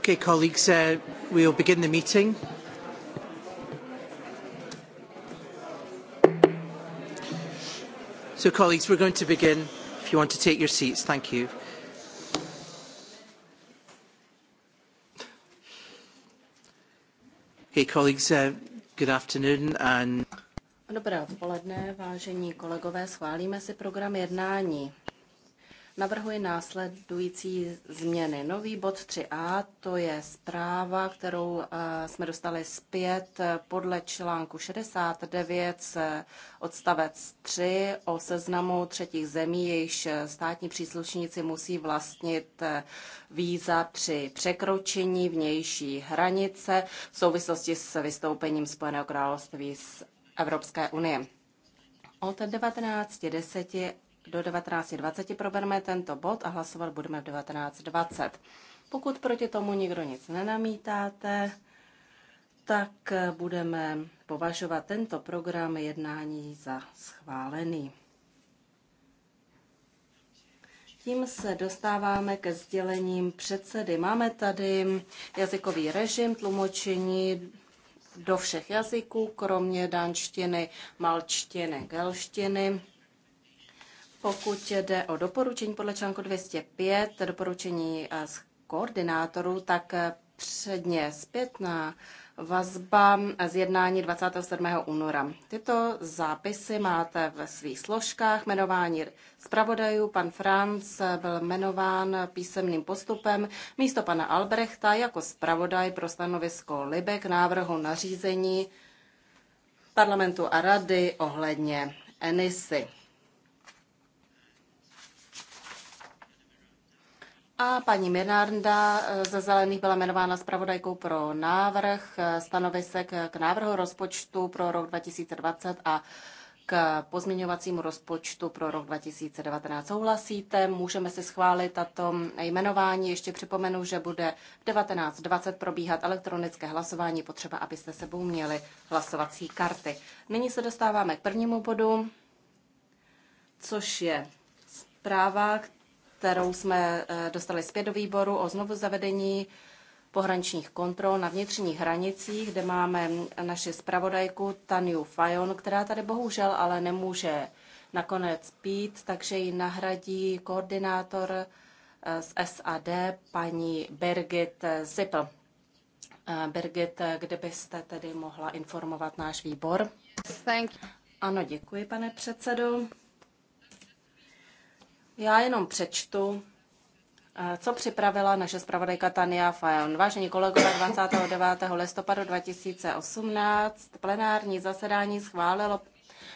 Okay, colleagues, uh, we'll begin the meeting. So, colleagues, we're going to begin. If you want to take your seats, thank you. Okay, colleagues, uh, good afternoon and Dobré odpoledne, vážení kolegové, schválíme si program jednání navrhuji následující změny. Nový bod 3a, to je zpráva, kterou eh, jsme dostali zpět eh, podle článku 69 eh, odstavec 3 o seznamu třetích zemí, jejichž státní příslušníci musí vlastnit víza při překročení vnější hranice v souvislosti s vystoupením Spojeného království z Evropské unie. Od 19.10 do 19.20 probereme tento bod a hlasovat budeme v 19.20. Pokud proti tomu nikdo nic nenamítáte, tak eh, budeme považovat tento program jednání za schválený. Tím se dostáváme ke sdělením předsedy. Máme tady jazykový režim, tlumočení do všech jazyků, kromě danštiny, malčtiny, gelštiny. Pokud jde o doporučení podle článku 205, doporučení eh, z koordinátorů, tak eh, předně zpětná vazba eh, z jednání 27. února. Tyto zápisy máte ve svých složkách. Jmenování zpravodajů. Pan Franz byl jmenován písemným postupem místo pana Albrechta jako zpravodaj pro stanovisko Libek návrhu nařízení parlamentu a rady ohledně Enisy. A paní Mirnárnda eh, ze Zelených byla jmenována zpravodajkou pro návrh eh, stanovisek k návrhu rozpočtu pro rok 2020 a k pozměňovacímu rozpočtu pro rok 2019. Souhlasíte, můžeme si schválit tato jmenování. Ještě připomenu, že bude v 19.20 probíhat elektronické hlasování, potřeba, abyste sebou měli hlasovací karty. Nyní se dostáváme k prvnímu bodu, což je zpráva, kterou jsme eh, dostali zpět do výboru o znovu zavedení pohraničních kontrol na vnitřních hranicích, kde máme naši zpravodajku Taniu Fajon, která tady bohužel ale nemůže nakonec pít, takže ji nahradí koordinátor eh, z SAD, paní Birgit Zippel. Eh, Birgit, kdybyste tedy mohla informovat náš výbor? Thank you. Ano, děkuji, pane předsedo. Já jenom přečtu, eh, co připravila naše zpravodajka Tania Fajon. Vážení kolegové, 29. listopadu 2018 plenární zasedání schválilo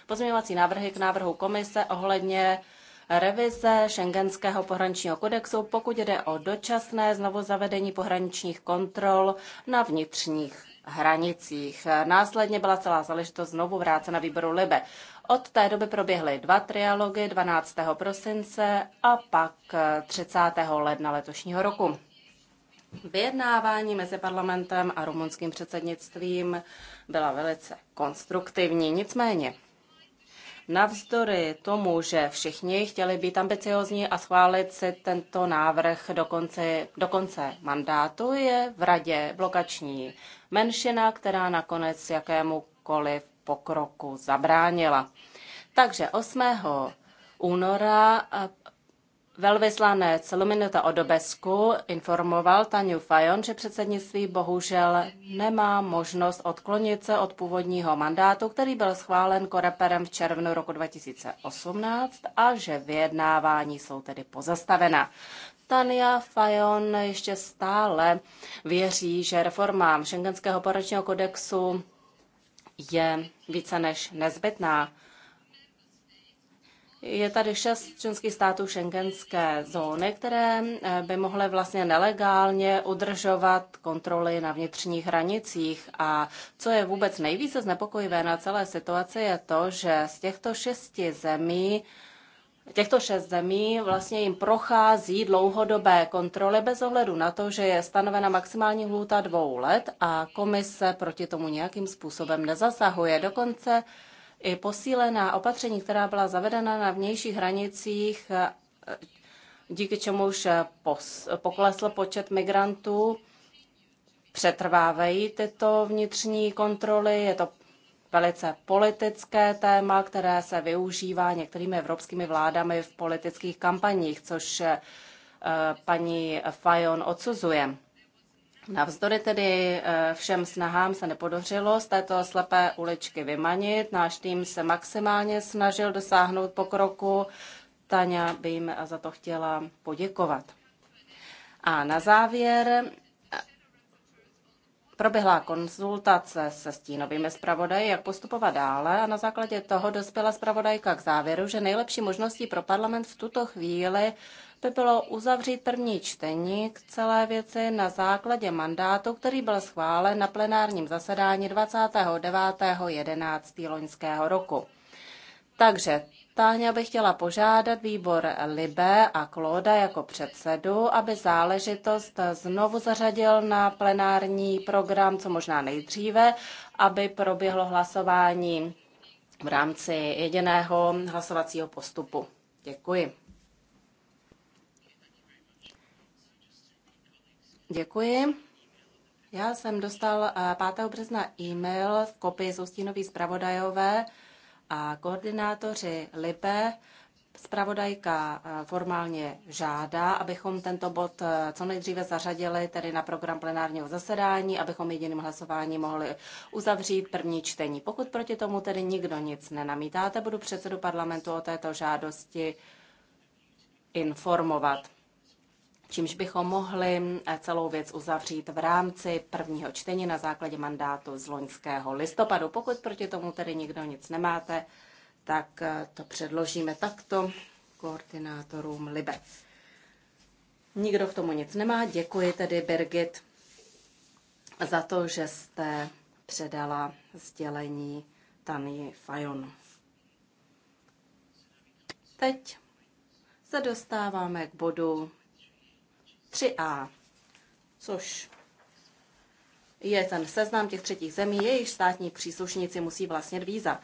pozměňovací návrhy k návrhu komise ohledně revize šengenského pohraničního kodexu, pokud jde o dočasné znovuzavedení pohraničních kontrol na vnitřních hranicích. Následně byla celá záležitost znovu vrácena výboru Libe. Od té doby proběhly dva trialogy 12. prosince a pak 30. ledna letošního roku. Vyjednávání mezi parlamentem a rumunským předsednictvím byla velice konstruktivní, nicméně Navzdory tomu, že všichni chtěli být ambiciozní a schválit si tento návrh do konce, do konce mandátu, je v radě blokační menšina, která nakonec jakémukoliv pokroku zabránila. Takže 8. února eh, velvyslanec Luminuta Odobesku informoval Taniu Fajon, že předsednictví bohužel nemá možnost odklonit se od původního mandátu, který byl schválen koreperem v červnu roku 2018 a že vyjednávání jsou tedy pozastavena. Tania Fajon ještě stále věří, že reforma Schengenského operačního kodexu je více než nezbytná. Je tady šest členských států šengenské zóny, které eh, by mohly vlastně nelegálně udržovat kontroly na vnitřních hranicích. A co je vůbec nejvíce znepokojivé na celé situaci, je to, že z těchto šesti zemí těchto šest zemí vlastně jim prochází dlouhodobé kontroly bez ohledu na to, že je stanovena maximální hluta dvou let a komise proti tomu nějakým způsobem nezasahuje. Dokonce i posílená opatření, která byla zavedena na vnějších hranicích, díky čemuž poklesl počet migrantů, přetrvávají tyto vnitřní kontroly, je to velice politické téma, které se využívá některými evropskými vládami v politických kampaních, což eh, paní Fajon odsuzuje. Navzdory tedy eh, všem snahám se nepodařilo z této slepé uličky vymanit. Náš tým se maximálně snažil dosáhnout pokroku. Tania by jim za to chtěla poděkovat. A na závěr Proběhla konzultace se stínovými zpravodaji, jak postupovat dále a na základě toho dospěla zpravodajka k závěru, že nejlepší možností pro parlament v tuto chvíli by bylo uzavřít první čtení k celé věci na základě mandátu, který byl schválen na plenárním zasedání 29.11. loňského roku. Takže Táhně bych chtěla požádat výbor Libe a Klóda jako předsedu, aby záležitost znovu zařadil na plenární program, co možná nejdříve, aby proběhlo hlasování v rámci jediného hlasovacího postupu. Děkuji. Děkuji. Já jsem dostal 5. Eh, března e-mail v kopii z Ustínový zpravodajové, a koordinátoři LIBE Spravodajka eh, formálně žádá, abychom tento bod eh, co nejdříve zařadili tedy na program plenárního zasedání, abychom jediným hlasováním mohli uzavřít první čtení. Pokud proti tomu tedy nikdo nic nenamítáte, budu předsedu parlamentu o této žádosti informovat čímž bychom mohli eh, celou věc uzavřít v rámci prvního čtení na základě mandátu z loňského listopadu. Pokud proti tomu tedy nikdo nic nemáte, tak eh, to předložíme takto koordinátorům Libe. Nikdo k tomu nic nemá. Děkuji tedy, Birgit, za to, že jste předala sdělení Tany Fajon. Teď se dostáváme k bodu 3A, což je ten seznam těch třetích zemí, jejich státní příslušníci musí vlastně víza.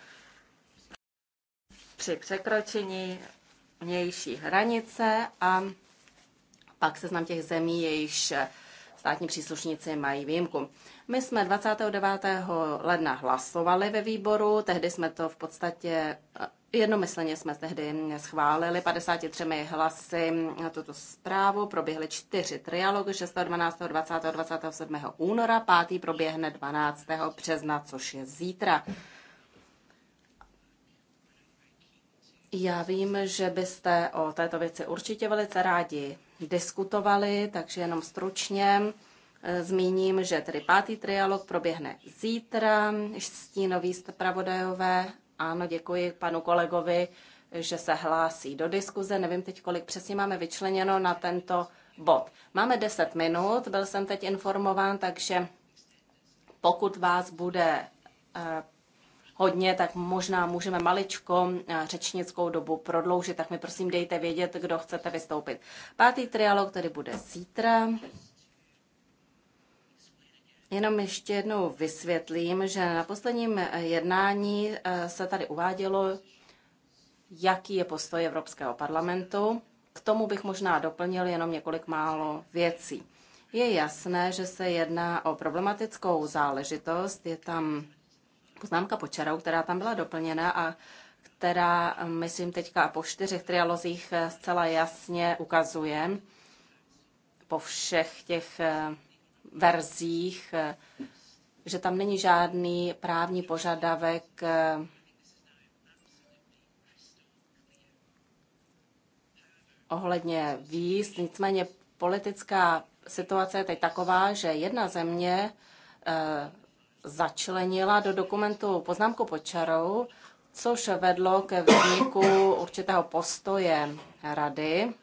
Při překročení vnější hranice a pak seznam těch zemí, jejichž státní příslušníci mají výjimku. My jsme 29. ledna hlasovali ve výboru, tehdy jsme to v podstatě Jednomyslně jsme tehdy schválili 53 hlasy na tuto zprávu. Proběhly čtyři trialogy 6. 12. 20. 27. února, pátý proběhne 12. března, což je zítra. Já vím, že byste o této věci určitě velice rádi diskutovali, takže jenom stručně zmíním, že tedy pátý trialog proběhne zítra. Stínoví zpravodajové ano, děkuji panu kolegovi, že se hlásí do diskuze. Nevím teď, kolik přesně máme vyčleněno na tento bod. Máme 10 minut, byl jsem teď informován, takže pokud vás bude eh, hodně, tak možná můžeme maličko eh, řečnickou dobu prodloužit, tak mi prosím dejte vědět, kdo chcete vystoupit. Pátý trialog tedy bude zítra. Jenom ještě jednou vysvětlím, že na posledním eh, jednání eh, se tady uvádělo, jaký je postoj Evropského parlamentu. K tomu bych možná doplnil jenom několik málo věcí. Je jasné, že se jedná o problematickou záležitost. Je tam poznámka počarou, která tam byla doplněna a která, eh, myslím, teďka po čtyřech trialozích zcela jasně ukazuje po všech těch verzích, eh, že tam není žádný právní požadavek eh, ohledně výst. Nicméně politická situace je teď taková, že jedna země eh, začlenila do dokumentu poznámku pod čarou, což vedlo ke vzniku určitého postoje rady.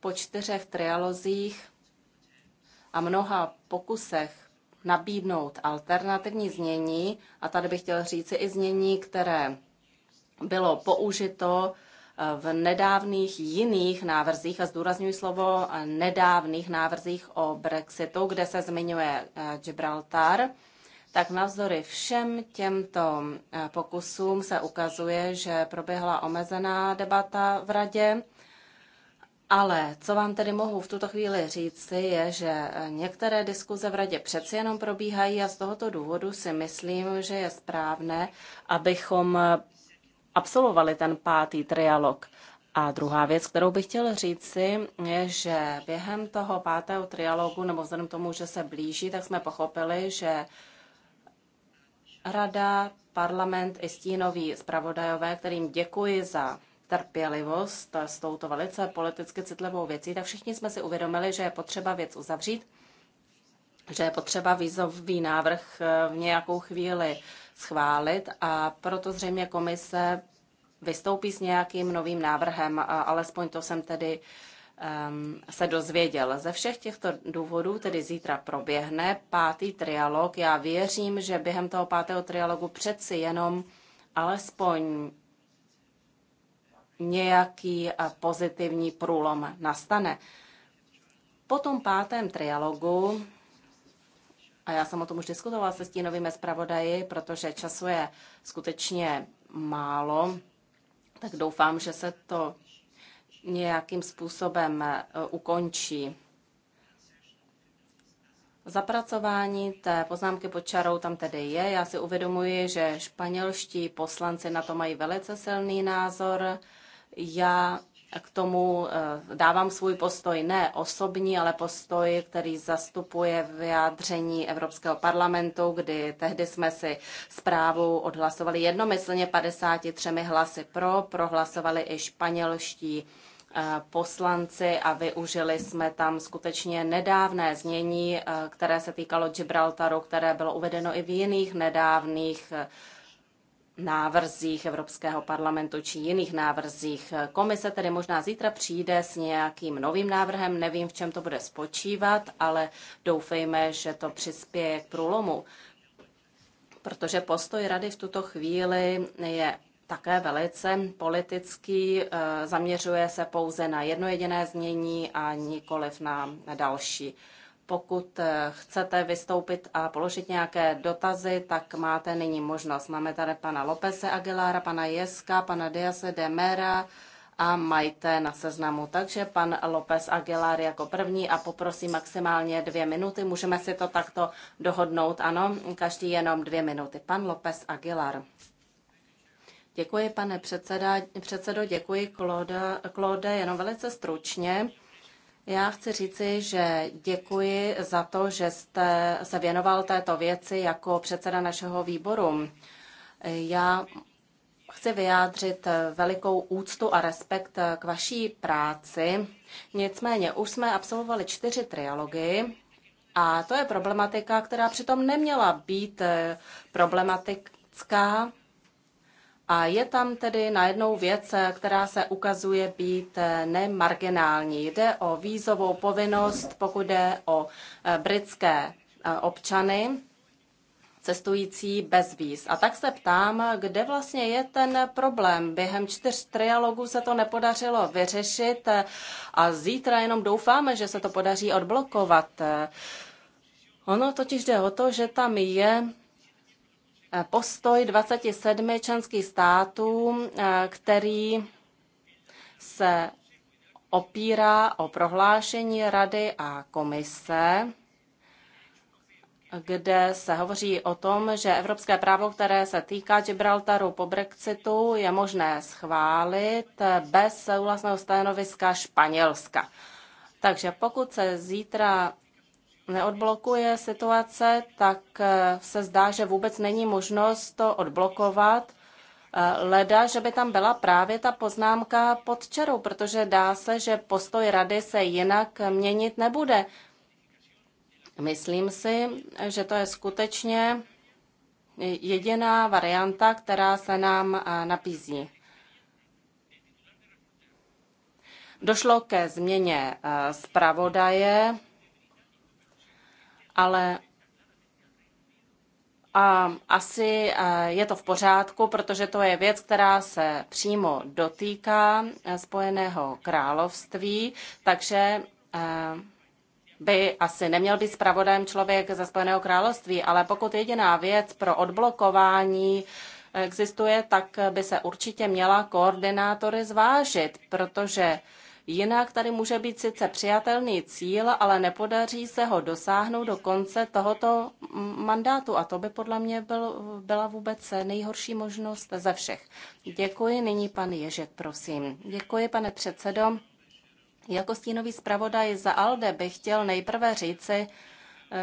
Po čtyřech trialozích a mnoha pokusech nabídnout alternativní znění, a tady bych chtěl říci i znění, které bylo použito eh, v nedávných jiných návrzích, a zdůrazňuji slovo nedávných návrzích o Brexitu, kde se zmiňuje eh, Gibraltar, tak navzdory všem těmto eh, pokusům se ukazuje, že proběhla omezená debata v radě ale co vám tedy mohu v tuto chvíli říci, je, že eh, některé diskuze v radě přeci jenom probíhají a z tohoto důvodu si myslím, že je správné, abychom eh, absolvovali ten pátý trialog. A druhá věc, kterou bych chtěl říci, je, že během toho pátého trialogu, nebo vzhledem tomu, že se blíží, tak jsme pochopili, že rada, parlament i stínoví zpravodajové, kterým děkuji za trpělivost s touto velice politicky citlivou věcí, tak všichni jsme si uvědomili, že je potřeba věc uzavřít, že je potřeba výzový návrh eh, v nějakou chvíli schválit a proto zřejmě komise vystoupí s nějakým novým návrhem, a alespoň to jsem tedy um, se dozvěděl. Ze všech těchto důvodů tedy zítra proběhne pátý trialog. Já věřím, že během toho pátého trialogu přeci jenom alespoň nějaký eh, pozitivní průlom nastane. Po tom pátém trialogu, a já jsem o tom už diskutovala se stínovými zpravodaji, protože času je skutečně málo, tak doufám, že se to nějakým způsobem eh, ukončí. Zapracování té poznámky pod čarou tam tedy je. Já si uvědomuji, že španělští poslanci na to mají velice silný názor. Já k tomu eh, dávám svůj postoj ne osobní, ale postoj, který zastupuje vyjádření Evropského parlamentu, kdy tehdy jsme si zprávu odhlasovali jednomyslně 53 hlasy pro, prohlasovali i španělští eh, poslanci a využili jsme tam skutečně nedávné znění, eh, které se týkalo Gibraltaru, které bylo uvedeno i v jiných nedávných návrzích Evropského parlamentu či jiných návrzích. Komise tedy možná zítra přijde s nějakým novým návrhem, nevím, v čem to bude spočívat, ale doufejme, že to přispěje k průlomu, protože postoj rady v tuto chvíli je také velice politický, eh, zaměřuje se pouze na jedno jediné znění a nikoliv na další. Pokud eh, chcete vystoupit a položit nějaké dotazy, tak máte nyní možnost. Máme tady pana Lopese Aguilara, pana Jeska, pana Diase de Mera a majte na seznamu. Takže pan López Aguilar jako první a poprosím maximálně dvě minuty. Můžeme si to takto dohodnout, ano? Každý jenom dvě minuty. Pan López Aguilar. Děkuji, pane předseda, předsedo, děkuji, Klode, Klode, jenom velice stručně. Já chci říci, že děkuji za to, že jste se věnoval této věci jako předseda našeho výboru. Já chci vyjádřit velikou úctu a respekt k vaší práci. Nicméně už jsme absolvovali čtyři trialogy a to je problematika, která přitom neměla být problematická, a je tam tedy najednou věc, která se ukazuje být eh, nemarginální. Jde o vízovou povinnost, pokud jde o eh, britské eh, občany cestující bez víz. A tak se ptám, kde vlastně je ten problém. Během čtyř trialogů se to nepodařilo vyřešit a zítra jenom doufáme, že se to podaří odblokovat. Ono totiž jde o to, že tam je Eh, postoj 27 členských států, eh, který se opírá o prohlášení Rady a komise, kde se hovoří o tom, že evropské právo, které se týká Gibraltaru po Brexitu, je možné schválit bez souhlasného stanoviska Španělska. Takže pokud se zítra neodblokuje situace, tak eh, se zdá, že vůbec není možnost to odblokovat. Eh, leda, že by tam byla právě ta poznámka pod čarou, protože dá se, že postoj rady se jinak měnit nebude. Myslím si, že to je skutečně jediná varianta, která se nám eh, napízí. Došlo ke změně zpravodaje ale a asi je to v pořádku, protože to je věc, která se přímo dotýká e, Spojeného království, takže e, by asi neměl být zpravodajem člověk ze Spojeného království, ale pokud jediná věc pro odblokování existuje, tak by se určitě měla koordinátory zvážit, protože Jinak tady může být sice přijatelný cíl, ale nepodaří se ho dosáhnout do konce tohoto mandátu a to by podle mě byl, byla vůbec nejhorší možnost ze všech. Děkuji. Nyní pan Ježek, prosím. Děkuji, pane předsedo. Jako stínový zpravodaj za ALDE bych chtěl nejprve říci,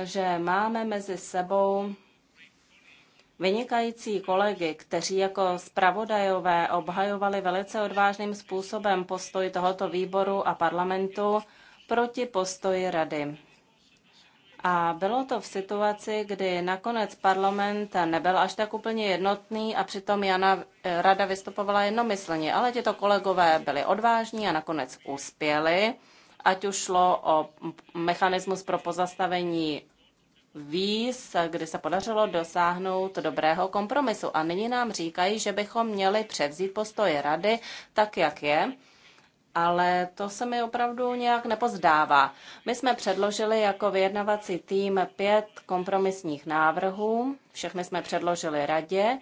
že máme mezi sebou vynikající kolegy, kteří jako zpravodajové obhajovali velice odvážným způsobem postoj tohoto výboru a parlamentu proti postoji rady. A bylo to v situaci, kdy nakonec parlament nebyl až tak úplně jednotný a přitom Jana eh, rada vystupovala jednomyslně, ale těto kolegové byli odvážní a nakonec uspěli, ať už šlo o mechanismus pro pozastavení víz, kdy se podařilo dosáhnout dobrého kompromisu. A nyní nám říkají, že bychom měli převzít postoje rady tak, jak je ale to se mi opravdu nějak nepozdává. My jsme předložili jako vyjednavací tým pět kompromisních návrhů, všechny jsme předložili radě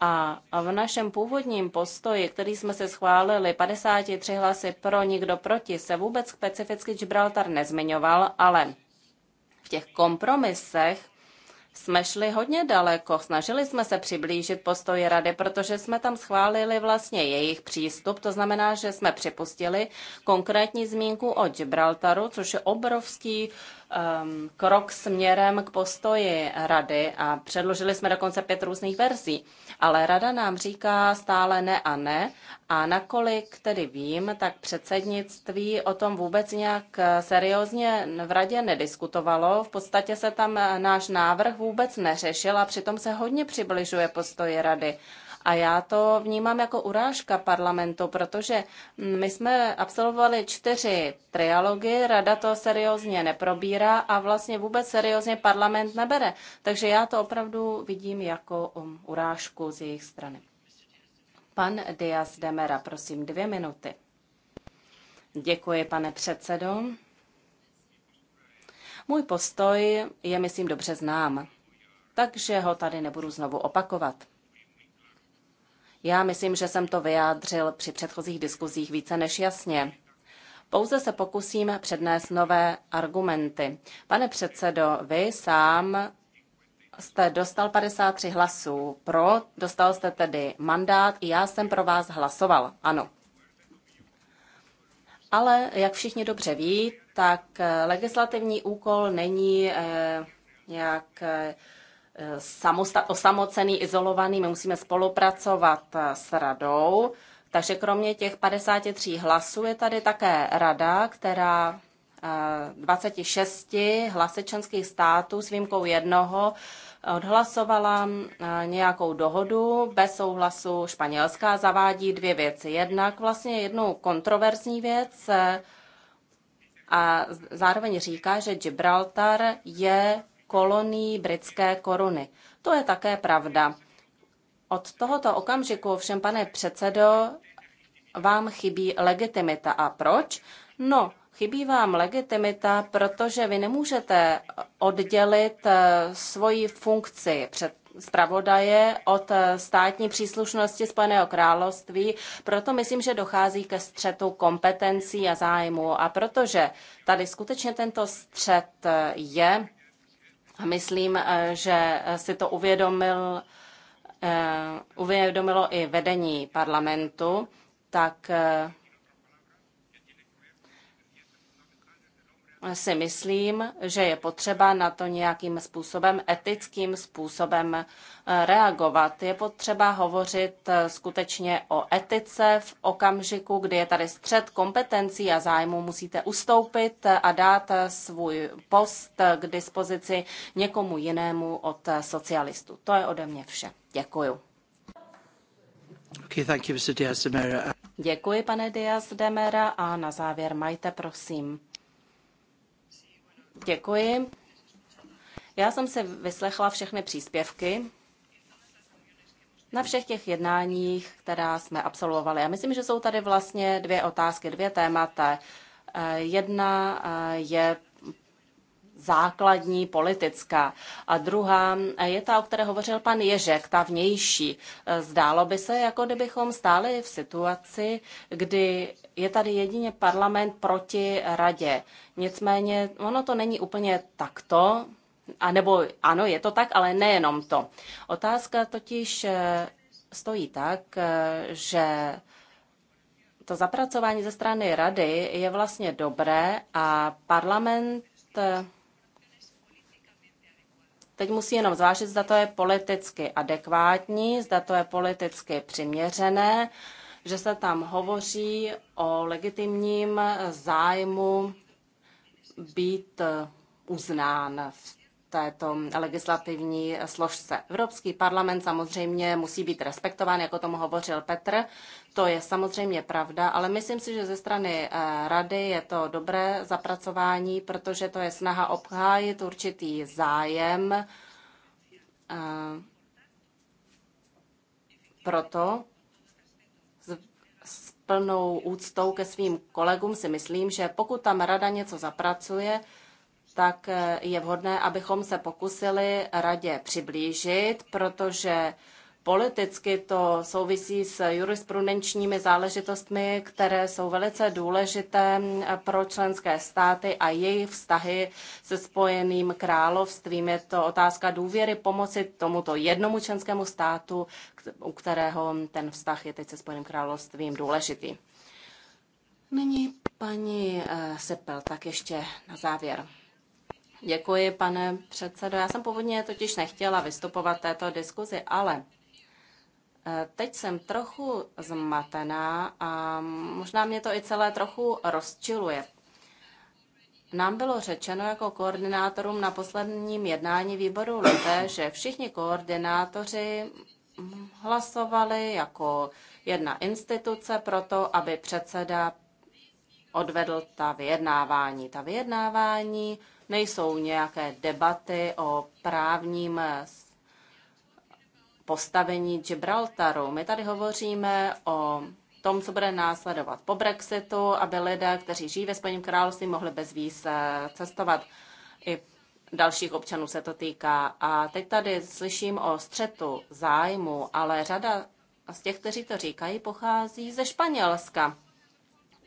a v našem původním postoji, který jsme se schválili, 53 hlasy pro, nikdo proti, se vůbec specificky Gibraltar nezmiňoval, ale v těch kompromisech jsme šli hodně daleko. Snažili jsme se přiblížit postoji rady, protože jsme tam schválili vlastně jejich přístup. To znamená, že jsme připustili konkrétní zmínku o Gibraltaru, což je obrovský Um, krok směrem k postoji rady a předložili jsme dokonce pět různých verzí. Ale rada nám říká stále ne a ne a nakolik tedy vím, tak předsednictví o tom vůbec nějak eh, seriózně v radě nediskutovalo. V podstatě se tam eh, náš návrh vůbec neřešil a přitom se hodně přibližuje postoji rady. A já to vnímám jako urážka parlamentu, protože my jsme absolvovali čtyři trialogy, rada to seriózně neprobírá a vlastně vůbec seriózně parlament nebere. Takže já to opravdu vidím jako um, urážku z jejich strany. Pan Diaz Demera, prosím, dvě minuty. Děkuji, pane předsedo. Můj postoj je, myslím, dobře znám, takže ho tady nebudu znovu opakovat. Já myslím, že jsem to vyjádřil při předchozích diskuzích více než jasně. Pouze se pokusím přednést nové argumenty. Pane předsedo, vy sám jste dostal 53 hlasů pro, dostal jste tedy mandát, i já jsem pro vás hlasoval, ano. Ale jak všichni dobře ví, tak legislativní úkol není eh, nějak eh, osamocený, izolovaný, my musíme spolupracovat eh, s radou. Takže kromě těch 53 hlasů je tady také rada, která 26 eh, hlasy členských států s výjimkou jednoho odhlasovala eh, nějakou dohodu bez souhlasu Španělská zavádí dvě věci. Jednak vlastně jednu kontroverzní věc a zároveň říká, že Gibraltar je kolonií britské koruny. To je také pravda. Od tohoto okamžiku všem, pane předsedo, vám chybí legitimita. A proč? No, chybí vám legitimita, protože vy nemůžete oddělit eh, svoji funkci před zpravodaje od eh, státní příslušnosti Spojeného království, proto myslím, že dochází ke střetu kompetencí a zájmu. A protože tady skutečně tento střet eh, je, Myslím, eh, že si to uvědomil, eh, uvědomilo i vedení parlamentu, tak eh, si myslím, že je potřeba na to nějakým způsobem, etickým způsobem eh, reagovat. Je potřeba hovořit eh, skutečně o etice v okamžiku, kdy je tady střed kompetencí a zájmu. Musíte ustoupit eh, a dát svůj post k dispozici někomu jinému od socialistů. To je ode mě vše. Děkuju. Okay, thank you, Mr. Diaz Děkuji, pane Diaz Demera, a na závěr majte, prosím. Děkuji. Já jsem si vyslechla všechny příspěvky na všech těch jednáních, která jsme absolvovali. Já myslím, že jsou tady vlastně dvě otázky, dvě témata. Eh, jedna eh, je základní politická. A druhá eh, je ta, o které hovořil pan Ježek, ta vnější. Eh, zdálo by se, jako kdybychom stáli v situaci, kdy je tady jedině parlament proti radě. Nicméně ono to není úplně takto, a nebo ano, je to tak, ale nejenom to. Otázka totiž eh, stojí tak, že to zapracování ze strany rady je vlastně dobré a parlament Teď musí jenom zvážit, zda to je politicky adekvátní, zda to je politicky přiměřené, že se tam hovoří o legitimním zájmu být uznán v této legislativní složce. Evropský parlament samozřejmě musí být respektován, jako tomu hovořil Petr. To je samozřejmě pravda, ale myslím si, že ze strany eh, rady je to dobré zapracování, protože to je snaha obhájit určitý zájem. Eh, proto s plnou úctou ke svým kolegům si myslím, že pokud tam rada něco zapracuje, tak eh, je vhodné, abychom se pokusili radě přiblížit, protože politicky to souvisí s jurisprudenčními záležitostmi, které jsou velice důležité eh, pro členské státy a jejich vztahy se spojeným královstvím. Je to otázka důvěry pomoci tomuto jednomu členskému státu, u kterého ten vztah je teď se spojeným královstvím důležitý. Nyní paní eh, Sepel, tak ještě na závěr. Děkuji, pane předsedo. Já jsem původně totiž nechtěla vystupovat této diskuzi, ale eh, teď jsem trochu zmatená a možná mě to i celé trochu rozčiluje. Nám bylo řečeno jako koordinátorům na posledním jednání výboru Lete, že všichni koordinátoři hlasovali jako jedna instituce pro to, aby předseda odvedl ta vyjednávání. Ta vyjednávání nejsou nějaké debaty o právním eh, postavení Gibraltaru. My tady hovoříme o tom, co bude následovat po Brexitu, aby lidé, kteří žijí ve Spojeném království, mohli bez víz eh, cestovat. I dalších občanů se to týká. A teď tady slyším o střetu zájmu, ale řada z těch, kteří to říkají, pochází ze Španělska.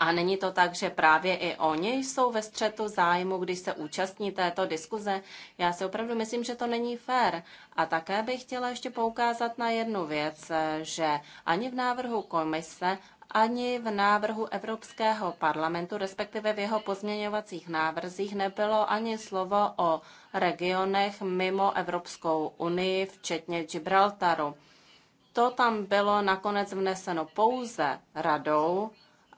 A není to tak, že právě i oni jsou ve střetu zájmu, když se účastní této diskuze? Já si opravdu myslím, že to není fér. A také bych chtěla ještě poukázat na jednu věc, že ani v návrhu komise, ani v návrhu Evropského parlamentu, respektive v jeho pozměňovacích návrzích, nebylo ani slovo o regionech mimo Evropskou unii, včetně Gibraltaru. To tam bylo nakonec vneseno pouze radou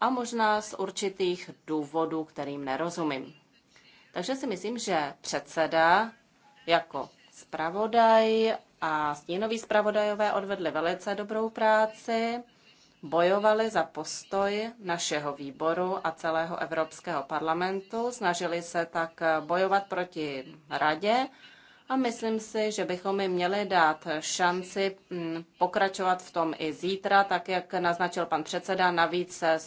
a možná z určitých důvodů, kterým nerozumím. Takže si myslím, že předseda jako zpravodaj a stínoví zpravodajové odvedli velice dobrou práci, bojovali za postoj našeho výboru a celého Evropského parlamentu, snažili se tak bojovat proti radě a myslím si, že bychom jim měli dát šanci mm, pokračovat v tom i zítra, tak jak naznačil pan předseda. Navíc se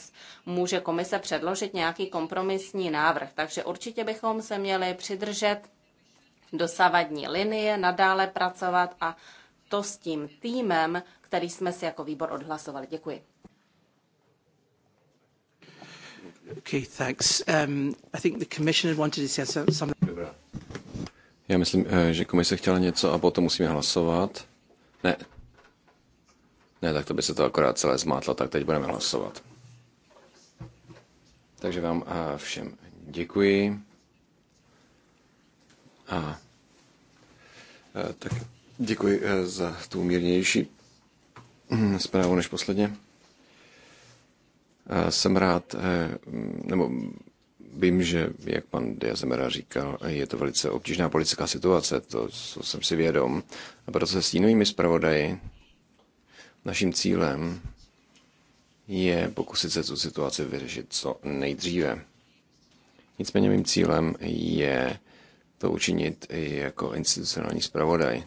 může komise předložit nějaký kompromisní návrh, takže určitě bychom se měli přidržet dosavadní linie, nadále pracovat a to s tím týmem, který jsme si jako výbor odhlasovali. Děkuji. Okay, thanks. Um, I think the commissioner wanted to say something. Dobrá. Já myslím, eh, že komise chtěla něco a potom musíme hlasovat. Ne. Ne, tak to by se to akorát celé zmátlo, tak teď budeme hlasovat. Takže vám eh, všem děkuji. A eh, tak děkuji za tu mírnější hm, zprávu než posledně. Jsem rád, nebo Vím, že, jak pan Diazemera říkal, je to velice obtížná politická situace, to, to jsem si vědom. A proto se stínovými zpravodaji naším cílem je pokusit se tu situaci vyřešit co nejdříve. Nicméně mým cílem je to učinit i jako institucionální zpravodaj.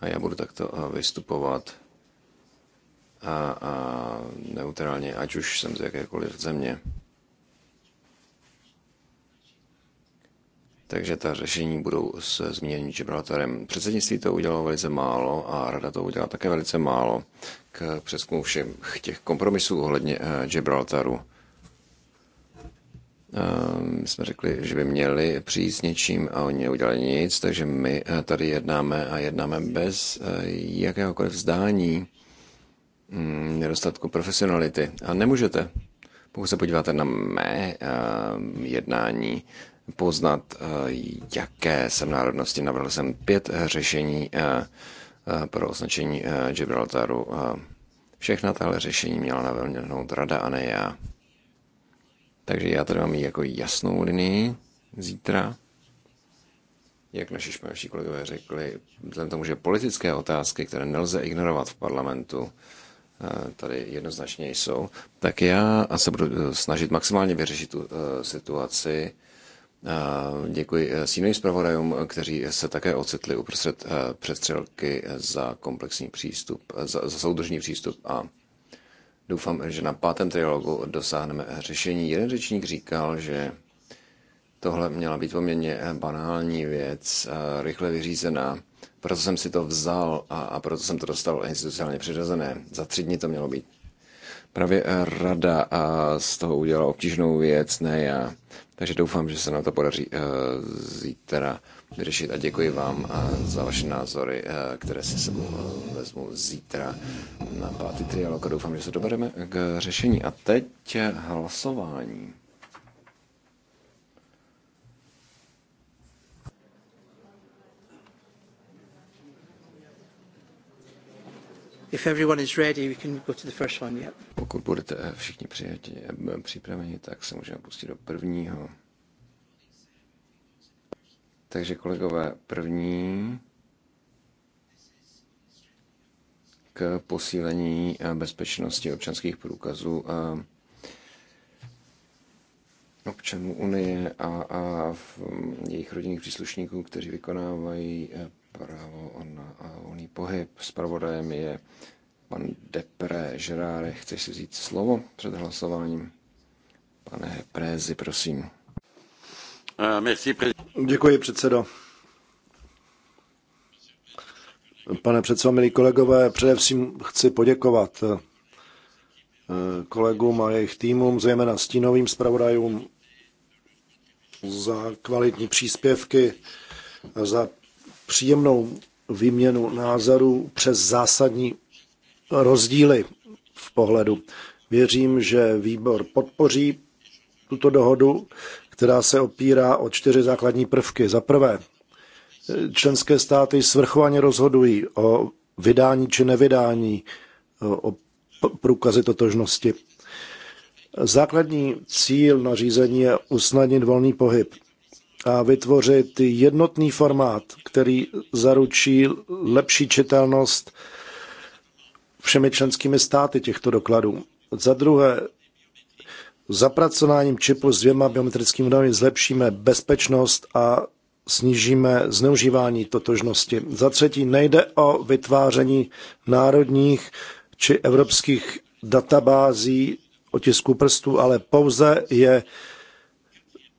A já budu takto eh, vystupovat a, a neutrálně, ať už jsem z jakékoliv země. takže ta řešení budou se zmíněným Gibraltarem. Předsednictví to udělalo velice málo a rada to udělala také velice málo k přeskumu všech těch kompromisů ohledně eh, Gibraltaru. Eh, my jsme řekli, že by měli přijít s něčím a oni neudělali nic, takže my eh, tady jednáme a jednáme bez jakéhokoliv vzdání mm, nedostatku profesionality. A nemůžete. Pokud se podíváte na mé jednání, poznat, eh, jaké jsem národnosti. Navrhl jsem pět eh, řešení eh, pro označení Gibraltaru. Všechna tahle řešení měla navrhnout rada a ne já. Takže já tady mám jako jasnou linii zítra. Jak naši španělští kolegové řekli, vzhledem tomu, že politické otázky, které nelze ignorovat v parlamentu, tady jednoznačně jsou, tak já se budu snažit maximálně vyřešit tu situaci Děkuji eh, sínovým zpravodajům, kteří se také ocitli uprostřed eh, přestřelky za komplexní přístup, eh, za, za soudržní přístup a doufám, že na pátém trialogu dosáhneme řešení. Jeden řečník říkal, že tohle měla být poměrně banální věc, rychle vyřízená. Proto jsem si to vzal a, a proto jsem to dostal institucionálně přirozené. Za tři dny to mělo být. Právě rada z toho udělala obtížnou věc, ne já. Takže doufám, že se nám to podaří eh, zítra vyřešit a děkuji vám eh, za vaše názory, eh, které si sebou vezmu zítra na pátý trialog a doufám, že se dobereme k řešení. A teď hlasování. If everyone is ready, we can go to the first one, Pokud budete eh, všichni přijati, eh, připraveni, tak se můžeme pustit do prvního. Takže kolegové, první k posílení eh, bezpečnosti občanských průkazů občanů Unie a, a mm, jejich rodinných příslušníků, kteří vykonávají právo na volný pohyb. Spravodajem je pan Depré, Žeráre. Chceš si vzít slovo před hlasováním? Pane Prézi, prosím. Eh, Děkuji, předsedo. Pane předsedo, milí kolegové, především chci poděkovat eh, kolegům a jejich týmům, zejména stínovým zpravodajům, za kvalitní příspěvky, za příjemnou výměnu názorů přes zásadní rozdíly v pohledu. Věřím, že výbor podpoří tuto dohodu, která se opírá o čtyři základní prvky. Za prvé, členské státy svrchovaně rozhodují o vydání či nevydání o průkazy totožnosti. Základní cíl nařízení je usnadnit volný pohyb a vytvořit jednotný formát, který zaručí lepší čitelnost všemi členskými státy těchto dokladů. Za druhé, zapracováním čipu s dvěma biometrickými údaji zlepšíme bezpečnost a snížíme zneužívání totožnosti. Za třetí, nejde o vytváření národních či evropských databází otisků prstů, ale pouze je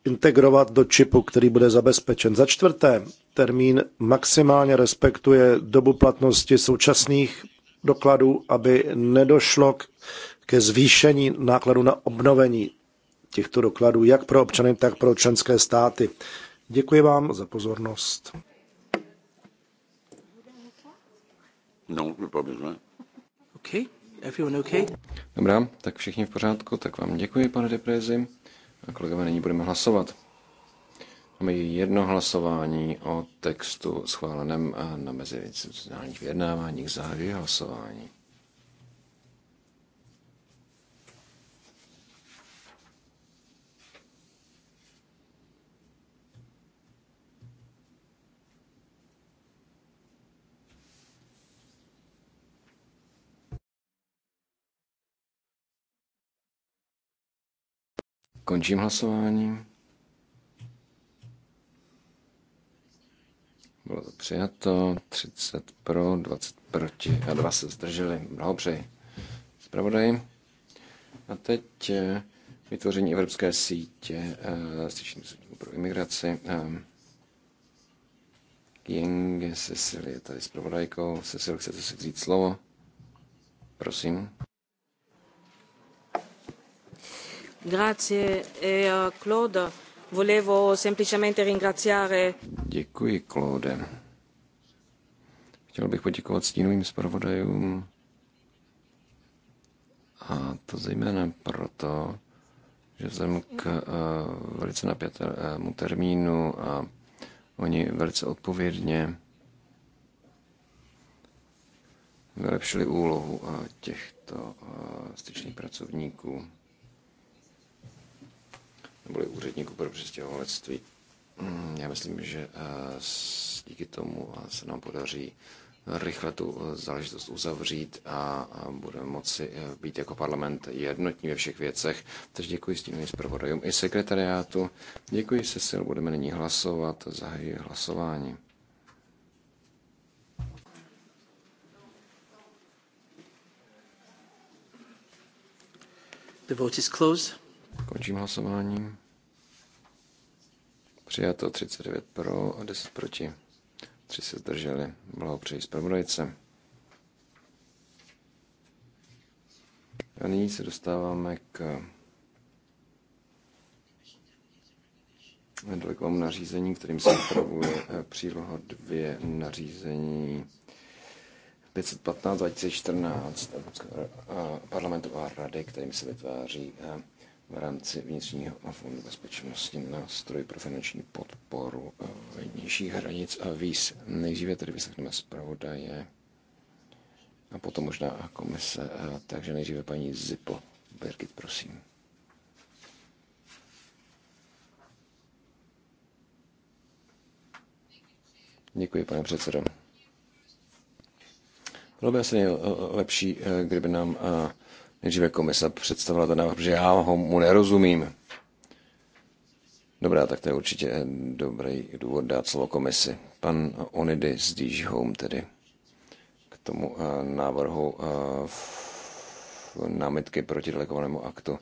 integrovat do čipu, který bude zabezpečen. Za čtvrté, termín maximálně respektuje dobu platnosti současných dokladů, aby nedošlo ke zvýšení nákladu na obnovení těchto dokladů, jak pro občany, tak pro členské státy. Děkuji vám za pozornost. No, no okay. Everyone okay? Dobrá, tak všichni v pořádku, tak vám děkuji, pane Deprezi. Kolegové, nyní budeme hlasovat. Máme jedno hlasování o textu schváleném eh, na meziinstitucionálních vyjednáváních. Zahajuji hlasování. Končím hlasování. Bylo to přijato, 30 pro, 20 proti a dva se zdrželi. Blahopřeji. Zpravodaj. A teď eh, vytvoření evropské sítě, eh, styčení pro imigraci. Eh, King, Cecil je tady s provodajkou. Cecil, chcete si vzít slovo? Prosím. Grazie e eh, Claude, volevo semplicemente ringraziare. Děkuji, Claude. Chtěl bych poděkovat stínovým zpravodajům a to zejména proto, že jsem k uh, velice napětému termínu a oni velice odpovědně vylepšili úlohu eh, těchto styčných pracovníků neboli úředníků pro přestěhovalectví. Mm, já myslím, že eh, díky tomu eh, se nám podaří rychle tu eh, záležitost uzavřít a budeme moci být jako parlament jednotní ve všech věcech. Takže děkuji i zpravodajům i sekretariátu. Děkuji sil, budeme nyní hlasovat, zahajuji hlasování. The vote is closed. Končím hlasování. Přijato 39 pro a 10 proti. 3 se zdrželi. Blahopřeji zpravodajce. A nyní se dostáváme k delegovému nařízení, kterým se upravuje eh, příloha dvě nařízení 515 2014 Evropského parlamentu a rady, kterým se vytváří eh, v rámci vnitřního fondu bezpečnosti nástroj pro finanční podporu eh, vnějších hranic a víz. Nejdříve tedy vyslechneme zpravodaje a potom možná komise. Eh, takže nejdříve paní Zipo. Birgit, prosím. Děkuji, pane předsedo. Bylo by asi nejlepší, eh, kdyby nám nejdříve komise představila ten návrh, protože já ho mu nerozumím. Dobrá, tak to je určitě eh, dobrý důvod dát slovo komisi. Pan Onidy z DG Home tedy k tomu eh, návrhu eh, námitky proti delegovanému aktu.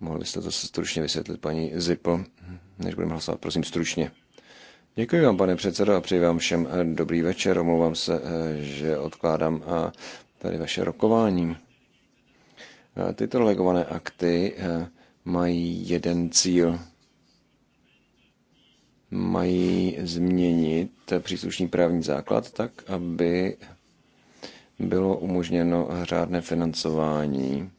Mohl byste to stručně vysvětlit, paní Zipl, než budeme hlasovat, prosím, stručně. Děkuji vám, pane předsedo, a přeji vám všem dobrý večer. Omlouvám se, že odkládám tady vaše rokování. Eh, tyto legované akty eh, mají jeden cíl. Mají změnit příslušný právní základ tak, aby bylo umožněno řádné financování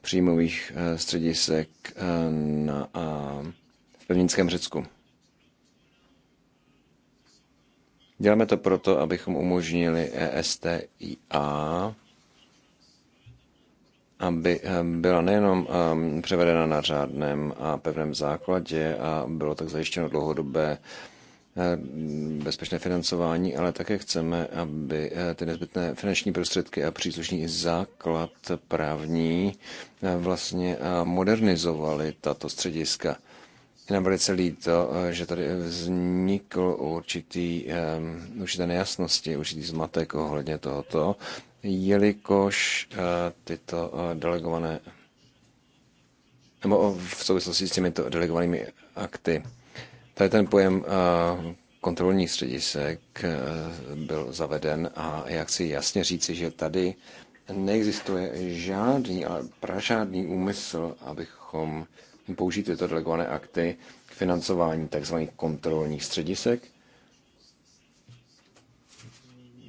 příjmových eh, středisek na, a, v pevninském Řecku. Děláme to proto, abychom umožnili ESTIA aby eh, byla nejenom eh, převedena na řádném a pevném základě a bylo tak zajištěno dlouhodobé eh, bezpečné financování, ale také chceme, aby ty nezbytné finanční prostředky a příslušný základ právní vlastně modernizovaly tato střediska. Je nám velice líto, že tady vznikl určitý, určité nejasnosti, určitý zmatek ohledně tohoto jelikož eh, tyto eh, delegované nebo eh, v souvislosti s těmito delegovanými akty. Tady ten pojem kontrolní středisek byl zaveden a já chci jasně říci, že tady neexistuje žádný, ale pražádný úmysl, abychom použít tyto delegované akty k financování tzv. kontrolních středisek,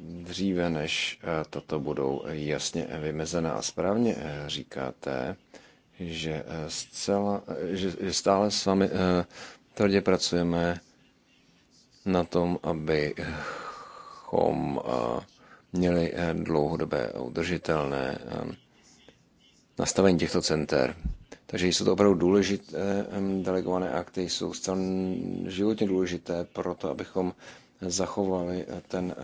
dříve, než eh, tato budou jasně vymezena A správně eh, říkáte, že, eh, zcela, že stále s vámi tvrdě pracujeme na tom, abychom měli dlouhodobé udržitelné nastavení těchto center. Takže jsou to opravdu důležité delegované akty, jsou zcela životně důležité pro to, abychom zachovali ten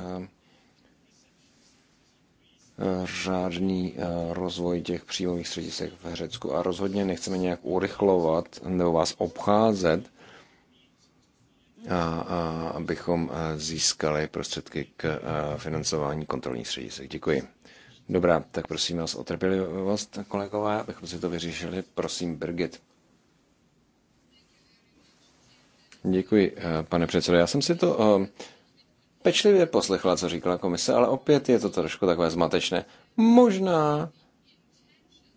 řádný eh, rozvoj těch příjmových středisek v Řecku a rozhodně nechceme nějak urychlovat nebo vás obcházet, a, a, abychom eh, získali prostředky k eh, financování kontrolních středisek. Děkuji. Dobrá, tak prosím vás o trpělivost, kolegové, abychom si to vyřešili. Prosím, Birgit. Děkuji, pane předsedo. Já jsem si to pečlivě poslechla, co říkala komise, ale opět je to trošku takové zmatečné. Možná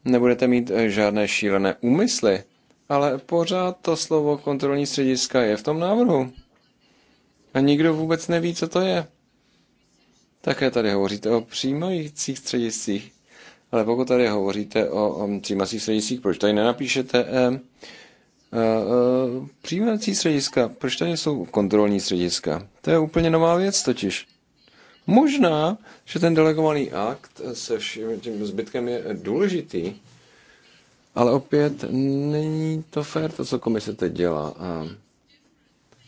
nebudete mít eh, žádné šílené úmysly, ale pořád to slovo kontrolní střediska je v tom návrhu. A nikdo vůbec neví, co to je. Také tady hovoříte o přijímajících střediscích. Ale pokud tady hovoříte o, o přijímacích střediscích, proč tady nenapíšete eh, Eh, eh, přijímací střediska, proč tady jsou kontrolní střediska? To je úplně nová věc totiž. Možná, že ten delegovaný akt se vším tím zbytkem je důležitý, ale opět není to fér, to, co komise teď dělá. A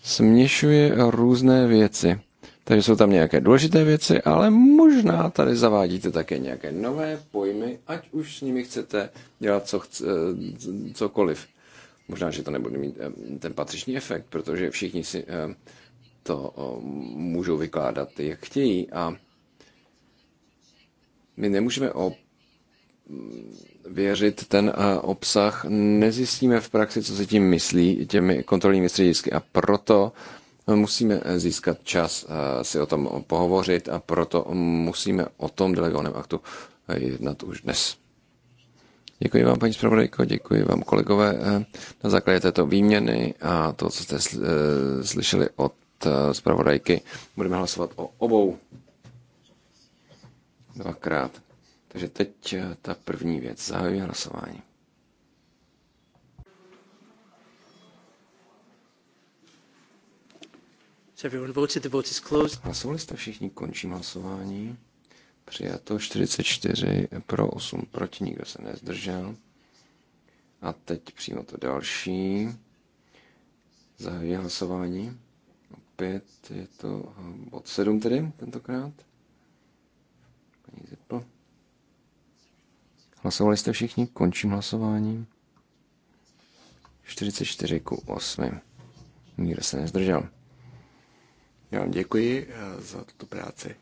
směšuje různé věci. Takže jsou tam nějaké důležité věci, ale možná tady zavádíte také nějaké nové pojmy, ať už s nimi chcete dělat co chc- eh, cokoliv. Možná, že to nebude mít eh, ten patřičný efekt, protože všichni si eh, to eh, můžou vykládat, jak chtějí. A my nemůžeme o mm, věřit ten obsah, nezjistíme v praxi, co se tím myslí těmi kontrolními středisky a proto musíme získat čas si o tom pohovořit a proto mm, musíme o tom delegovaném aktu jednat už dnes. Děkuji vám, paní zpravodajko, děkuji vám, kolegové. Eh, na základě této výměny a to, co jste eh, slyšeli od eh, zpravodajky, budeme hlasovat o obou dvakrát. Takže teď ta první věc. Zahajuji hlasování. Hlasovali jste všichni, končím hlasování. Přijato 44 pro 8 proti, nikdo se nezdržel. A teď přímo to další. Zahajuji hlasování. Opět je to eh, bod 7 tedy, tentokrát. Paní Zipl. Hlasovali jste všichni, končím hlasování. 44 ku 8. Nikdo se nezdržel. Já vám děkuji eh, za tuto práci.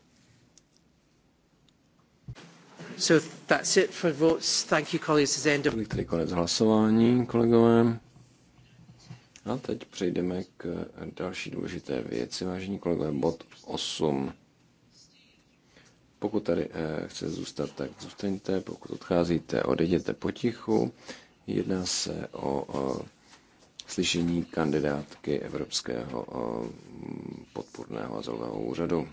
So that's it for votes. Thank you, colleagues. This end of... Tedy konec hlasování, kolegové. A teď přejdeme k další důležité věci, vážení kolegové, bod 8. Pokud tady eh, zůstat, tak zůstaňte, pokud odcházíte, odejděte potichu. Jedná se o, o slyšení kandidátky Evropského o, podpůrného azylového úřadu.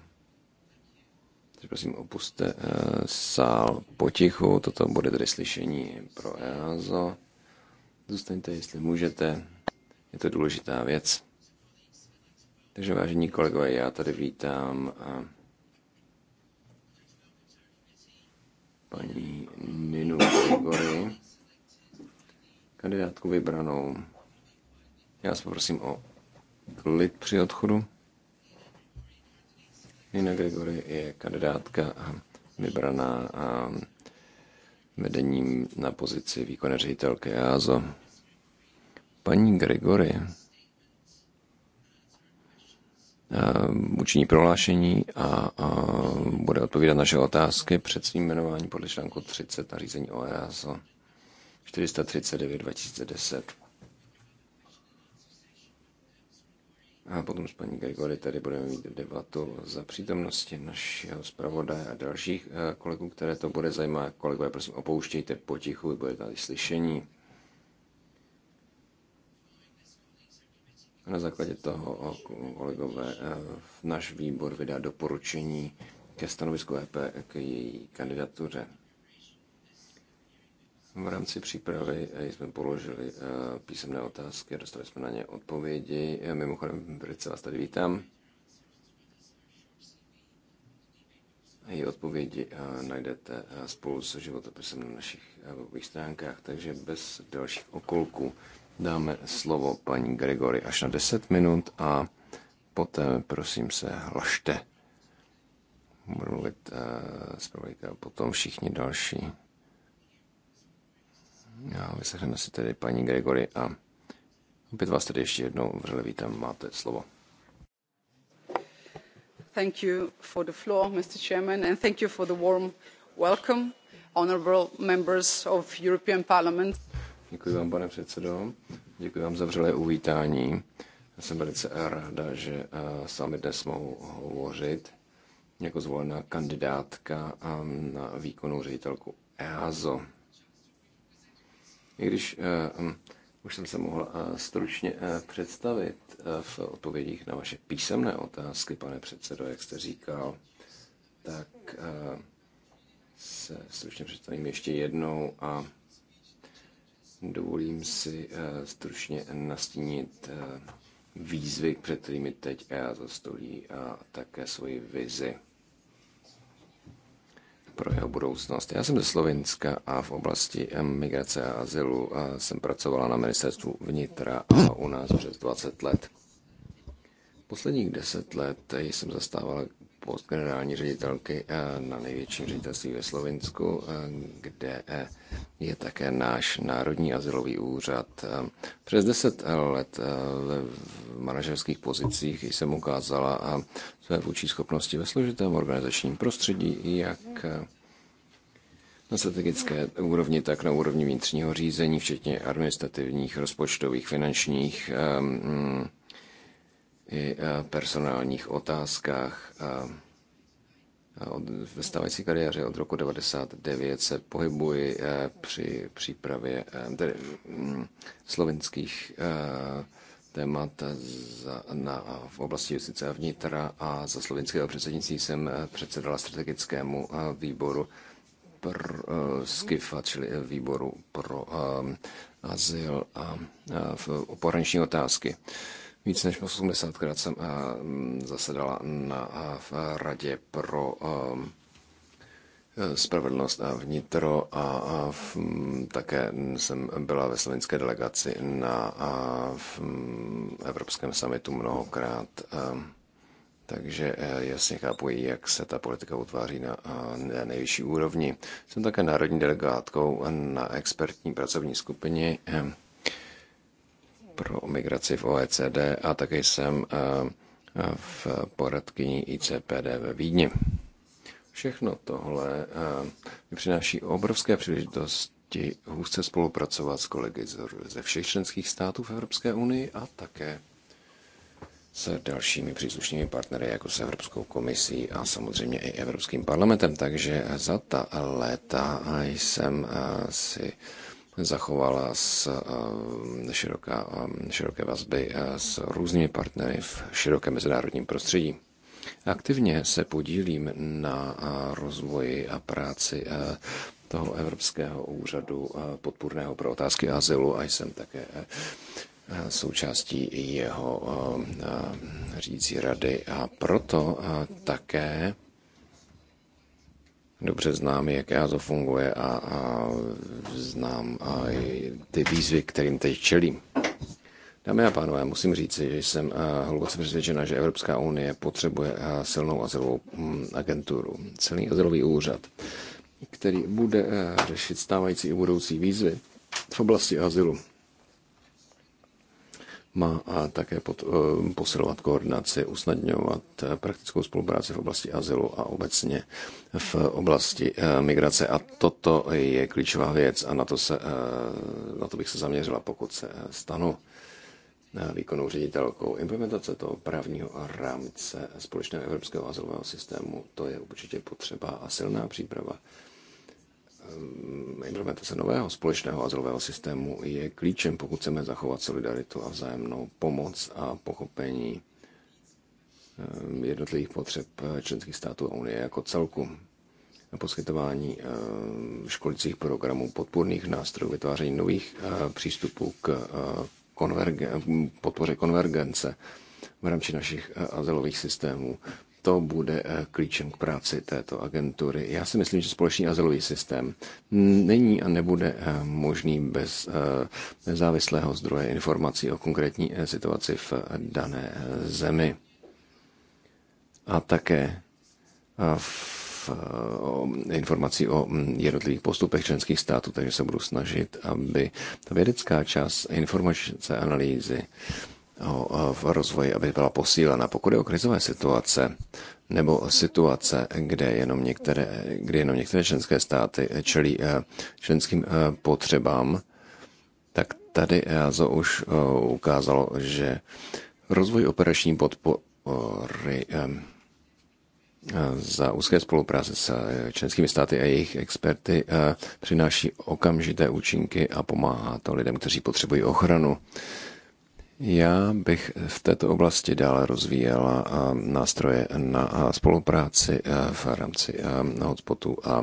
Takže prosím opuste eh, sál potichu. Toto bude tedy slyšení pro EASO. Zůstaňte, jestli můžete. Je to důležitá věc. Takže vážení kolegové, já tady vítám a eh, paní Ninu Gregory, kandidátku vybranou. Já vás poprosím o klid při odchodu. Nina Gregory je kandidátka vybraná a vedením na pozici výkonné ředitelky EASO. Paní Gregory učiní prohlášení a, a bude odpovídat naše otázky před svým jmenováním podle článku 30 nařízení o EASO 439 2010. A potom s paní Gregory tady budeme mít debatu za přítomnosti našeho zpravodaje a dalších eh, kolegů, které to bude zajímat. Kolegové, prosím, opouštějte potichu, bude tady slyšení. Na základě toho, eh, kolegové, eh, v náš výbor vydá doporučení ke stanovisku EP k její kandidatuře. V rámci přípravy eh, jsme položili eh, písemné otázky, dostali jsme na ně odpovědi. Eh, mimochodem, velice vás tady vítám. Její odpovědi najdete spolu se životopisem na našich webových stránkách, takže bez dalších okolků dáme slovo paní Gregory až na 10 minut a poté, prosím se, hlašte. Budu mluvit zpravodajka a potom všichni další. A vyslechneme si tedy paní Gregory a opět vás tedy ještě jednou vřele vítám, máte slovo. Thank you for the floor, Mr. Chairman, and thank you for the warm welcome, honorable members of European Parliament. Děkuji vám, pane předsedo. Děkuji vám za vřelé uvítání. Já jsem velice ráda, že eh, s vámi dnes mohu hovořit jako zvolená kandidátka eh, na výkonu ředitelku EASO. I když eh, hm, už jsem se mohl eh, stručně eh, představit v odpovědích na vaše písemné otázky, pane předsedo, jak jste říkal, tak se stručně představím ještě jednou a dovolím si stručně nastínit výzvy, před kterými teď EASA stojí a také svoji vizi pro jeho budoucnost. Já jsem ze Slovenska a v oblasti migrace a azylu jsem pracovala na ministerstvu vnitra a u nás přes 20 let. Posledních deset let jsem zastávala post generální ředitelky eh, na největším ředitelství ve Slovinsku, eh, kde eh, je také náš Národní asilový úřad. Přes deset let v manažerských pozicích jsem ukázala své vůči schopnosti ve složitém organizačním prostředí, jak na strategické úrovni, tak na úrovni vnitřního řízení, včetně administrativních, rozpočtových, finančních, um, i e, personálních otázkách. Ve stávající kariéře od roku 99 se pohybuji e, při přípravě e, tedy, mm, slovinských témat za, na, v oblasti justice a vnitra a za slovinského předsednictví jsem předsedala strategickému výboru pr, SKIFA, čili výboru pro um, azyl a, a v, pohraniční otázky. Uh, Víc než 80krát jsem eh, zasedala na eh, v Radě pro ehm, eh, spravedlnost a vnitro a, v, hm, také jsem byla ve slovenské delegaci na v, hm, Evropském samitu mnohokrát. Ehm, takže jasně chápu, jak se ta politika utváří na, na nejvyšší úrovni. Jsem také národní delegátkou na expertní pracovní skupině. Ehm, pro migraci v OECD a také jsem eh, eh, v poradkyni ICPD ve Vídni. Všechno tohle eh, mi přináší obrovské příležitosti hůzce spolupracovat s kolegy ze všech členských států v Evropské unii a také s dalšími příslušnými partnery, jako s Evropskou komisí a samozřejmě i Evropským parlamentem. Takže za ta léta jsem si zachovala s, eh, široká, eh, široké vazby eh, s různými partnery v širokém mezinárodním prostředí. Aktivně se podílím na rozvoji a práci toho Evropského úřadu podpůrného pro otázky azylu a jsem také součástí jeho řídící rady a proto také dobře znám, jak to funguje a, a znám a ty výzvy, kterým teď čelím. Dámy a pánové, musím říct, že jsem eh, hluboce přesvědčena, že Evropská unie potřebuje eh, silnou azylovou hm, agenturu, silný azylový úřad, který bude eh, řešit stávající i budoucí výzvy v oblasti azylu má a také pod, eh, posilovat koordinaci, usnadňovat eh, praktickou spolupráci v oblasti azylu a obecně v oblasti eh, migrace. A toto je klíčová věc a na to, se, na to bych se zaměřila, pokud se stanu výkonnou ředitelkou. Implementace toho právního rámce společného evropského azylového systému, to je určitě potřeba a silná příprava Eh, implementace nového společného azylového systému je klíčem, pokud chceme zachovat solidaritu a vzájemnou pomoc a pochopení eh, jednotlivých potřeb eh, členských států a Unie jako celku. Poskytování školicích programů, podpůrných nástrojů, vytváření nových přístupů k konvergen- podpoře konvergence v rámci našich azylových systémů, to bude eh, klíčem k práci této agentury. Já si myslím, že společný azylový systém není a nebude eh, možný bez eh, nezávislého zdroje informací o konkrétní situaci v dané zemi. A také v informací o mm, jednotlivých postupech členských států, takže se budu snažit, aby ta vědecká část informace analýzy v rozvoji, aby byla posílena. Pokud je o krizové situace, nebo situace, kde jenom některé, kde jenom některé členské státy čelí e, členským e, potřebám, tak tady EASO už e, ukázalo, že rozvoj operační podpory za úzké spolupráce s členskými státy a jejich experty přináší okamžité účinky a pomáhá to lidem, kteří potřebují ochranu. Já bych v této oblasti dále rozvíjela nástroje na spolupráci v rámci hotspotu a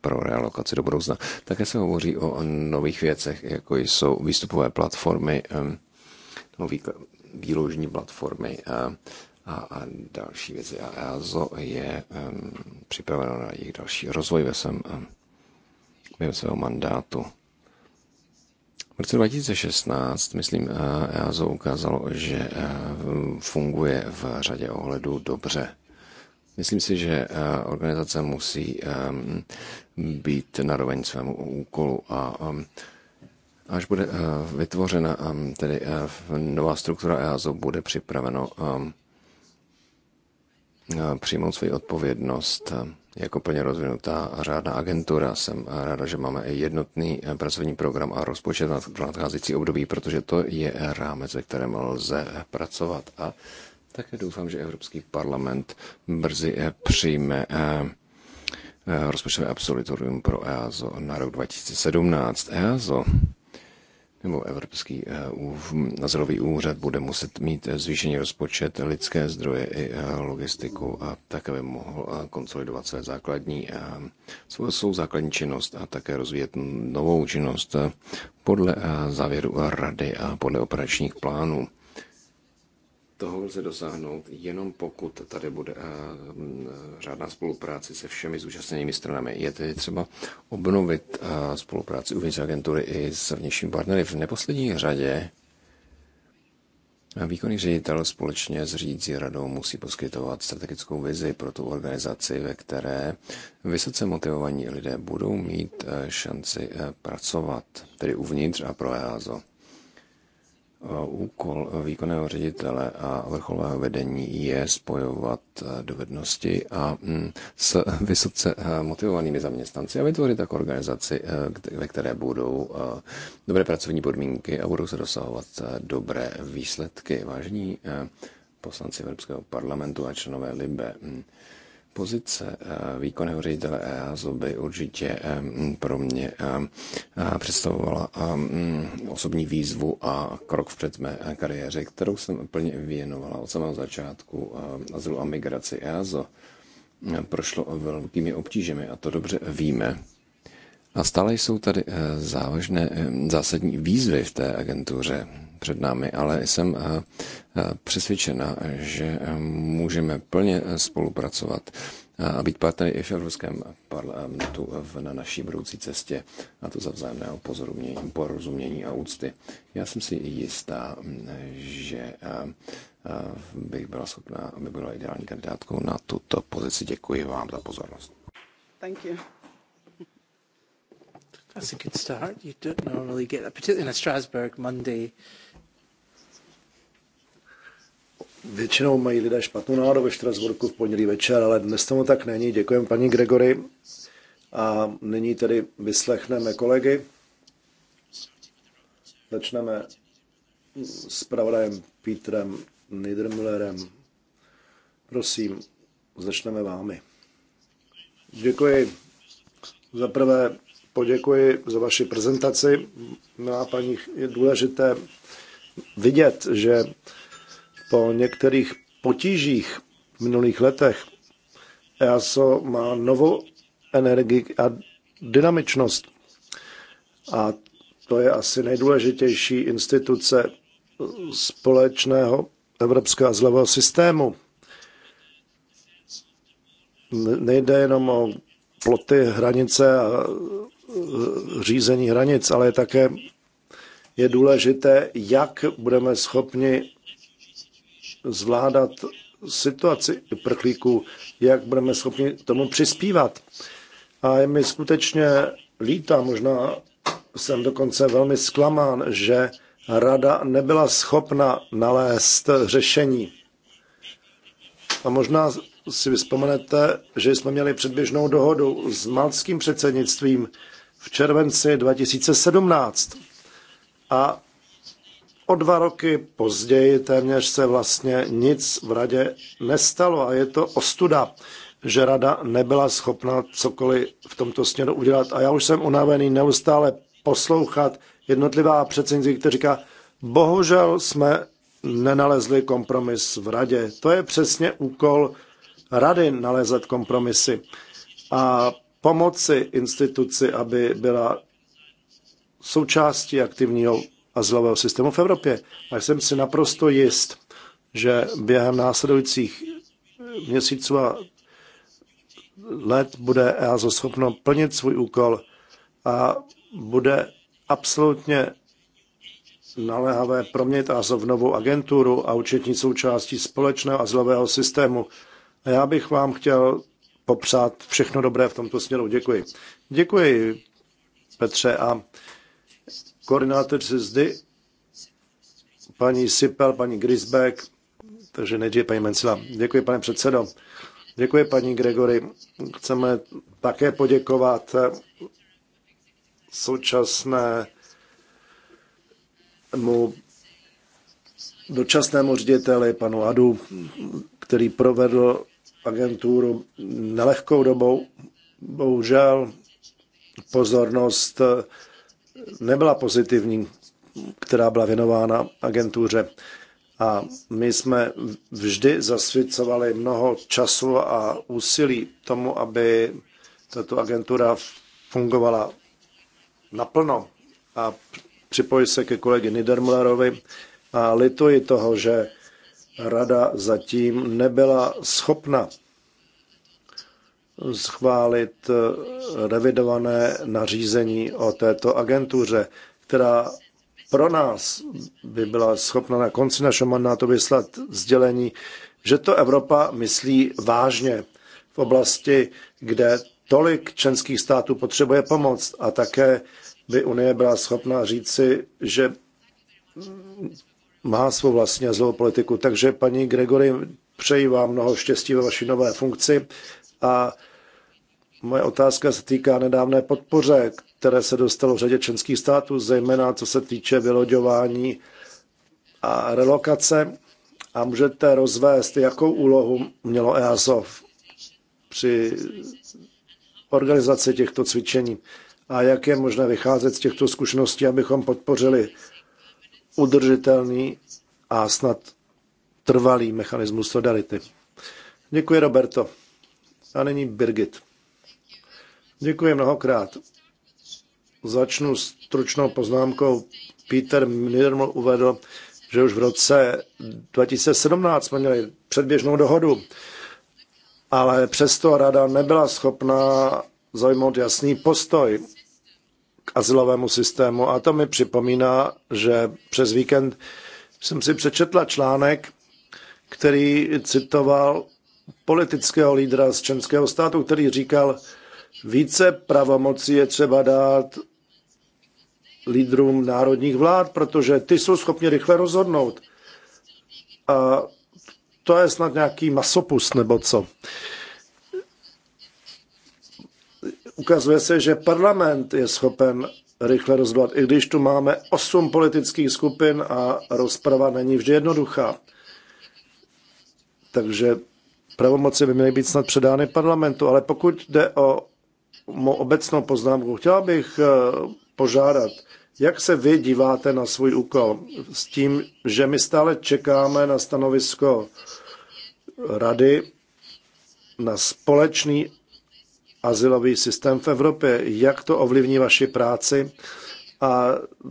pro realokaci do budoucna. Také se hovoří o nových věcech, jako jsou výstupové platformy, výložní platformy a, a další věci. A EASO je připraveno na jejich další rozvoj ve svém během svého mandátu. V roce 2016, myslím, eh, EASO ukázalo, že eh, funguje v řadě ohledů dobře. Myslím si, že eh, organizace musí ehm, být naroveň svému úkolu a ehm, až bude vytvořena ehm, tedy nová struktura EASO, bude připraveno přijmout svoji odpovědnost jako plně rozvinutá a řádná agentura jsem ráda, že máme jednotný eh, pracovní program a rozpočet na nadcházející období, protože to je rámec, ve kterém lze pracovat. A také doufám, že Evropský parlament brzy eh, přijme eh, rozpočtové absolutorium pro EASO na rok 2017. EASO nebo Evropský eh, nazorový úřad bude muset mít eh, zvýšený rozpočet, lidské zdroje i eh, logistiku a tak, aby mohl konsolidovat své základní, svou základní činnost a také rozvíjet novou činnost podle závěru rady a podle operačních plánů toho lze dosáhnout jenom pokud tady bude eh, mm, řádná spolupráce se všemi zúčastněnými stranami. Je tedy třeba obnovit eh, spolupráci uvnitř agentury i s vnějším partnery. V neposlední řadě Výkonný ředitel společně s řídící radou musí poskytovat strategickou vizi pro tu organizaci, ve které vysoce motivovaní lidé budou mít eh, šanci pracovat, tedy uvnitř a pro EASO. Eh, úkol eh, výkonného ředitele a vrcholového vedení je spojovat eh, dovednosti a mm, s vysoce motivovanými zaměstnanci a vytvořit tak organizaci, ve které budou dobré pracovní podmínky a budou se dosahovat dobré výsledky. Vážení poslanci Evropského parlamentu a členové Libe, mm, Pozice eh, výkonného ředitele EASO by určitě eh, pro mě eh, představovala mm, osobní výzvu a krok vpřed mé kariéře, kterou jsem plně věnovala od samého začátku azylu a migraci EASO. Prošlo velkými obtížemi a to dobře víme. A stále jsou tady závažné zásadní výzvy v té agentuře před námi, ale jsem eh, eh, přesvědčena, eh, že můžeme plně spolupracovat a být partnery i v Evropském parlamentu na naší budoucí cestě, a to za vzájemného porozumění a úcty. Já jsem si jistá, mm, že bych byla schopná, aby byla ideální kandidátkou na tuto pozici. Děkuji vám za pozornost. Thank you. That's a good start. You don't normally get that, particularly in a Strasbourg Monday Většinou mají lidé špatnou náladu ve Štrasburku v pondělí večer, ale dnes tomu tak není. Děkujeme paní Gregory. A nyní tedy vyslechneme kolegy. Začneme s pravodajem Petrem Niedermüllerem. Prosím, začneme vámi. Děkuji. Za prvé poděkuji za vaši prezentaci. Milá no paní, je důležité vidět, že po některých potížích v minulých letech EASO má novou energii a dynamičnost. A to je asi nejdůležitější instituce společného evropského zlevého systému. Nejde jenom o ploty hranice a e, řízení hranic, ale také je důležité, jak budeme schopni zvládat situaci prchlíků, jak budeme schopni tomu přispívat. A je mi skutečně líta, možná jsem dokonce velmi zklamán, že rada nebyla schopna nalézt řešení. A možná si vzpomenete, že jsme měli předběžnou dohodu s malckým předsednictvím v červenci 2017. A O dva roky později téměř se vlastně nic v radě nestalo a je to ostuda, že rada nebyla schopna cokoliv v tomto směru udělat. A já už jsem unavený neustále poslouchat jednotlivá předsednictví, kteří říká, bohužel jsme nenalezli kompromis v radě. To je přesně úkol rady nalezat kompromisy a pomoci instituci, aby byla součástí aktivního azylového systému v Evropě. A jsem si naprosto jist, že během následujících měsíců a let bude EASO schopno plnit svůj úkol a bude absolutně naléhavé proměnit EASO v novou agenturu a účetní součástí společného azylového systému. A já bych vám chtěl popřát všechno dobré v tomto směru. Děkuji. Děkuji, Petře. A koordinátorce zde, paní Sipel, paní Grisbeck, takže nejdříve paní Mencila. Děkuji, pane předsedo. Děkuji, paní Gregory. Chceme také poděkovat současnému dočasnému řediteli, panu Adu, který provedl agenturu nelehkou dobou. Bohužel pozornost nebyla pozitivní, která byla věnována agentuře. A my jsme vždy zasvěcovali mnoho času a úsilí tomu, aby tato agentura fungovala naplno. A připojí se ke kolegy Niedermüllerovi a lituji toho, že rada zatím nebyla schopna schválit eh, revidované nařízení o této agentuře, která pro nás by byla schopna na konci našeho mandátu vyslat sdělení, že to Evropa myslí vážně v oblasti, kde tolik členských států potřebuje pomoc a také by Unie byla schopna říci, že má svou vlastní zlou politiku. Takže paní Gregory, přeji vám mnoho štěstí ve vaší nové funkci a Moje otázka se týká nedávné podpoře, které se dostalo v řadě členských států, zejména co se týče vyloďování a relokace. A můžete rozvést, jakou úlohu mělo EASO při organizaci těchto cvičení a jak je možné vycházet z těchto zkušeností, abychom podpořili udržitelný a snad trvalý mechanismus solidarity. Děkuji, Roberto. A nyní Birgit. Děkuji mnohokrát. Začnu stručnou poznámkou. Peter Mirmo uvedl, že už v roce 2017 jsme měli předběžnou dohodu, ale přesto rada nebyla schopná zajmout jasný postoj k azylovému systému. A to mi připomíná, že přes víkend jsem si přečetla článek, který citoval politického lídra z Českého státu, který říkal, více pravomocí je třeba dát lídrům národních vlád, protože ty jsou schopni rychle rozhodnout. A to je snad nějaký masopus nebo co. Ukazuje se, že parlament je schopen rychle rozhodovat, i když tu máme osm politických skupin a rozprava není vždy jednoduchá. Takže pravomoci by měly být snad předány parlamentu, ale pokud jde o mou obecnou poznámku. Chtěla bych eh, požádat, jak se vy díváte na svůj úkol s tím, že my stále čekáme na stanovisko rady na společný azylový systém v Evropě. Jak to ovlivní vaši práci a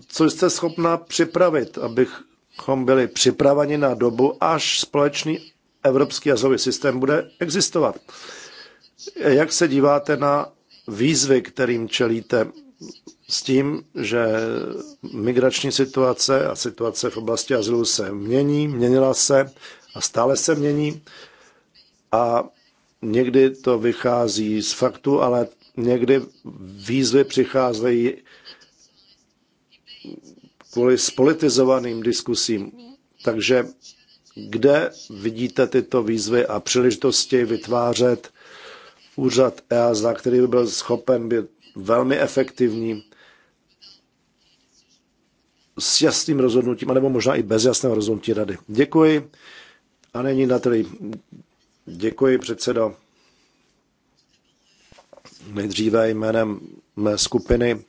co jste schopna připravit, abychom byli připraveni na dobu, až společný evropský azylový systém bude existovat. Jak se díváte na výzvy, kterým čelíte s tím, že migrační situace a situace v oblasti azylu se mění, měnila se a stále se mění. A někdy to vychází z faktu, ale někdy výzvy přicházejí kvůli spolitizovaným diskusím. Takže kde vidíte tyto výzvy a příležitosti vytvářet úřad EASA, který by byl schopen být velmi efektivní s jasným rozhodnutím, anebo možná i bez jasného rozhodnutí rady. Děkuji. A není na tedy. Děkuji, předsedo. Nejdříve jménem mé skupiny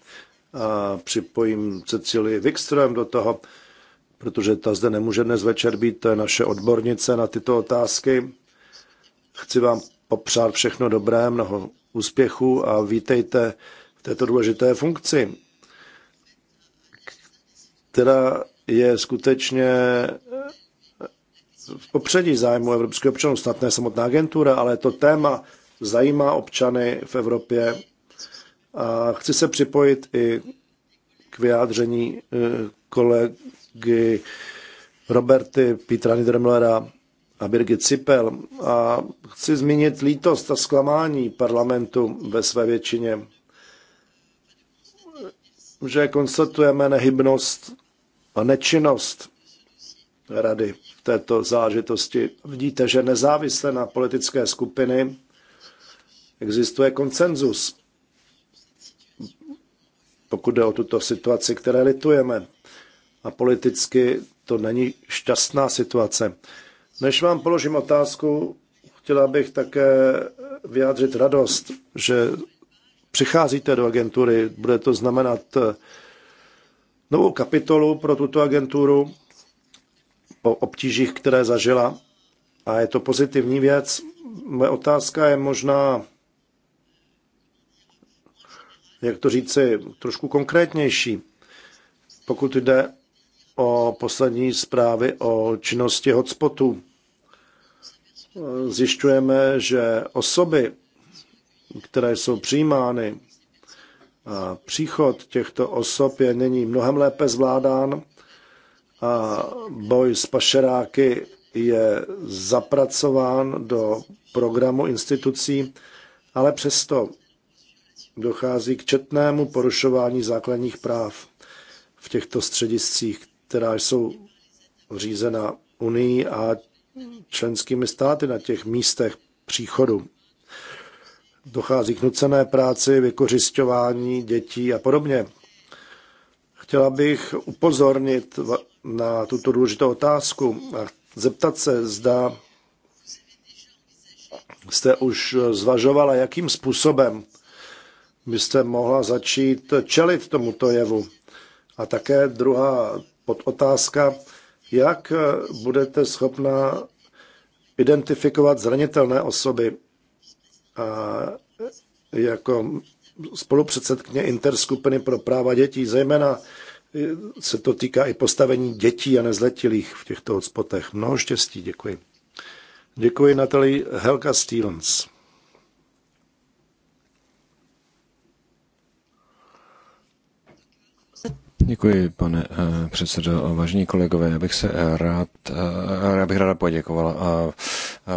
a připojím Cecilii Wikström do toho, protože ta zde nemůže dnes večer být, to je naše odbornice na tyto otázky. Chci vám popřát všechno dobré, mnoho úspěchů a vítejte v této důležité funkci, která je skutečně eh, v popředí zájmu evropských občanů, snad ne samotná agentura, ale to téma zajímá občany v Evropě. A chci se připojit i k vyjádření eh, kolegy Roberty Petra Niedermüllera a Birgit Cipel. A chci zmínit lítost a zklamání parlamentu ve své většině, že konstatujeme nehybnost a nečinnost rady v této zážitosti. Vidíte, že nezávisle na politické skupiny existuje konsenzus, pokud jde o tuto situaci, které litujeme. A politicky to není šťastná situace. Než vám položím otázku, chtěla bych také vyjádřit radost, že přicházíte do agentury. Bude to znamenat eh, novou kapitolu pro tuto agenturu po obtížích, které zažila. A je to pozitivní věc. Moje otázka je možná, jak to říci, trošku konkrétnější. Pokud jde o poslední zprávy o činnosti hotspotu, zjišťujeme, že osoby, které jsou přijímány, a příchod těchto osob je nyní mnohem lépe zvládán a boj s pašeráky je zapracován do programu institucí, ale přesto dochází k četnému porušování základních práv v těchto střediscích, která jsou řízena Unii a členskými státy na těch místech příchodu. Dochází k nucené práci, vykořišťování dětí a podobně. Chtěla bych upozornit na tuto důležitou otázku a zeptat se, zda jste už zvažovala, jakým způsobem byste mohla začít čelit tomuto jevu. A také druhá podotázka, jak eh, budete schopna identifikovat zranitelné osoby a eh, jako spolupředsedkyně interskupiny pro práva dětí, zejména eh, se to týká i postavení dětí a nezletilých v těchto hotspotech. Mnoho štěstí, děkuji. Děkuji Natalie Helga Stevens. Děkuji, pane eh, předsedo. Vážení kolegové, já bych se eh, rád, eh, já bych ráda a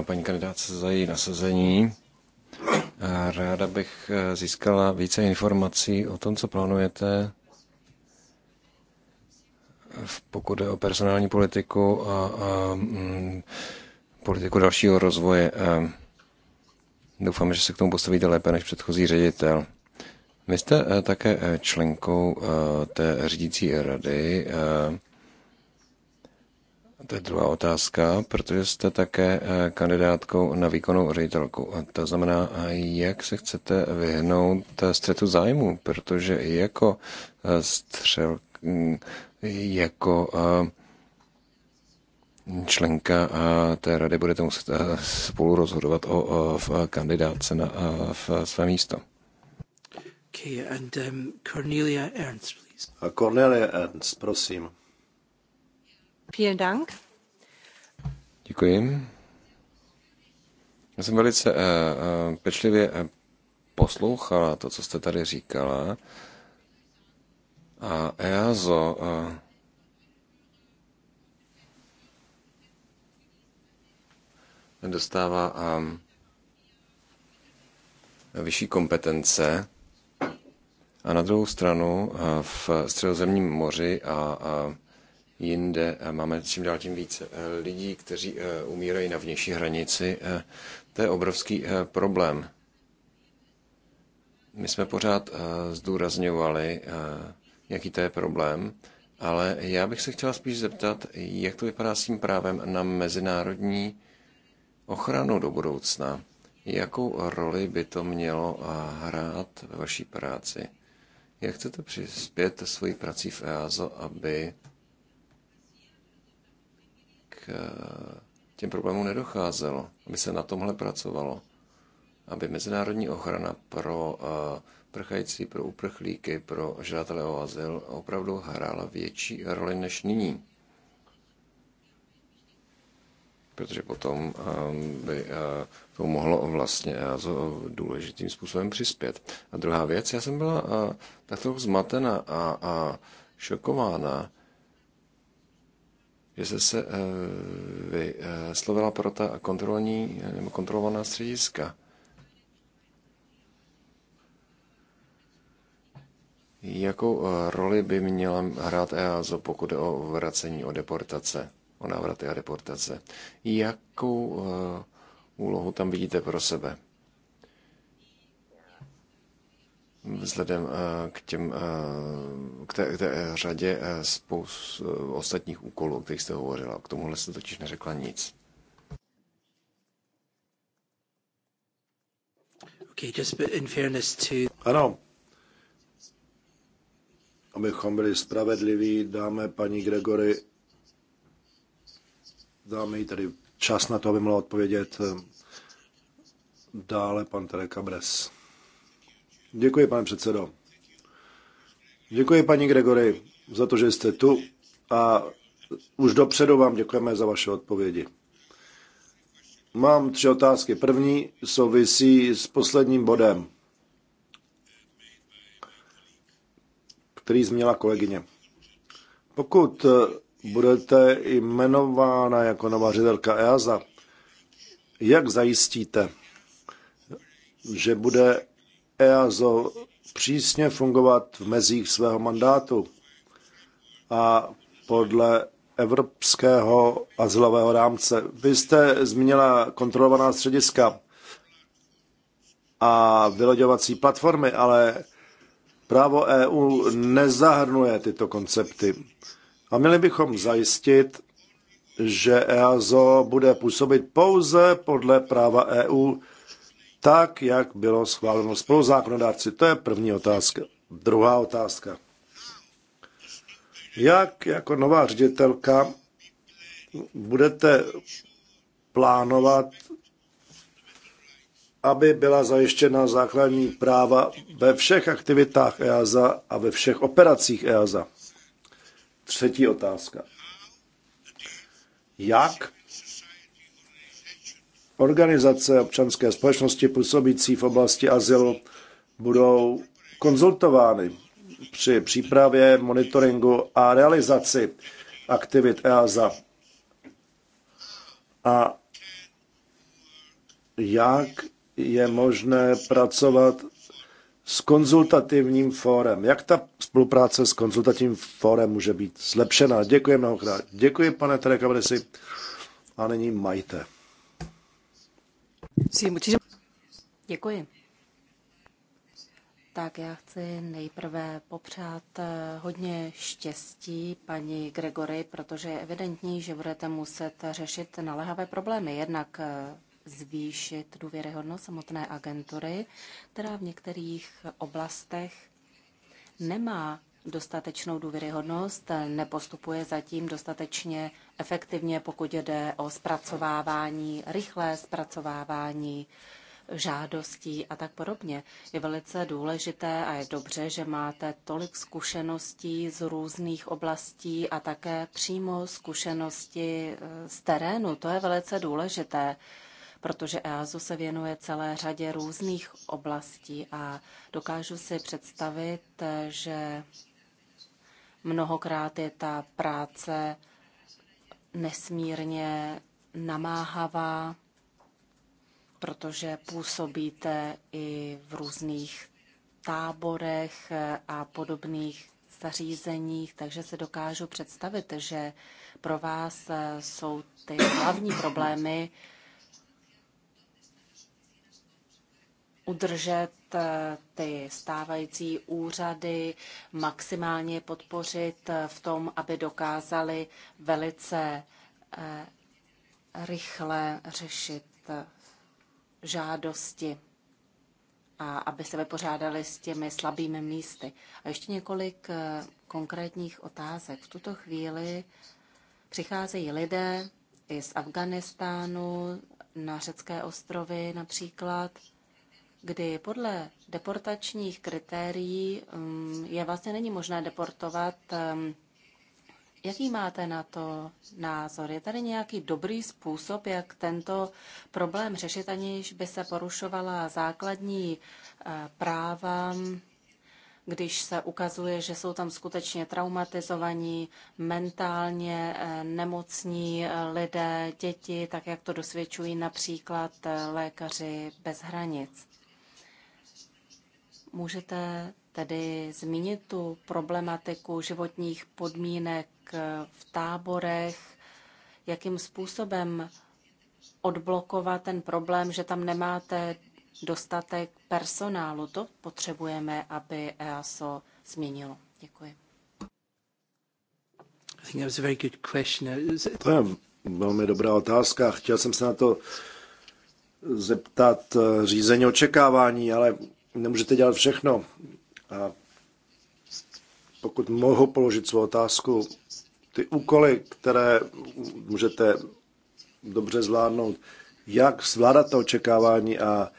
paní kandidátce za její nasazení. Ráda bych získala více informací o tom, co plánujete, pokud je o personální politiku a, a mm, politiku dalšího rozvoje. Doufám, že se k tomu postavíte lépe než předchozí ředitel. Vy jste eh, také eh, členkou eh, té řídící rady. To je druhá otázka, protože jste také kandidátkou na výkonnou ředitelku. To znamená, jak se chcete vyhnout střetu zájmu, protože jako střel, mm, jako členka té rady budete muset spolu rozhodovat o, kandidáce kandidátce na v své místo. Okay, and um, Cornelia Ernst, please. A uh, Cornelia Ernst, prosím. Vielen Dank. Děkuji. Já jsem velice uh, uh, pečlivě eh, poslouchala to, co jste tady říkala. A EASO uh, dostává um, vyšší kompetence a na druhou stranu eh, v středozemním moři a jinde eh, máme čím dál tím více eh, lidí, kteří umírají na vnější hranici. To je obrovský problém. My jsme pořád zdůrazňovali, jaký to je problém, ale já bych se chtěla spíš zeptat, jak to vypadá s tím právem na mezinárodní ochranu do budoucna. Jakou roli by to mělo hrát ve vaší práci? Jak chcete přispět svojí prací v EASO, aby k eh, těm problémům nedocházelo, aby se na tomhle pracovalo, aby mezinárodní ochrana pro eh, prchající, pro uprchlíky, pro žádatele o azyl opravdu hrála větší roli než nyní? protože potom ehm, by eh, to mohlo vlastně eh, eh, důležitým způsobem přispět. A druhá věc, já jsem byla tak trochu zmatena a, a šokována, že jste se vyslovila pro ta kontrolní nebo kontrolovaná střediska. Jakou roli by měla hrát EASO, pokud je o vracení, o deportace? o návraty a deportace. Jakou eh, úlohu tam vidíte pro sebe? Vzhledem eh, k, těm, eh, k, té, k té řadě spoust ostatních úkolů, o kterých jste hovořila. K tomuhle jste totiž neřekla nic. Okay, just in fairness to... Ano, abychom byli spravedliví, dáme paní Gregory Dáme jí tedy čas na to, aby mohla odpovědět. Eh, dále pan Terek Abres. Děkuji, pane předsedo. Děkuji, paní Gregory, za to, že jste tu a už dopředu vám děkujeme za vaše odpovědi. Mám tři otázky. První souvisí s posledním bodem, který změla kolegyně. Pokud eh, budete jmenována jako nová ředitelka EASA, jak zajistíte, že bude EASO přísně fungovat v mezích svého mandátu a podle evropského azylového rámce. Vy jste zmínila kontrolovaná střediska a vyloďovací platformy, ale právo EU nezahrnuje tyto koncepty. A měli bychom zajistit, že EASO bude působit pouze podle práva EU, tak, jak bylo schváleno spoluzákonodárci. To je první otázka. Druhá otázka. Jak jako nová ředitelka budete plánovat, aby byla zajištěna základní práva ve všech aktivitách EASA a ve všech operacích EASA? Třetí otázka. Jak organizace občanské společnosti působící v oblasti azylu budou konzultovány při přípravě, monitoringu a realizaci aktivit EASA. A jak je možné pracovat s konzultativním fórem. Jak ta spolupráce s konzultativním fórem může být zlepšena? Děkuji mnohokrát. Děkuji, pane Terekabrisi. A nyní majte. Děkuji. Tak já chci nejprve popřát eh, hodně štěstí paní Gregory, protože je evidentní, že budete muset řešit naléhavé problémy. Jednak eh, zvýšit důvěryhodnost samotné agentury, která v některých oblastech nemá dostatečnou důvěryhodnost, nepostupuje zatím dostatečně efektivně, pokud jde o zpracovávání, rychlé zpracovávání žádostí a tak podobně. Je velice důležité a je dobře, že máte tolik zkušeností z různých oblastí a také přímo zkušenosti eh, z terénu. To je velice důležité protože EASO se věnuje celé řadě různých oblastí a dokážu si představit, že mnohokrát je ta práce nesmírně namáhavá, protože působíte i v různých táborech a podobných zařízeních, takže se dokážu představit, že pro vás jsou ty hlavní problémy udržet eh, ty stávající úřady, maximálně podpořit eh, v tom, aby dokázali velice eh, rychle řešit žádosti a aby se vypořádali s těmi slabými místy. A ještě několik konkrétních otázek. V tuto chvíli přicházejí lidé i z Afganistánu na řecké ostrovy například kdy podle deportačních kritérií mm, je vlastně není možné deportovat. Mm, jaký máte na to názor? Je tady nějaký dobrý způsob, jak tento problém řešit, aniž by se porušovala základní eh, práva, když se ukazuje, že jsou tam skutečně traumatizovaní, mentálně eh, nemocní eh, lidé, děti, tak jak to dosvědčují například lékaři bez hranic? Můžete tedy zmínit tu problematiku životních podmínek v táborech, jakým způsobem odblokovat ten problém, že tam nemáte dostatek personálu. To potřebujeme, aby EASO změnilo. Děkuji. To je velmi dobrá otázka. Chtěl jsem se na to zeptat eh, řízení očekávání, ale nemůžete dělat všechno. A pokud mohu položit svou otázku, ty úkoly, které můžete dobře zvládnout, jak zvládat to očekávání a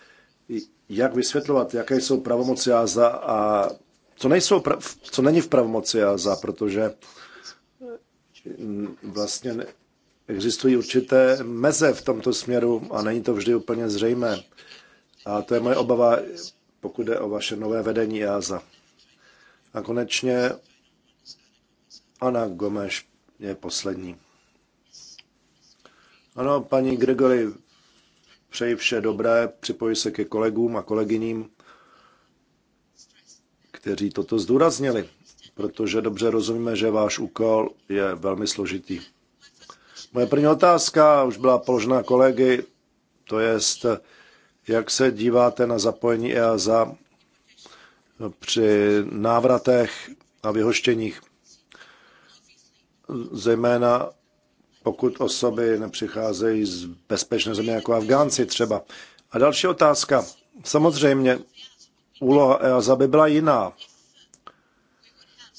jak vysvětlovat, jaké jsou pravomoci za a co, nejsou, co není v pravomoci za, protože mm, vlastně existují určité meze v tomto směru a není to vždy úplně zřejmé. A to je moje obava pokud jde o vaše nové vedení EASA. A konečně Ana Gomeš je poslední. Ano, paní Gregory, přeji vše dobré, připoji se ke kolegům a kolegyním, kteří toto zdůraznili, protože dobře rozumíme, že váš úkol je velmi složitý. Moje první otázka už byla položena kolegy, to jest, jak se díváte na zapojení EASA při návratech a vyhoštěních, zejména pokud osoby nepřicházejí z bezpečné země jako Afgánci třeba. A další otázka. Samozřejmě úloha EASA by byla jiná,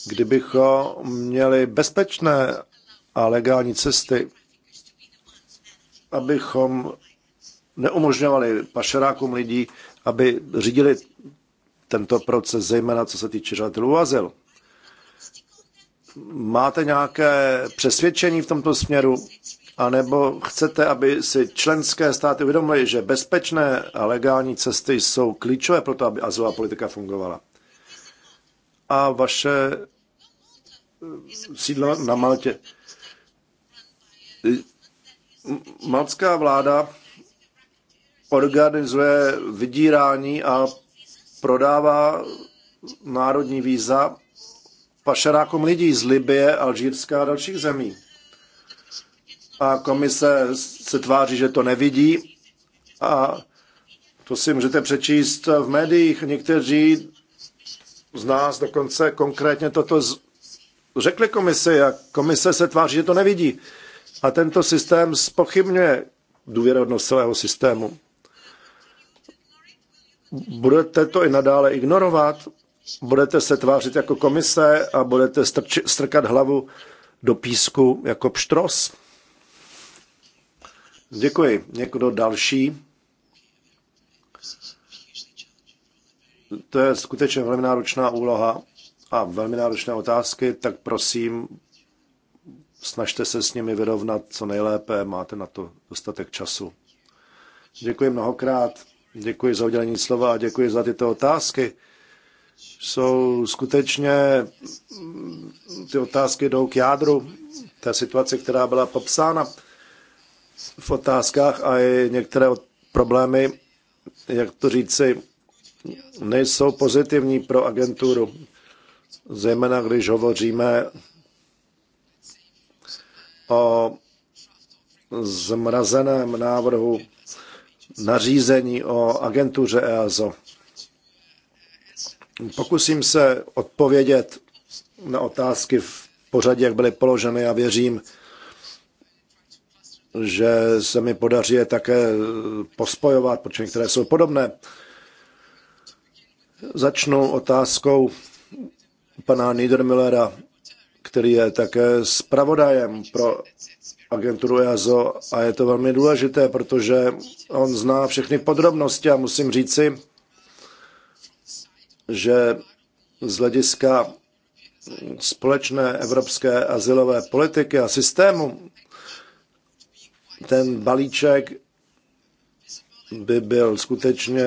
kdybychom měli bezpečné a legální cesty, abychom neumožňovali pašerákům lidí, aby řídili tento proces, zejména co se týče žadatelů azyl. Máte nějaké přesvědčení v tomto směru? A nebo chcete, aby si členské státy uvědomily, že bezpečné a legální cesty jsou klíčové pro to, aby azylová politika fungovala? A vaše eh, sídlo na Maltě. Maltská vláda organizuje vydírání a prodává národní víza pašerákům lidí z Libie, Alžírska a dalších zemí. A komise se tváří, že to nevidí a to si můžete přečíst v médiích. Někteří z nás dokonce konkrétně toto řekli komisi a komise se tváří, že to nevidí. A tento systém spochybňuje důvěrodnost celého systému. Budete to i nadále ignorovat? Budete se tvářit jako komise a budete strč, strkat hlavu do písku jako pštros? Děkuji. Někdo další? To je skutečně velmi náročná úloha a velmi náročné otázky, tak prosím, snažte se s nimi vyrovnat co nejlépe, máte na to dostatek času. Děkuji mnohokrát. Děkuji za udělení slova a děkuji za tyto otázky. Jsou skutečně, mm, ty otázky jdou k jádru té situace, která byla popsána v otázkách a i některé problémy, jak to říci, nejsou pozitivní pro agenturu. Zejména když hovoříme o zmrazeném návrhu nařízení o agentuře EASO. Pokusím se odpovědět na otázky v pořadě, jak byly položeny. Já věřím, že se mi podaří je také pospojovat, protože některé jsou podobné. Začnu otázkou pana Niedermüllera, který je také zpravodajem pro agenturu EASO a je to velmi důležité, protože on zná všechny podrobnosti a musím říci, že z hlediska společné evropské asilové politiky a systému ten balíček by byl skutečně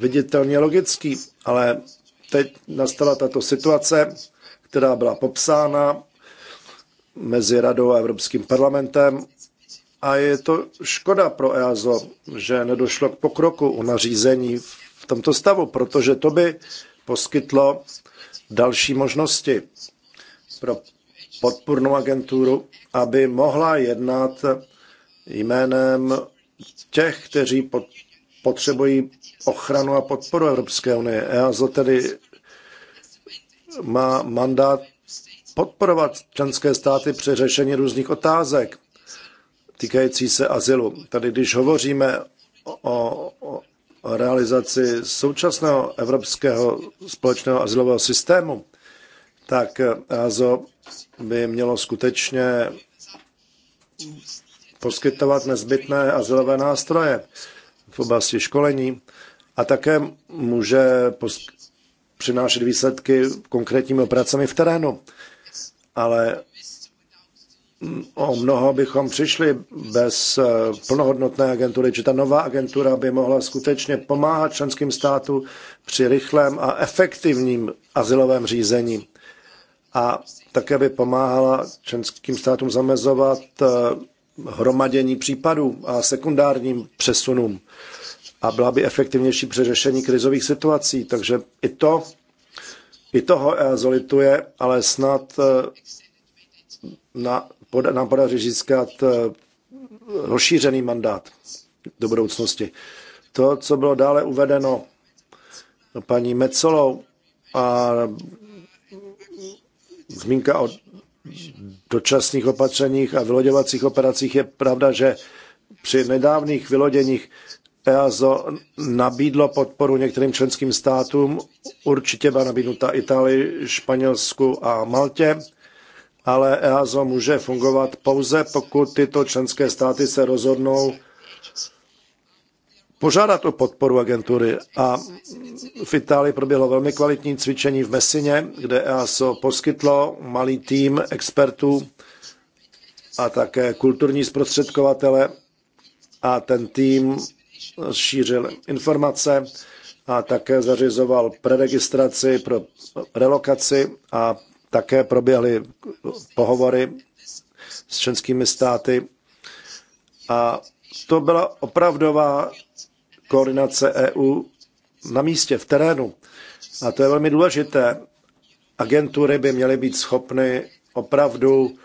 viditelně logický, ale teď nastala tato situace, která byla popsána mezi Radou a Evropským parlamentem. A je to škoda pro EASO, že nedošlo k pokroku u nařízení v tomto stavu, protože to by poskytlo další možnosti pro podpůrnou agenturu, aby mohla jednat jménem těch, kteří potřebují ochranu a podporu Evropské unie. EASO tedy má mandát podporovat členské státy při řešení různých otázek týkající se azylu. Tady, když hovoříme o, o realizaci současného evropského společného azylového systému, tak AZO by mělo skutečně poskytovat nezbytné azylové nástroje v oblasti školení a také může přinášet výsledky konkrétními operacemi v terénu ale o mnoho bychom přišli bez eh, plnohodnotné agentury, že ta nová agentura by mohla skutečně pomáhat členským státu při rychlém a efektivním asilovém řízení. A také by pomáhala členským státům zamezovat eh, hromadění případů a sekundárním přesunům. A byla by efektivnější při řešení krizových situací. Takže i to i toho eazolitu je, ale snad eh, na, poda, nám podaří získat eh, rozšířený mandát do budoucnosti. To, co bylo dále uvedeno paní Mecolou a zmínka o dočasných opatřeních a vyloděvacích operacích je pravda, že při nedávných vyloděních EASO nabídlo podporu některým členským státům, určitě byla nabídnuta Itálii, Španělsku a Maltě, ale EASO může fungovat pouze, pokud tyto členské státy se rozhodnou požádat o podporu agentury. A v Itálii proběhlo velmi kvalitní cvičení v Messině, kde EASO poskytlo malý tým expertů a také kulturní zprostředkovatele a ten tým šířil informace a také zařizoval preregistraci pro relokaci a také proběhly pohovory s členskými státy. A to byla opravdová koordinace EU na místě, v terénu. A to je velmi důležité. Agentury by měly být schopny opravdu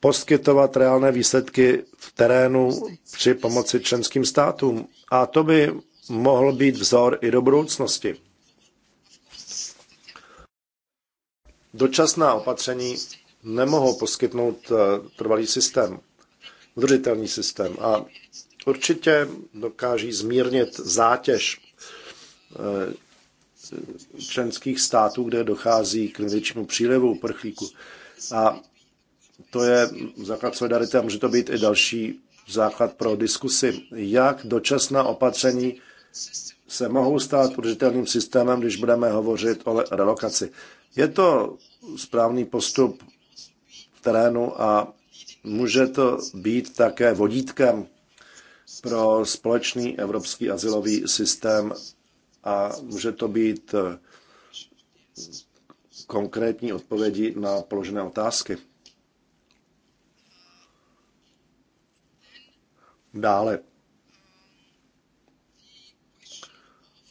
poskytovat reálné výsledky v terénu při pomoci členským státům. A to by mohl být vzor i do budoucnosti. Dočasná opatření nemohou poskytnout eh, trvalý systém, udržitelný systém a určitě dokáží zmírnit zátěž eh, členských států, kde dochází k největšímu přílivu uprchlíků. A to je základ solidarity a může to být i další základ pro diskusy, jak dočasná opatření se mohou stát udržitelným systémem, když budeme hovořit o relokaci. Je to správný postup v terénu a může to být také vodítkem pro společný evropský asilový systém a může to být konkrétní odpovědi na položené otázky. Dále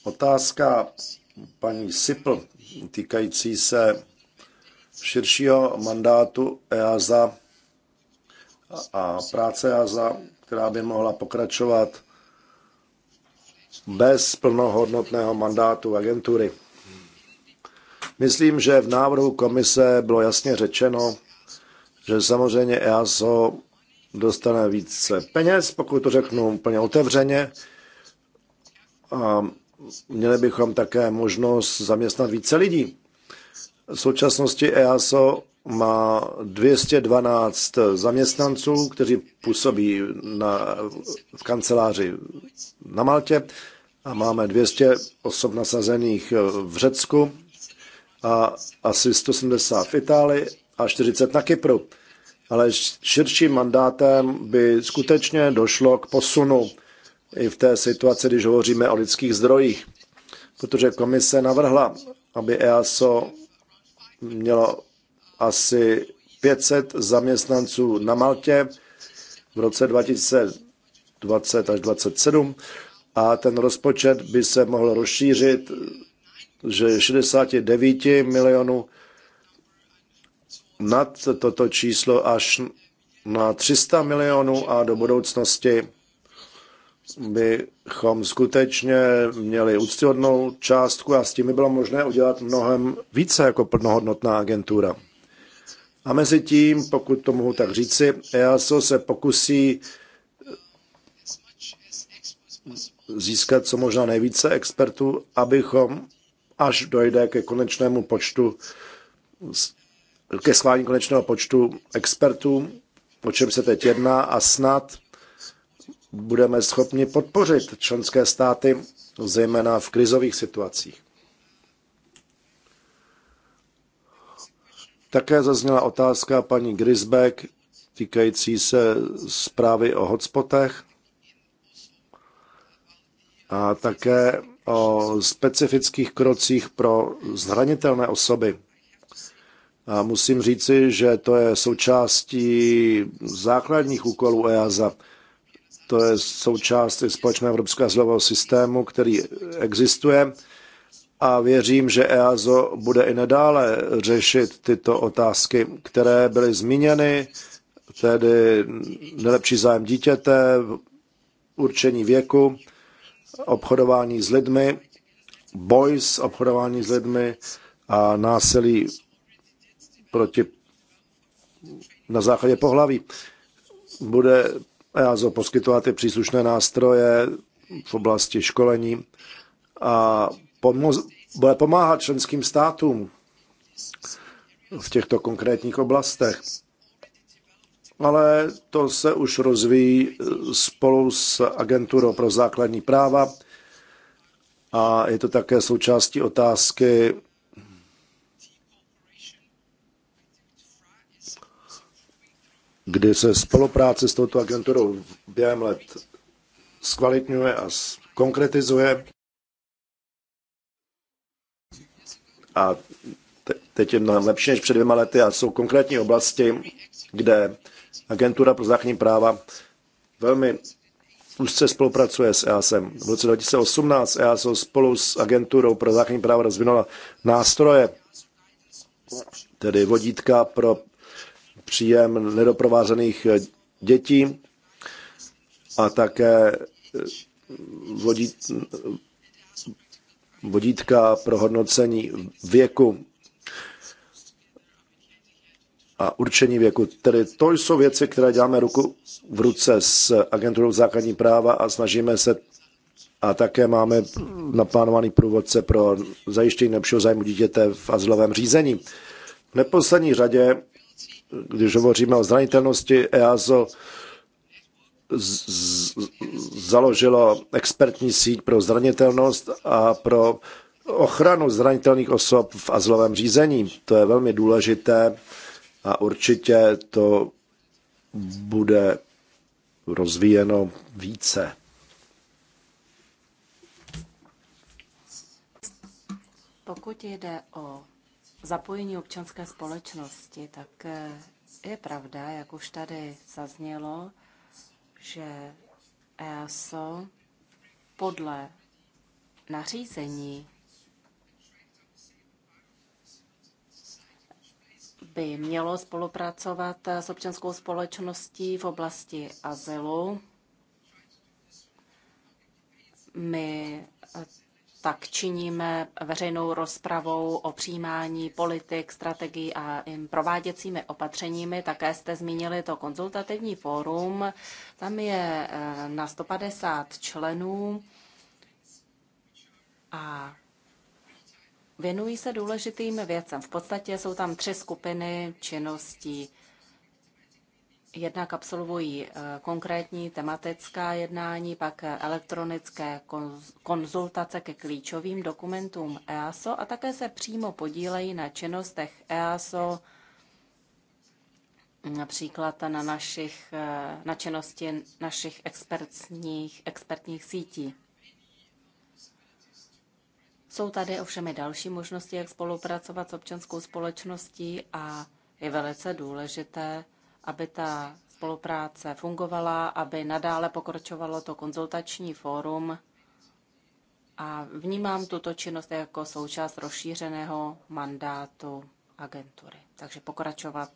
otázka paní Sipl týkající se širšího mandátu EASA a práce EASA, která by mohla pokračovat bez plnohodnotného mandátu agentury. Myslím, že v návrhu komise bylo jasně řečeno, že samozřejmě EASO dostane více peněz, pokud to řeknu úplně otevřeně. A měli bychom také možnost zaměstnat více lidí. V současnosti EASO má 212 zaměstnanců, kteří působí na, v kanceláři na Maltě a máme 200 osob nasazených v Řecku a asi 170 v Itálii a 40 na Kypru ale širším mandátem by skutečně došlo k posunu i v té situaci, když hovoříme o lidských zdrojích, protože komise navrhla, aby EASO mělo asi 500 zaměstnanců na Maltě v roce 2020 až 2027 a ten rozpočet by se mohl rozšířit že 69 milionů nad toto číslo až na 300 milionů a do budoucnosti bychom skutečně měli úctyhodnou částku a s tím by bylo možné udělat mnohem více jako plnohodnotná agentura. A mezi tím, pokud to mohu tak říci, EASO se pokusí získat co možná nejvíce expertů, abychom, až dojde ke konečnému počtu ke schválení konečného počtu expertů, o čem se teď jedná a snad budeme schopni podpořit členské státy, zejména v krizových situacích. Také zazněla otázka paní Grisbeck týkající se zprávy o hotspotech a také o specifických krocích pro zranitelné osoby. A musím říci, že to je součástí základních úkolů EASA. To je součástí společného evropského zlového systému, který existuje a věřím, že EASO bude i nadále řešit tyto otázky, které byly zmíněny, tedy nejlepší zájem dítěte, určení věku, obchodování s lidmi, boj s obchodování s lidmi a násilí proti na základě pohlaví. Bude EASO poskytovat i příslušné nástroje v oblasti školení a pomoz, bude pomáhat členským státům v těchto konkrétních oblastech. Ale to se už rozvíjí spolu s Agenturou pro základní práva a je to také součástí otázky kdy se spolupráce s touto agenturou během let zkvalitňuje a konkretizuje. A teď je mnohem lepší než před dvěma lety a jsou konkrétní oblasti, kde agentura pro záchranní práva velmi úzce spolupracuje s EASem. V roce 2018 EASO e spolu s agenturou pro záchranní práva rozvinula nástroje, tedy vodítka pro příjem nedoprovázených eh, dětí a také eh, vodít, vodítka pro hodnocení věku a určení věku. Tedy to jsou věci, které děláme ruku v ruce s agenturou základní práva a snažíme se a také máme naplánovaný průvodce pro zajištění lepšího zájmu dítěte v azylovém řízení. V neposlední řadě když hovoříme o zranitelnosti, EASO založilo expertní síť pro zranitelnost a pro ochranu zranitelných osob v azylovém řízení. To je velmi důležité a určitě to bude rozvíjeno více. Pokud jde o zapojení občanské společnosti, tak eh, je pravda, jak už tady zaznělo, že ESO podle nařízení by mělo spolupracovat eh, s občanskou společností v oblasti azylu. My eh, tak činíme veřejnou rozpravou o přijímání politik, strategií a prováděcími opatřeními. Také jste zmínili to konzultativní fórum. Tam je eh, na 150 členů a věnují se důležitým věcem. V podstatě jsou tam tři skupiny činností jednak absolvují eh, konkrétní tematická jednání, pak eh, elektronické konzultace ke klíčovým dokumentům EASO a také se přímo podílejí na činnostech EASO, například na, našich, eh, na činnosti našich expertních, expertních sítí. Jsou tady ovšem i další možnosti, jak spolupracovat s občanskou společností a je velice důležité, aby ta spolupráce fungovala, aby nadále pokročovalo to konzultační fórum a vnímám tuto činnost jako součást rozšířeného mandátu agentury. Takže pokračovat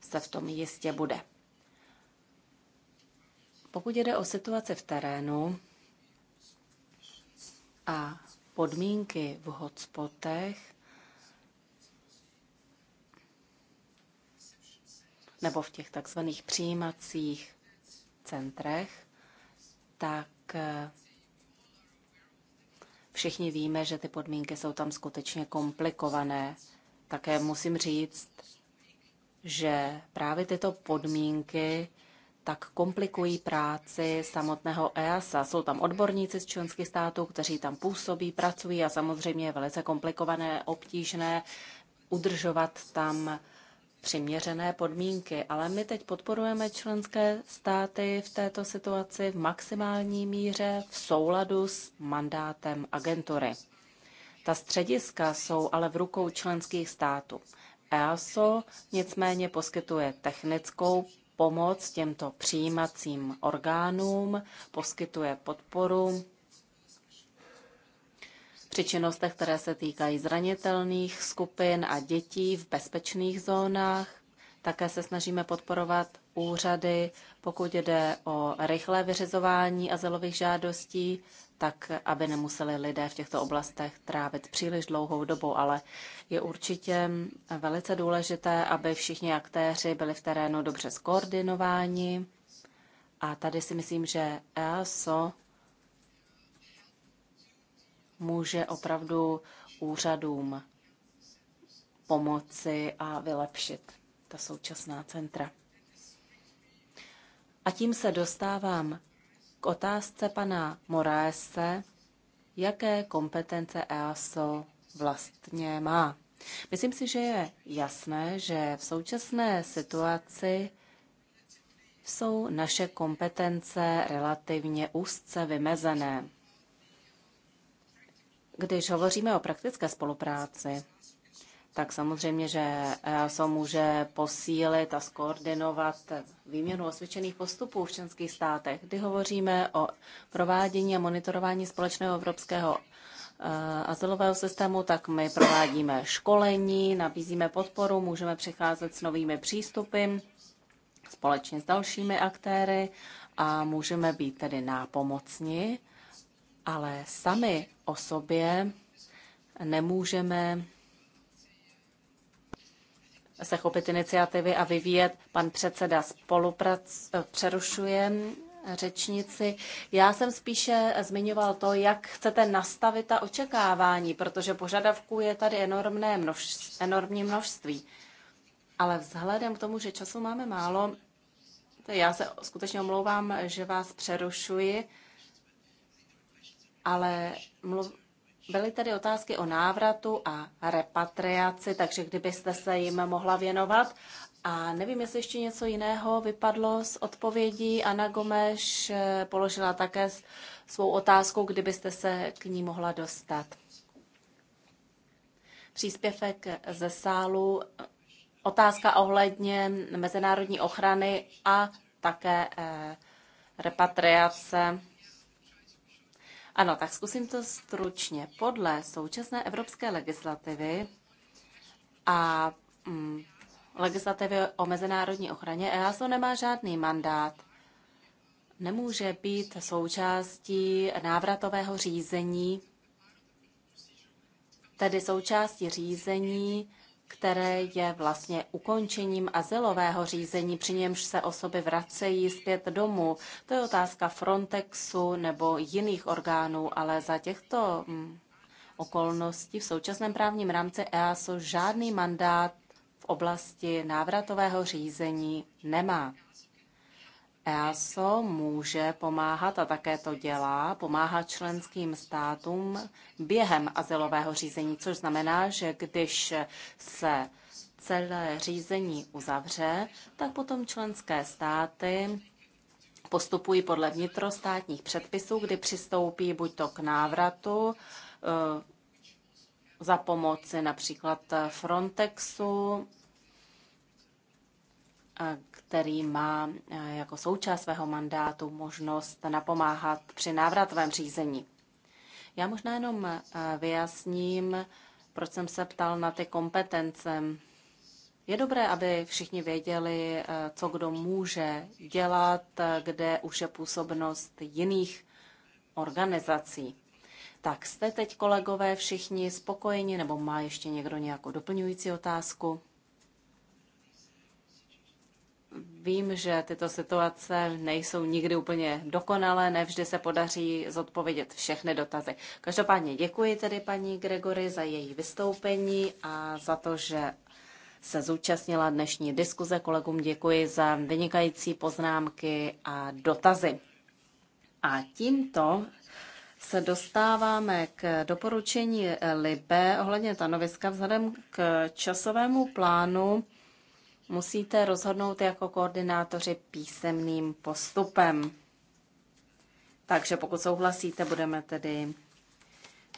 se v tom jistě bude. Pokud jde o situaci v terénu a podmínky v hotspotech, nebo v těch takzvaných přijímacích centrech, tak eh, všichni víme, že ty podmínky jsou tam skutečně komplikované. Také musím říct, že právě tyto podmínky tak komplikují práci samotného EASA. Jsou tam odborníci z členských států, kteří tam působí, pracují a samozřejmě je velice komplikované, obtížné udržovat tam přiměřené podmínky. Ale my teď podporujeme členské státy v této situaci v maximální míře v souladu s mandátem agentury. Ta střediska jsou ale v rukou členských států. EASO nicméně poskytuje technickou pomoc těmto přijímacím orgánům, poskytuje podporu při činnostech, které se týkají zranitelných skupin a dětí v bezpečných zónách. Také se snažíme podporovat úřady, pokud jde o rychlé vyřizování azylových žádostí, tak aby nemuseli lidé v těchto oblastech trávit příliš dlouhou dobu, ale je určitě velice důležité, aby všichni aktéři byli v terénu dobře skoordinováni. A tady si myslím, že EASO může opravdu úřadům pomoci a vylepšit ta současná centra. A tím se dostávám k otázce pana Moraese, jaké kompetence EASO vlastně má. Myslím si, že je jasné, že v současné situaci jsou naše kompetence relativně úzce vymezené. Když hovoříme o praktické spolupráci, tak samozřejmě, že EASO může posílit a skoordinovat výměnu osvědčených postupů v členských státech. Kdy hovoříme o provádění a monitorování společného evropského eh, azylového systému, tak my provádíme školení, nabízíme podporu, můžeme přicházet s novými přístupy společně s dalšími aktéry a můžeme být tedy nápomocni, ale sami o sobě nemůžeme se chopit iniciativy a vyvíjet. Pan předseda spoluprac přerušuje řečnici. Já jsem spíše zmiňoval to, jak chcete nastavit ta očekávání, protože požadavků je tady enormné množství, enormní množství. Ale vzhledem k tomu, že času máme málo, já se skutečně omlouvám, že vás přerušuji ale mluv... byly tady otázky o návratu a repatriaci, takže kdybyste se jim mohla věnovat. A nevím, jestli ještě něco jiného vypadlo z odpovědí. Ana Gomeš eh, položila také svou otázku, kdybyste se k ní mohla dostat. Příspěvek ze sálu, eh, otázka ohledně mezinárodní ochrany a také eh, repatriace ano, tak zkusím to stručně. Podle současné evropské legislativy a mm, legislativy o mezinárodní ochraně EASO nemá žádný mandát. Nemůže být součástí návratového řízení, tedy součástí řízení které je vlastně ukončením azylového řízení, při němž se osoby vracejí zpět domů. To je otázka Frontexu nebo jiných orgánů, ale za těchto mm, okolností v současném právním rámci EASO žádný mandát v oblasti návratového řízení nemá. EASO může pomáhat, a také to dělá, pomáhá členským státům během azylového řízení, což znamená, že když se celé řízení uzavře, tak potom členské státy postupují podle vnitrostátních předpisů, kdy přistoupí buď to k návratu eh, za pomoci například Frontexu, který má eh, jako součást svého mandátu možnost napomáhat při návratovém řízení. Já možná jenom eh, vyjasním, proč jsem se ptal na ty kompetence. Je dobré, aby všichni věděli, eh, co kdo může dělat, kde už je působnost jiných organizací. Tak jste teď, kolegové, všichni spokojeni, nebo má ještě někdo nějakou doplňující otázku? Vím, že tyto situace nejsou nikdy úplně dokonalé, nevždy se podaří zodpovědět všechny dotazy. Každopádně děkuji tedy paní Gregory za její vystoupení a za to, že se zúčastnila dnešní diskuze. Kolegům děkuji za vynikající poznámky a dotazy. A tímto se dostáváme k doporučení Libe ohledně stanoviska vzhledem k časovému plánu musíte rozhodnout jako koordinátoři písemným postupem. Takže pokud souhlasíte, budeme tedy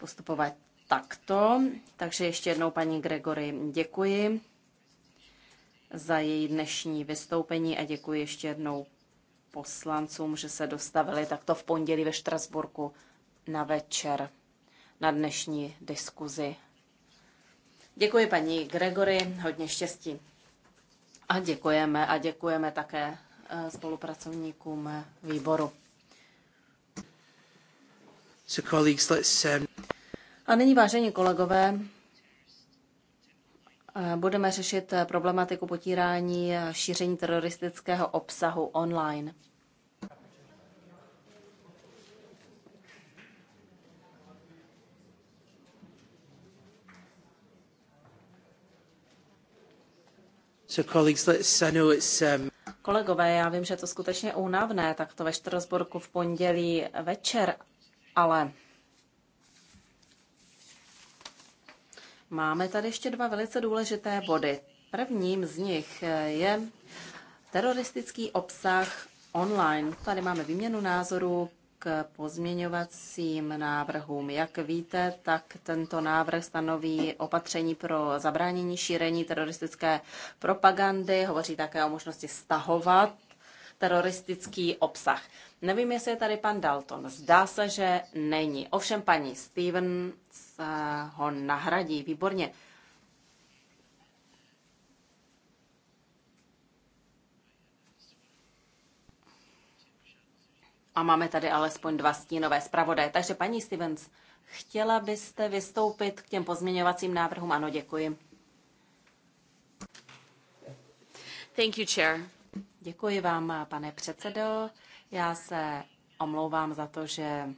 postupovat takto. Takže ještě jednou paní Gregory děkuji za její dnešní vystoupení a děkuji ještě jednou poslancům, že se dostavili takto v pondělí ve Štrasburku na večer na dnešní diskuzi. Děkuji paní Gregory, hodně štěstí. A děkujeme a děkujeme také eh, spolupracovníkům eh, výboru. So colleagues, let's, um... A nyní, vážení kolegové, eh, budeme řešit problematiku potírání a šíření teroristického obsahu online. Um, Kolegové, já vím, že to skutečně únavné, tak to ve Štrasburku v pondělí večer, ale máme tady ještě dva velice důležité body. Prvním z nich je teroristický obsah online. Tady máme výměnu názorů pozměňovacím návrhům. Jak víte, tak tento návrh stanoví opatření pro zabránění šíření teroristické propagandy, hovoří také o možnosti stahovat teroristický obsah. Nevím, jestli je tady pan Dalton. Zdá se, že není. Ovšem paní Stevens eh, ho nahradí. Výborně. A máme tady alespoň dva stínové zpravodaje. Takže paní Stevens, chtěla byste vystoupit k těm pozměňovacím návrhům? Ano, děkuji. Thank you, chair. Děkuji vám, pane předsedo. Já se omlouvám za to, že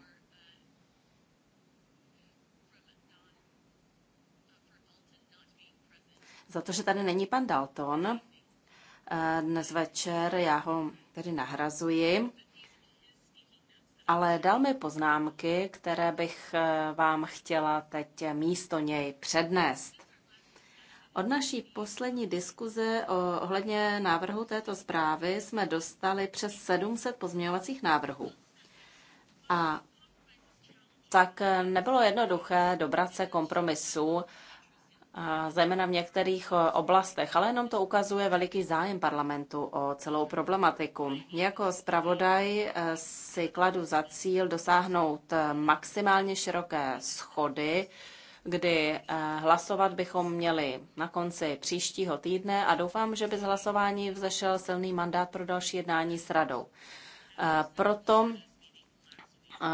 za to, že tady není pan Dalton. Dnes večer já ho tedy nahrazuji ale dal mi poznámky, které bych eh, vám chtěla teď místo něj přednést. Od naší poslední diskuze ohledně návrhu této zprávy jsme dostali přes 700 pozměňovacích návrhů. A tak eh, nebylo jednoduché dobrat se kompromisu, zejména v některých eh, oblastech, ale jenom to ukazuje veliký zájem parlamentu o celou problematiku. Jako zpravodaj eh, si kladu za cíl dosáhnout eh, maximálně široké schody, kdy hlasovat bychom měli na konci příštího týdne a doufám, že by z hlasování vzešel silný mandát pro další jednání s radou. Proto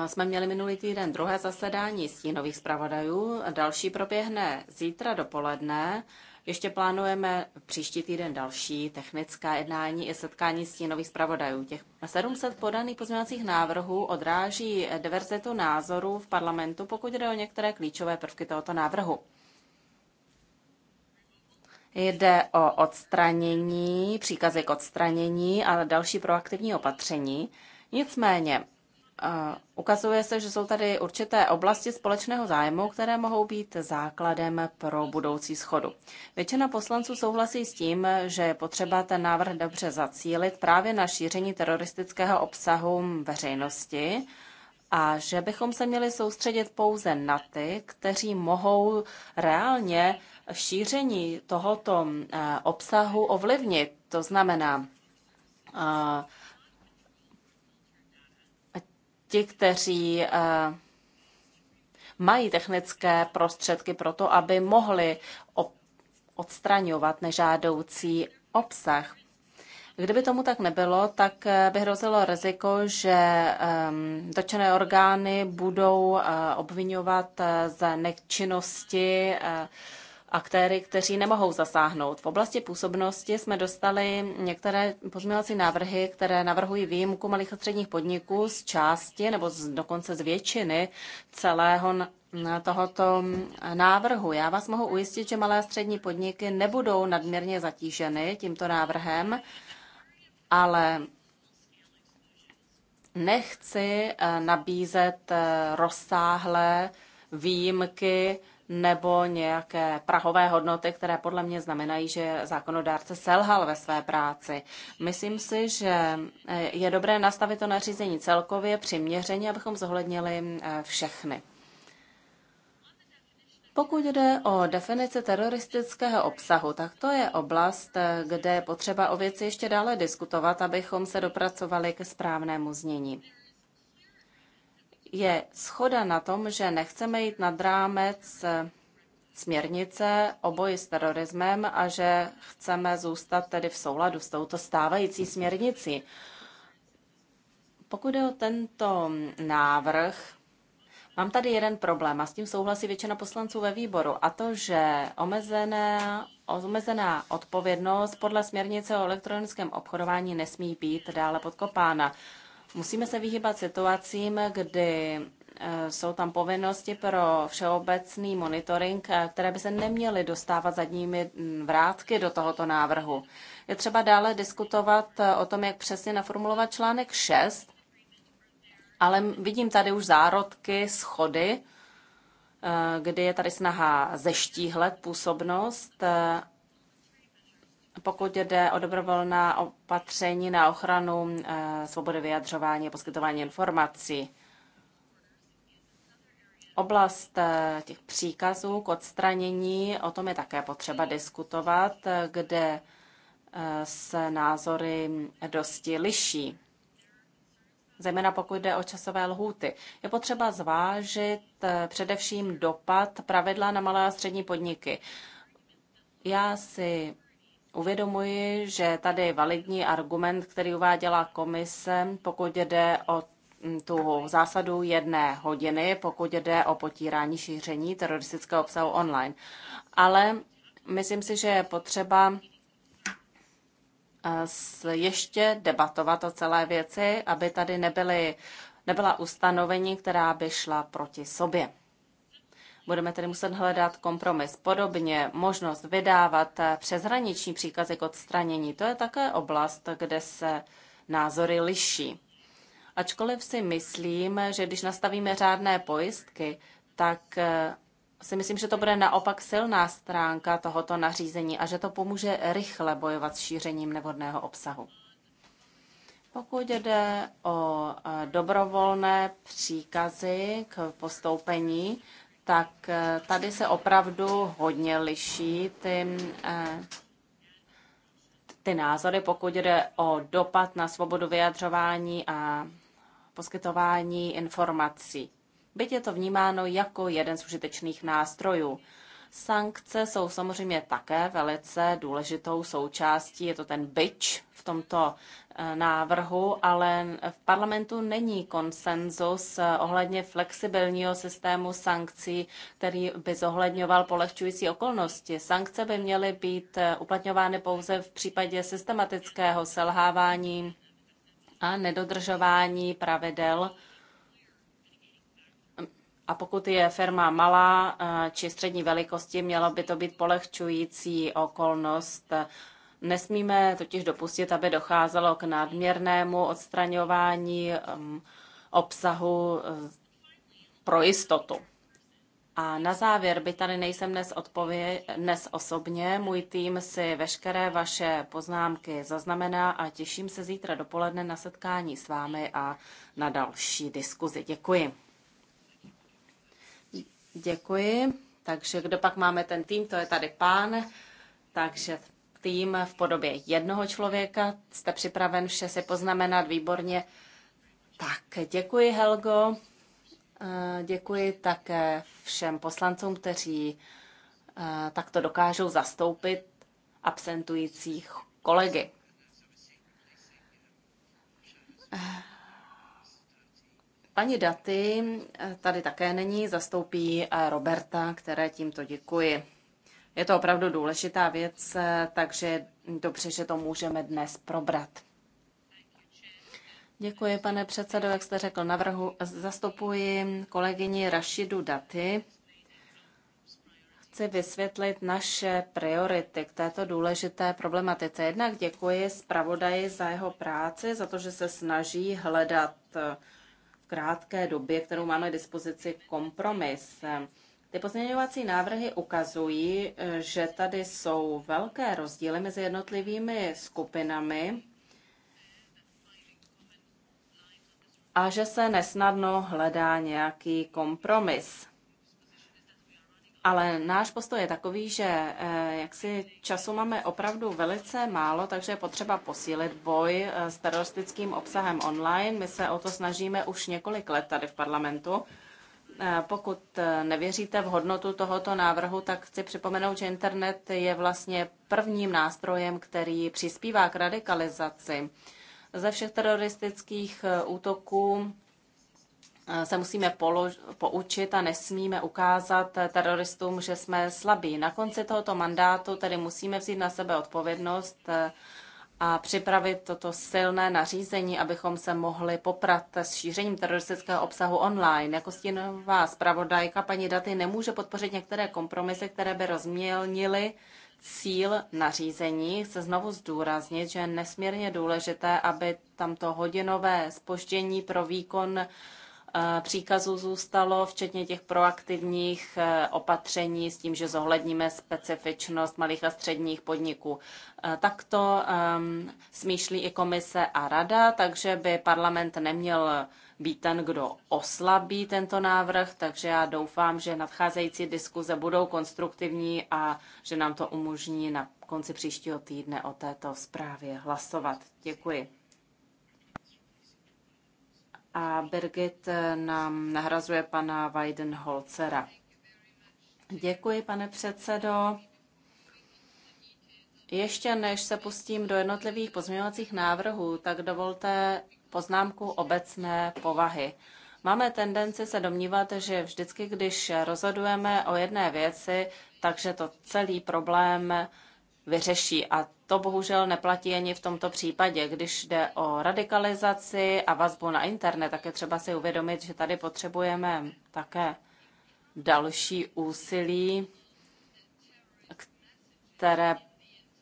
jsme měli minulý týden druhé zasedání stínových zpravodajů. Další proběhne zítra dopoledne. Ještě plánujeme příští týden další technická jednání i setkání stínových zpravodajů. Těch 700 podaných pozměňovacích návrhů odráží diverzitu názorů v parlamentu, pokud jde o některé klíčové prvky tohoto návrhu. Jde o odstranění, příkazy k odstranění a další proaktivní opatření. Nicméně Ukazuje se, že jsou tady určité oblasti společného zájmu, které mohou být základem pro budoucí schodu. Většina poslanců souhlasí s tím, že je potřeba ten návrh dobře zacílit právě na šíření teroristického obsahu veřejnosti a že bychom se měli soustředit pouze na ty, kteří mohou reálně šíření tohoto eh, obsahu ovlivnit. To znamená, eh, ti, kteří eh, mají technické prostředky pro to, aby mohli odstraňovat nežádoucí obsah. Kdyby tomu tak nebylo, tak eh, by hrozilo riziko, že ehm, dotčené orgány budou eh, obvinovat za nečinnosti aktéry, kteří nemohou zasáhnout. V oblasti působnosti jsme dostali některé pozměňovací návrhy, které navrhují výjimku malých a středních podniků z části nebo z, dokonce z většiny celého tohoto návrhu. Já vás mohu ujistit, že malé a střední podniky nebudou nadměrně zatíženy tímto návrhem, ale nechci eh, nabízet eh, rozsáhlé výjimky nebo nějaké prahové hodnoty, které podle mě znamenají, že zákonodárce selhal ve své práci. Myslím si, že eh, je dobré nastavit to nařízení celkově přiměřeně, abychom zohlednili eh, všechny. Pokud jde o definici teroristického obsahu, tak to je oblast, eh, kde je potřeba o věci ještě dále diskutovat, abychom se dopracovali ke správnému znění je schoda na tom, že nechceme jít nad rámec eh, směrnice o boji s terorismem a že chceme zůstat tedy v souladu s touto stávající směrnicí. Pokud je o tento návrh, mám tady jeden problém a s tím souhlasí většina poslanců ve výboru a to, že omezené omezená odpovědnost podle směrnice o elektronickém obchodování nesmí být dále podkopána. Musíme se vyhýbat situacím, kdy eh, jsou tam povinnosti pro všeobecný monitoring, eh, které by se neměly dostávat zadními mm, vrátky do tohoto návrhu. Je třeba dále diskutovat eh, o tom, jak přesně naformulovat článek 6, ale vidím tady už zárodky, schody, kdy je tady snaha zeštíhlet působnost pokud jde o dobrovolná opatření na ochranu eh, svobody vyjadřování a poskytování informací. Oblast eh, těch příkazů k odstranění, o tom je také potřeba diskutovat, kde eh, se názory dosti liší. Zejména pokud jde o časové lhůty. Je potřeba zvážit především dopad pravidla na malé a střední podniky. Já si uvědomuji, že tady je validní argument, který uváděla komise, pokud jde o mm, tu zásadu jedné hodiny, pokud jde o potírání šíření teroristického obsahu online. Ale myslím si, že je potřeba eh, ještě debatovat o celé věci, aby tady nebyly, nebyla ustanovení, která by šla proti sobě. Budeme tedy muset hledat kompromis. Podobně možnost vydávat přeshraniční příkazy k odstranění, to je také oblast, kde se názory liší. Ačkoliv si myslím, že když nastavíme řádné pojistky, tak eh, si myslím, že to bude naopak silná stránka tohoto nařízení a že to pomůže rychle bojovat s šířením nevhodného obsahu. Pokud jde o eh, dobrovolné příkazy k postoupení, tak eh, tady se opravdu hodně liší ty, eh, ty názory, pokud jde o dopad na svobodu vyjadřování a poskytování informací. Byť je to vnímáno jako jeden z užitečných nástrojů. Sankce jsou samozřejmě také velice důležitou součástí, je to ten byč v tomto eh, návrhu, ale v parlamentu není konsenzus eh, ohledně flexibilního systému sankcí, který by zohledňoval polehčující okolnosti. Sankce by měly být eh, uplatňovány pouze v případě systematického selhávání a nedodržování pravidel a pokud je firma malá eh, či střední velikosti, mělo by to být polehčující okolnost. Nesmíme totiž dopustit, aby docházelo k nadměrnému odstraňování ehm, obsahu eh, pro jistotu. A na závěr by tady nejsem dnes, odpově- dnes osobně. Můj tým si veškeré vaše poznámky zaznamená a těším se zítra dopoledne na setkání s vámi a na další diskuzi. Děkuji. Děkuji. Takže kdo pak máme ten tým, to je tady pán. Takže tým v podobě jednoho člověka. Jste připraven vše si poznamenat výborně. Tak děkuji Helgo. Eh, děkuji také všem poslancům, kteří eh, takto dokážou zastoupit absentujících kolegy. Eh, Paní Daty eh, tady také není, zastoupí eh, Roberta, které tímto děkuji. Je to opravdu důležitá věc, eh, takže dobře, že to můžeme dnes probrat. Děkuji, pane předsedo. Jak jste řekl, navrhu, zastupuji kolegyni Rašidu Daty. Chci vysvětlit naše priority k této důležité problematice. Jednak děkuji zpravodaji za jeho práci, za to, že se snaží hledat krátké době, kterou máme k dispozici, kompromis. Ty pozměňovací návrhy ukazují, že tady jsou velké rozdíly mezi jednotlivými skupinami a že se nesnadno hledá nějaký kompromis. Ale náš postoj je takový, že eh, jak si času máme opravdu velice málo, takže je potřeba posílit boj eh, s teroristickým obsahem online. My se o to snažíme už několik let tady v parlamentu. Eh, pokud nevěříte v hodnotu tohoto návrhu, tak chci připomenout, že internet je vlastně prvním nástrojem, který přispívá k radikalizaci. Ze všech teroristických útoků Eh, se musíme polož, poučit a nesmíme ukázat eh, teroristům, že jsme slabí. Na konci tohoto mandátu tedy musíme vzít na sebe odpovědnost eh, a připravit toto silné nařízení, abychom se mohli poprat s šířením teroristického obsahu online. Jako stínová zpravodajka paní Daty nemůže podpořit některé kompromisy, které by rozmělnily cíl nařízení. Chce znovu zdůraznit, že je nesmírně důležité, aby tamto hodinové spoždění pro výkon Eh, příkazů zůstalo, včetně těch proaktivních eh, opatření s tím, že zohledníme specifičnost malých a středních podniků. Eh, takto um, smýšlí i komise a rada, takže by parlament neměl být ten, kdo oslabí tento návrh, takže já doufám, že nadcházející diskuze budou konstruktivní a že nám to umožní na konci příštího týdne o této zprávě hlasovat. Děkuji a Birgit eh, nám nahrazuje pana Weidenholzera. Děkuji, pane předsedo. Ještě než se pustím do jednotlivých pozměňovacích návrhů, tak dovolte poznámku obecné povahy. Máme tendenci se domnívat, že vždycky, když rozhodujeme o jedné věci, takže to celý problém vyřeší. A to bohužel neplatí ani v tomto případě. Když jde o radikalizaci a vazbu na internet, tak je třeba si uvědomit, že tady potřebujeme také další úsilí, které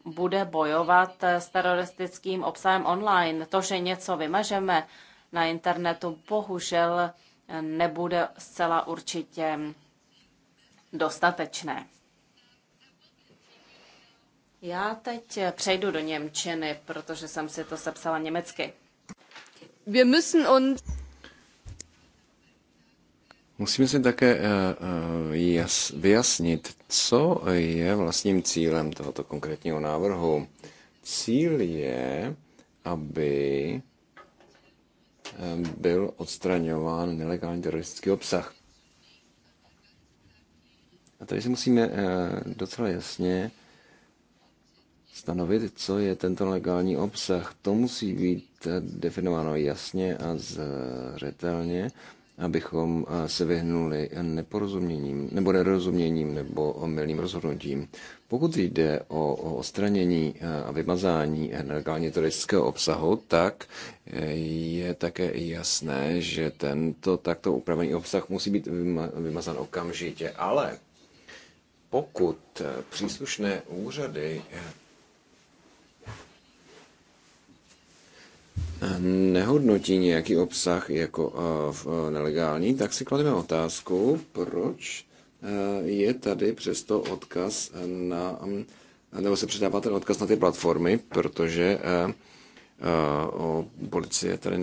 bude bojovat s teroristickým obsahem online. To, že něco vymažeme na internetu, bohužel nebude zcela určitě dostatečné. Já teď přejdu do Němčiny, protože jsem si to sepsala německy. Wir müssen uns Musíme si také eh, eh, vyjasnit, co je vlastním cílem tohoto konkrétního návrhu. Cíl je, aby eh, byl odstraňován nelegální teroristický obsah. A tady si musíme docela jasně stanovit, co je tento legální obsah. To musí být eh, definováno jasně a zřetelně, abychom eh, se vyhnuli neporozuměním nebo nerozuměním nebo milným rozhodnutím. Pokud jde o odstranění eh, a vymazání legálně turistického obsahu, tak je také jasné, že tento takto upravený obsah musí být vymazán okamžitě, ale pokud příslušné úřady nehodnotí nějaký obsah jako nelegální, tak si klademe otázku, proč je tady přesto odkaz na, nebo se předává ten odkaz na ty platformy, protože policie tady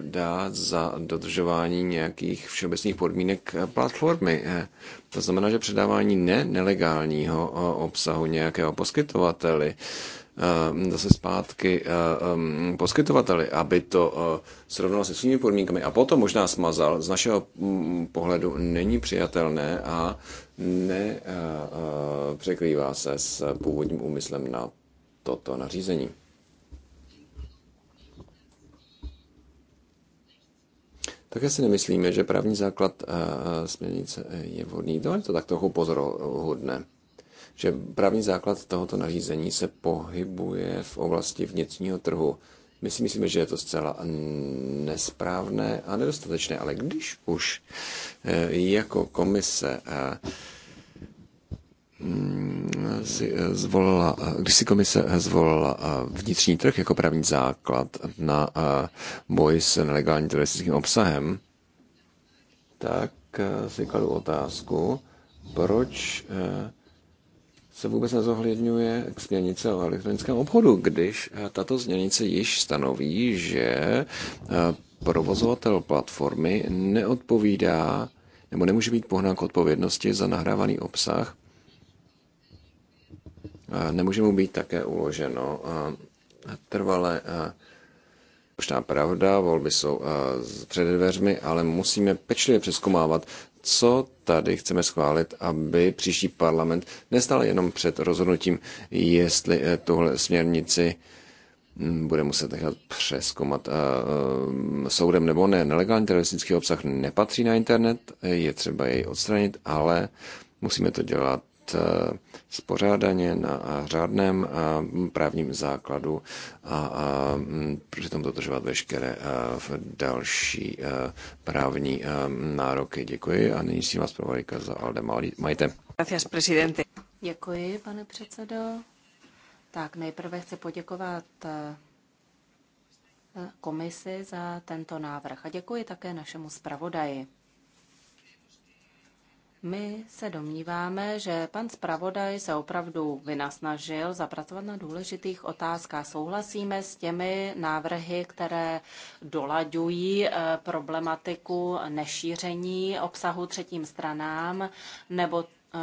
dát za dodržování nějakých všeobecných podmínek platformy. To znamená, že předávání ne nelegálního obsahu nějakého poskytovateli Eh, zase zpátky eh, eh, poskytovateli, aby to srovnal se svými podmínkami a potom možná smazal, z našeho mm, pohledu není přijatelné a ne překrývá se s původním úmyslem na toto nařízení. Také si nemyslíme, že právní základ směrnice je vhodný. To je to tak trochu pozoruhodné že právní základ tohoto nařízení se pohybuje v oblasti vnitřního trhu. My si myslíme, že je to zcela nesprávné a nedostatečné, ale když už eh, jako komise eh, mm, si eh, zvolila, když si komise zvolila vnitřní trh jako právní základ na boj s nelegálním teroristickým obsahem, tak si kladu otázku, proč se vůbec nezohledňuje k směrnice o elektronickém obchodu, když eh, tato směrnice již stanoví, že eh, provozovatel platformy neodpovídá nebo nemůže být pohnán k odpovědnosti za nahrávaný obsah. Eh, nemůže mu být také uloženo trvalé Možná pravda, volby jsou před dveřmi, ale musíme pečlivě přeskomávat, co tady chceme schválit, aby příští parlament nestal jenom před rozhodnutím, jestli eh, tuhle směrnici hm, bude muset nechat přeskoumat eh, eh, soudem nebo ne. Nelegální teroristický obsah nepatří na internet, je třeba jej odstranit, ale musíme to dělat Eh, spořádaně na eh, řádném eh, právním základu a mm, přitom dodržovat veškeré další právní nároky. Děkuji a nyní si vás provodíka za Alde Majte. Děkuji, pane předsedo. Tak nejprve chci poděkovat komisi za tento návrh a děkuji také našemu zpravodaji. My se domníváme, že pan zpravodaj se opravdu vynasnažil zapracovat na důležitých otázkách. Souhlasíme s těmi návrhy, které dolaďují eh, problematiku nešíření obsahu třetím stranám, nebo eh,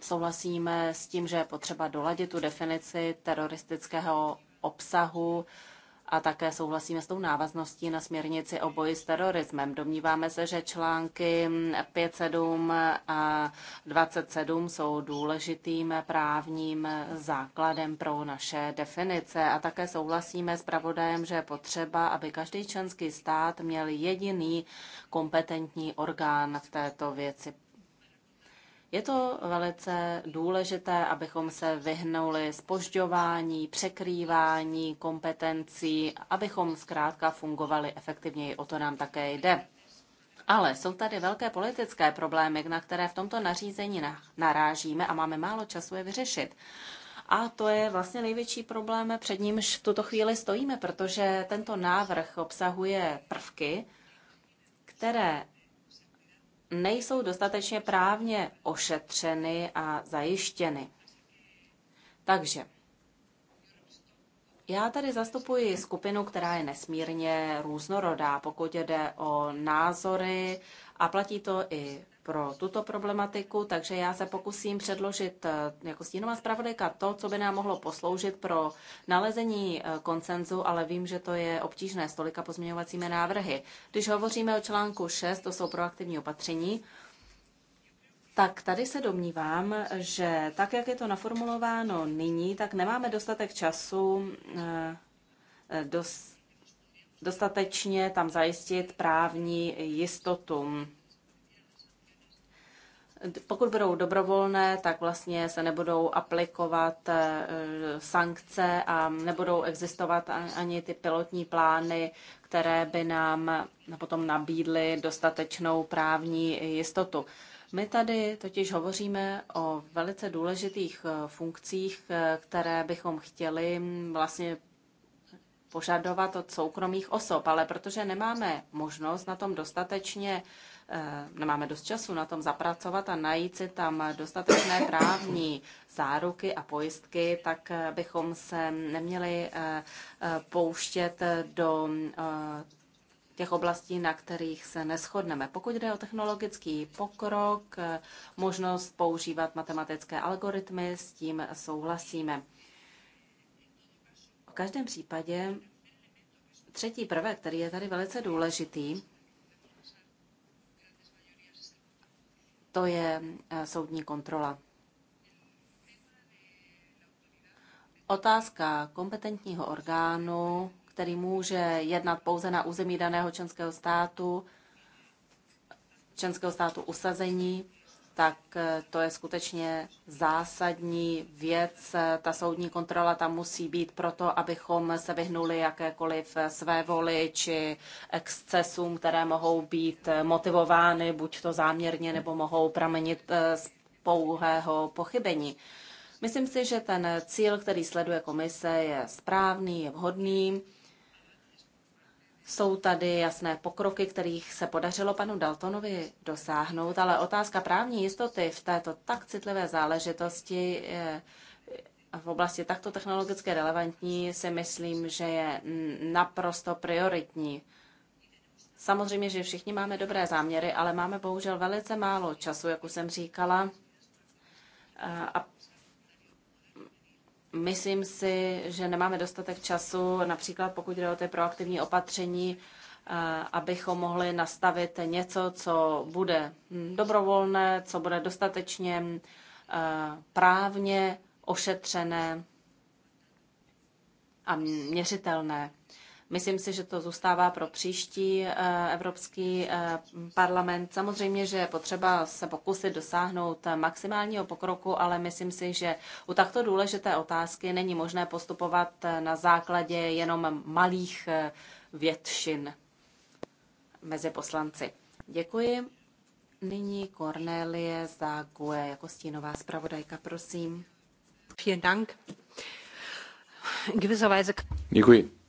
souhlasíme s tím, že je potřeba doladit tu definici teroristického obsahu a také souhlasíme s tou návazností na směrnici o boji s terorismem. Domníváme se, že články 5.7 a 27 jsou důležitým právním základem pro naše definice a také souhlasíme s pravodajem, že je potřeba, aby každý členský stát měl jediný kompetentní orgán v této věci. Je to velice důležité, abychom se vyhnuli spožďování, překrývání kompetencí, abychom zkrátka fungovali efektivněji. O to nám také jde. Ale jsou tady velké politické problémy, na které v tomto nařízení narážíme a máme málo času je vyřešit. A to je vlastně největší problém, před nímž v tuto chvíli stojíme, protože tento návrh obsahuje prvky, které nejsou dostatečně právně ošetřeny a zajištěny. Takže já tady zastupuji skupinu, která je nesmírně různorodá, pokud jde o názory a platí to i pro tuto problematiku, takže já se pokusím předložit eh, jako stínová zpravodajka to, co by nám mohlo posloužit pro nalezení eh, koncenzu, ale vím, že to je obtížné s tolika pozměňovacími návrhy. Když hovoříme o článku 6, to jsou proaktivní opatření, tak tady se domnívám, že tak, jak je to naformulováno nyní, tak nemáme dostatek času eh, dostatečně tam zajistit právní jistotu pokud budou dobrovolné, tak vlastně se nebudou aplikovat eh, sankce a nebudou existovat ani ty pilotní plány, které by nám eh, potom nabídly dostatečnou právní jistotu. My tady totiž hovoříme o velice důležitých eh, funkcích, které bychom chtěli mm, vlastně požadovat od soukromých osob, ale protože nemáme možnost na tom dostatečně Eh, nemáme dost času na tom zapracovat a najít si tam dostatečné právní záruky a pojistky, tak eh, bychom se neměli eh, pouštět do těch oblastí, na kterých se neschodneme. Pokud jde o technologický pokrok, možnost používat matematické algoritmy, s tím souhlasíme. V každém případě třetí prvek, který je tady velice důležitý, to je eh, soudní kontrola. Otázka kompetentního orgánu, který může jednat pouze na území daného členského státu, členského státu usazení, tak eh, to je skutečně zásadní věc. Ta soudní kontrola tam musí být proto, abychom se vyhnuli jakékoliv své voli či excesům, které mohou být motivovány, buď to záměrně, nebo mohou pramenit eh, z pouhého pochybení. Myslím si, že ten cíl, který sleduje komise, je správný, je vhodný. Jsou tady jasné pokroky, kterých se podařilo panu Daltonovi dosáhnout, ale otázka právní jistoty v této tak citlivé záležitosti je eh, v oblasti takto technologicky relevantní si myslím, že je naprosto prioritní. Samozřejmě, že všichni máme dobré záměry, ale máme bohužel velice málo času, jak už jsem říkala. A Myslím si, že nemáme dostatek času, například pokud jde o ty proaktivní opatření, eh, abychom mohli nastavit něco, co bude dobrovolné, co bude dostatečně eh, právně ošetřené a měřitelné. Myslím si, že to zůstává pro příští eh, Evropský eh, parlament. Samozřejmě, že je potřeba se pokusit dosáhnout eh, maximálního pokroku, ale myslím si, že u takto důležité otázky není možné postupovat na základě jenom malých většin mezi poslanci. Děkuji. Nyní Cornélie Zague jako stínová zpravodajka, prosím. Vielen Dank. Děkuji.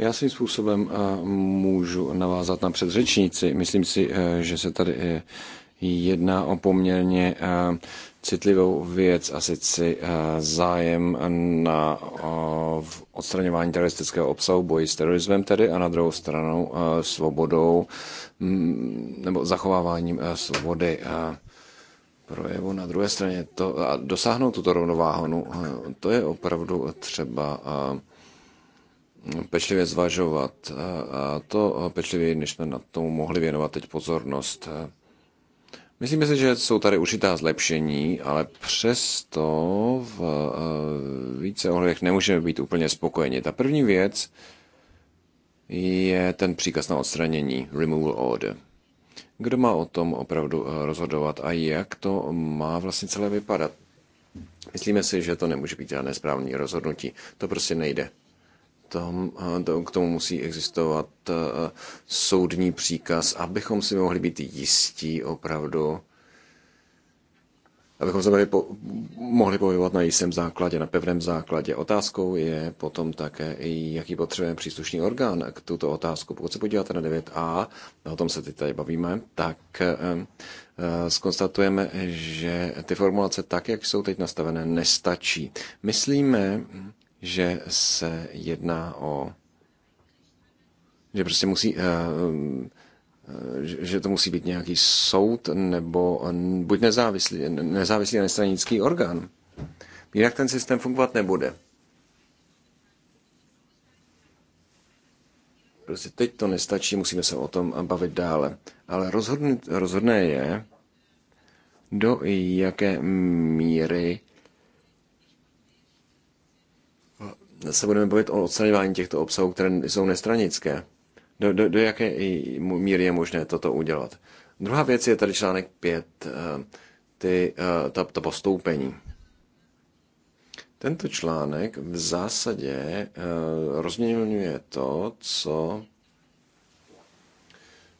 Já svým způsobem eh, můžu navázat na předřečníci. Myslím si, eh, že se tady eh, jedná o poměrně citlivou věc a sice zájem na odstraňování teroristického obsahu, boji s terorismem tedy a na druhou stranu svobodou mm, nebo zachováváním svobody projevu. Na druhé straně to, a dosáhnout tuto rovnováhu, to je opravdu třeba pečlivě zvažovat. A to eh, pečlivě, než jsme na tomu mohli věnovat teď pozornost. Myslím si, že jsou tady určitá zlepšení, ale přesto v eh, více ohledech nemůžeme být úplně spokojeni. Ta první věc je ten příkaz na odstranění, removal order. Kdo má o tom opravdu eh, rozhodovat a jak to má vlastně celé vypadat? Myslíme si, že to nemůže být žádné správní rozhodnutí. To prostě nejde tom, eh, k tomu musí existovat eh, soudní příkaz, abychom si mohli být jistí opravdu, abychom se po, mohli pohybovat na jistém základě, na pevném základě. Otázkou je potom také, jaký potřebuje příslušný orgán k tuto otázku. Pokud se podíváte na 9a, no, o tom se teď tady bavíme, tak eh, skonstatujeme, že ty formulace tak, jak jsou teď nastavené, nestačí. Myslíme, že se jedná o že prostě musí, eh, eh, že to musí být nějaký soud nebo eh, buď nezávislý, nezávislý a nestranický orgán. Jinak ten systém fungovat nebude. Prostě teď to nestačí, musíme se o tom bavit dále. Ale rozhodne, rozhodné je, do jaké míry se budeme bavit o odstraňování těchto obsahů, které jsou nestranické. Do, do, do jaké míry je možné toto udělat? Druhá věc je tady článek 5, eh, ty, eh, ta, ta postoupení. Tento článek v zásadě eh, rozmělňuje to, co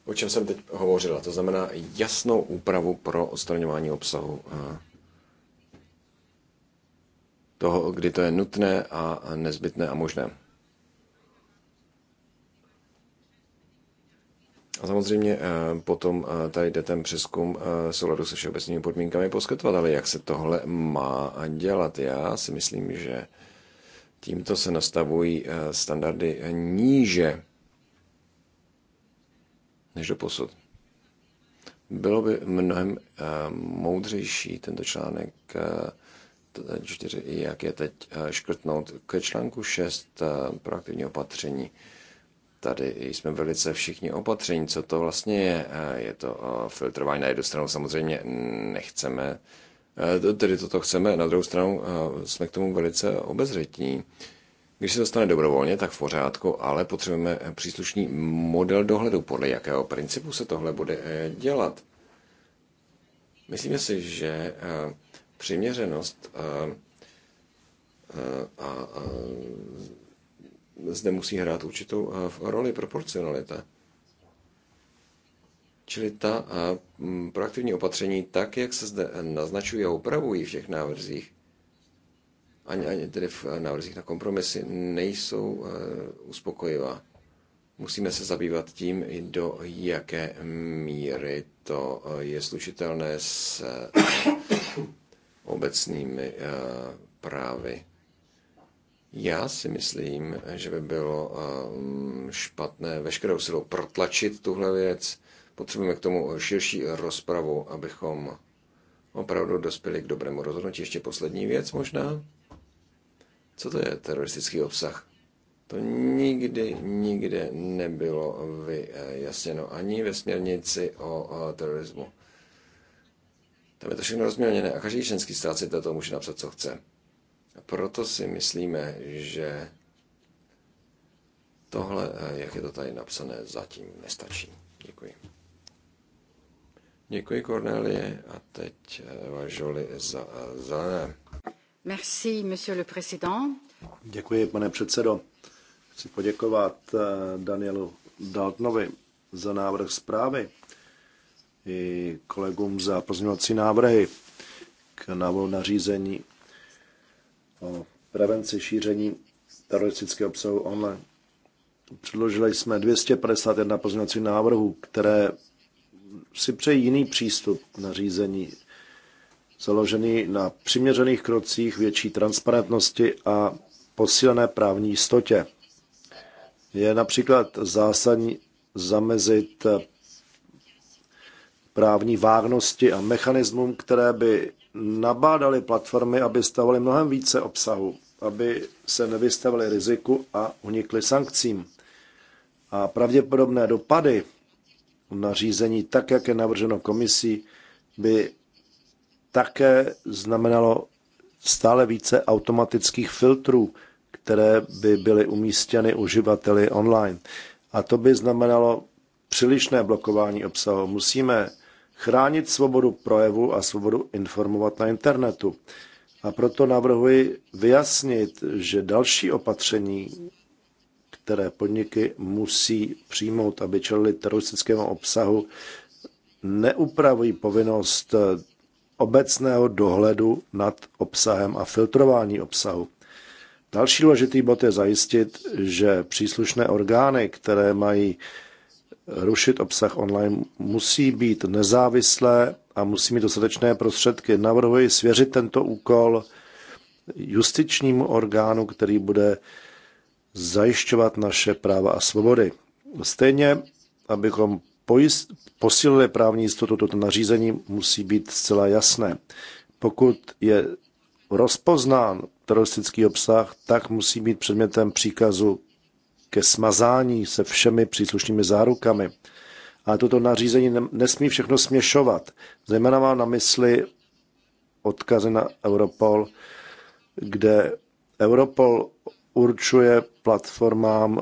o čem jsem teď hovořila, to znamená jasnou úpravu pro odstraňování obsahu toho, kdy to je nutné a nezbytné a možné. A samozřejmě eh, potom eh, tady jde ten přeskum eh, souladu se všeobecnými podmínkami poskytovat, ale jak se tohle má dělat? Já si myslím, že tímto se nastavují standardy níže než do posud. Bylo by mnohem moudřejší tento článek 4, jak je teď eh, škrtnout. Ke článku 6 eh, proaktivní opatření. Tady jsme velice všichni opatření. Co to vlastně je? Eh, je to filtrování na jednu stranu. Samozřejmě nechceme, tedy toto chceme, na druhou stranu jsme k tomu velice obezřetní. Když se to stane dobrovolně, tak v pořádku, ale potřebujeme příslušný model dohledu, podle jakého principu se tohle bude dělat. Myslíme si, že přiměřenost a, eh, eh, a, a zde musí hrát určitou eh, roli proporcionalita. Čili ta proaktivní opatření, tak jak se zde naznačují a upravují v těch návrzích, ani, ani tedy v návrzích na kompromisy, nejsou uspokojivá. Musíme se zabývat tím, do jaké míry to je slučitelné s obecnými eh, právy. Já si myslím, že by bylo eh, špatné veškerou silou protlačit tuhle věc. Potřebujeme k tomu širší rozpravu, abychom opravdu dospěli k dobrému rozhodnutí. Ještě poslední věc možná. Co to je teroristický obsah? To nikdy, nikde nebylo vyjasněno ani ve směrnici o eh, terorismu. Tam je to všechno rozmělněné a každý ženský stát si to může napsat, co chce. A proto si myslíme, že tohle, eh, jak je to tady napsané, zatím nestačí. Děkuji. Děkuji, Cornelie, a teď eh, Žoli za eh, zelené. Merci, monsieur le président. Děkuji, pane předsedo. Chci poděkovat Danielu Daltnovi za návrh zprávy i kolegům za pozměňovací návrhy k návrhu nařízení o prevenci šíření teroristického obsahu online. Předložili jsme 251 pozměňovacích návrhů, které si přejí jiný přístup k nařízení, založený na přiměřených krocích, větší transparentnosti a posílené právní jistotě. Je například zásadní zamezit právní vágnosti a mechanismům, které by nabádaly platformy, aby stavovaly mnohem více obsahu, aby se nevystavily riziku a unikly sankcím. A pravděpodobné dopady nařízení, tak jak je navrženo komisí, by také znamenalo stále více automatických filtrů, které by byly umístěny uživateli online. A to by znamenalo přílišné blokování obsahu. Musíme chránit svobodu projevu a svobodu informovat na internetu. A proto navrhuji vyjasnit, že další opatření, které podniky musí přijmout, aby čelili teroristickému obsahu, neupravují povinnost obecného dohledu nad obsahem a filtrování obsahu. Další důležitý bod je zajistit, že příslušné orgány, které mají rušit obsah online, musí být nezávislé a musí mít dostatečné prostředky. Navrhuji svěřit tento úkol justičnímu orgánu, který bude zajišťovat naše práva a svobody. Stejně, abychom pojist, posílili právní jistotu, toto nařízení musí být zcela jasné. Pokud je rozpoznán teroristický obsah, tak musí být předmětem příkazu ke smazání se všemi příslušnými zárukami. Ale toto nařízení nesmí všechno směšovat. Zejména mám na mysli odkazy na Europol, kde Europol určuje platformám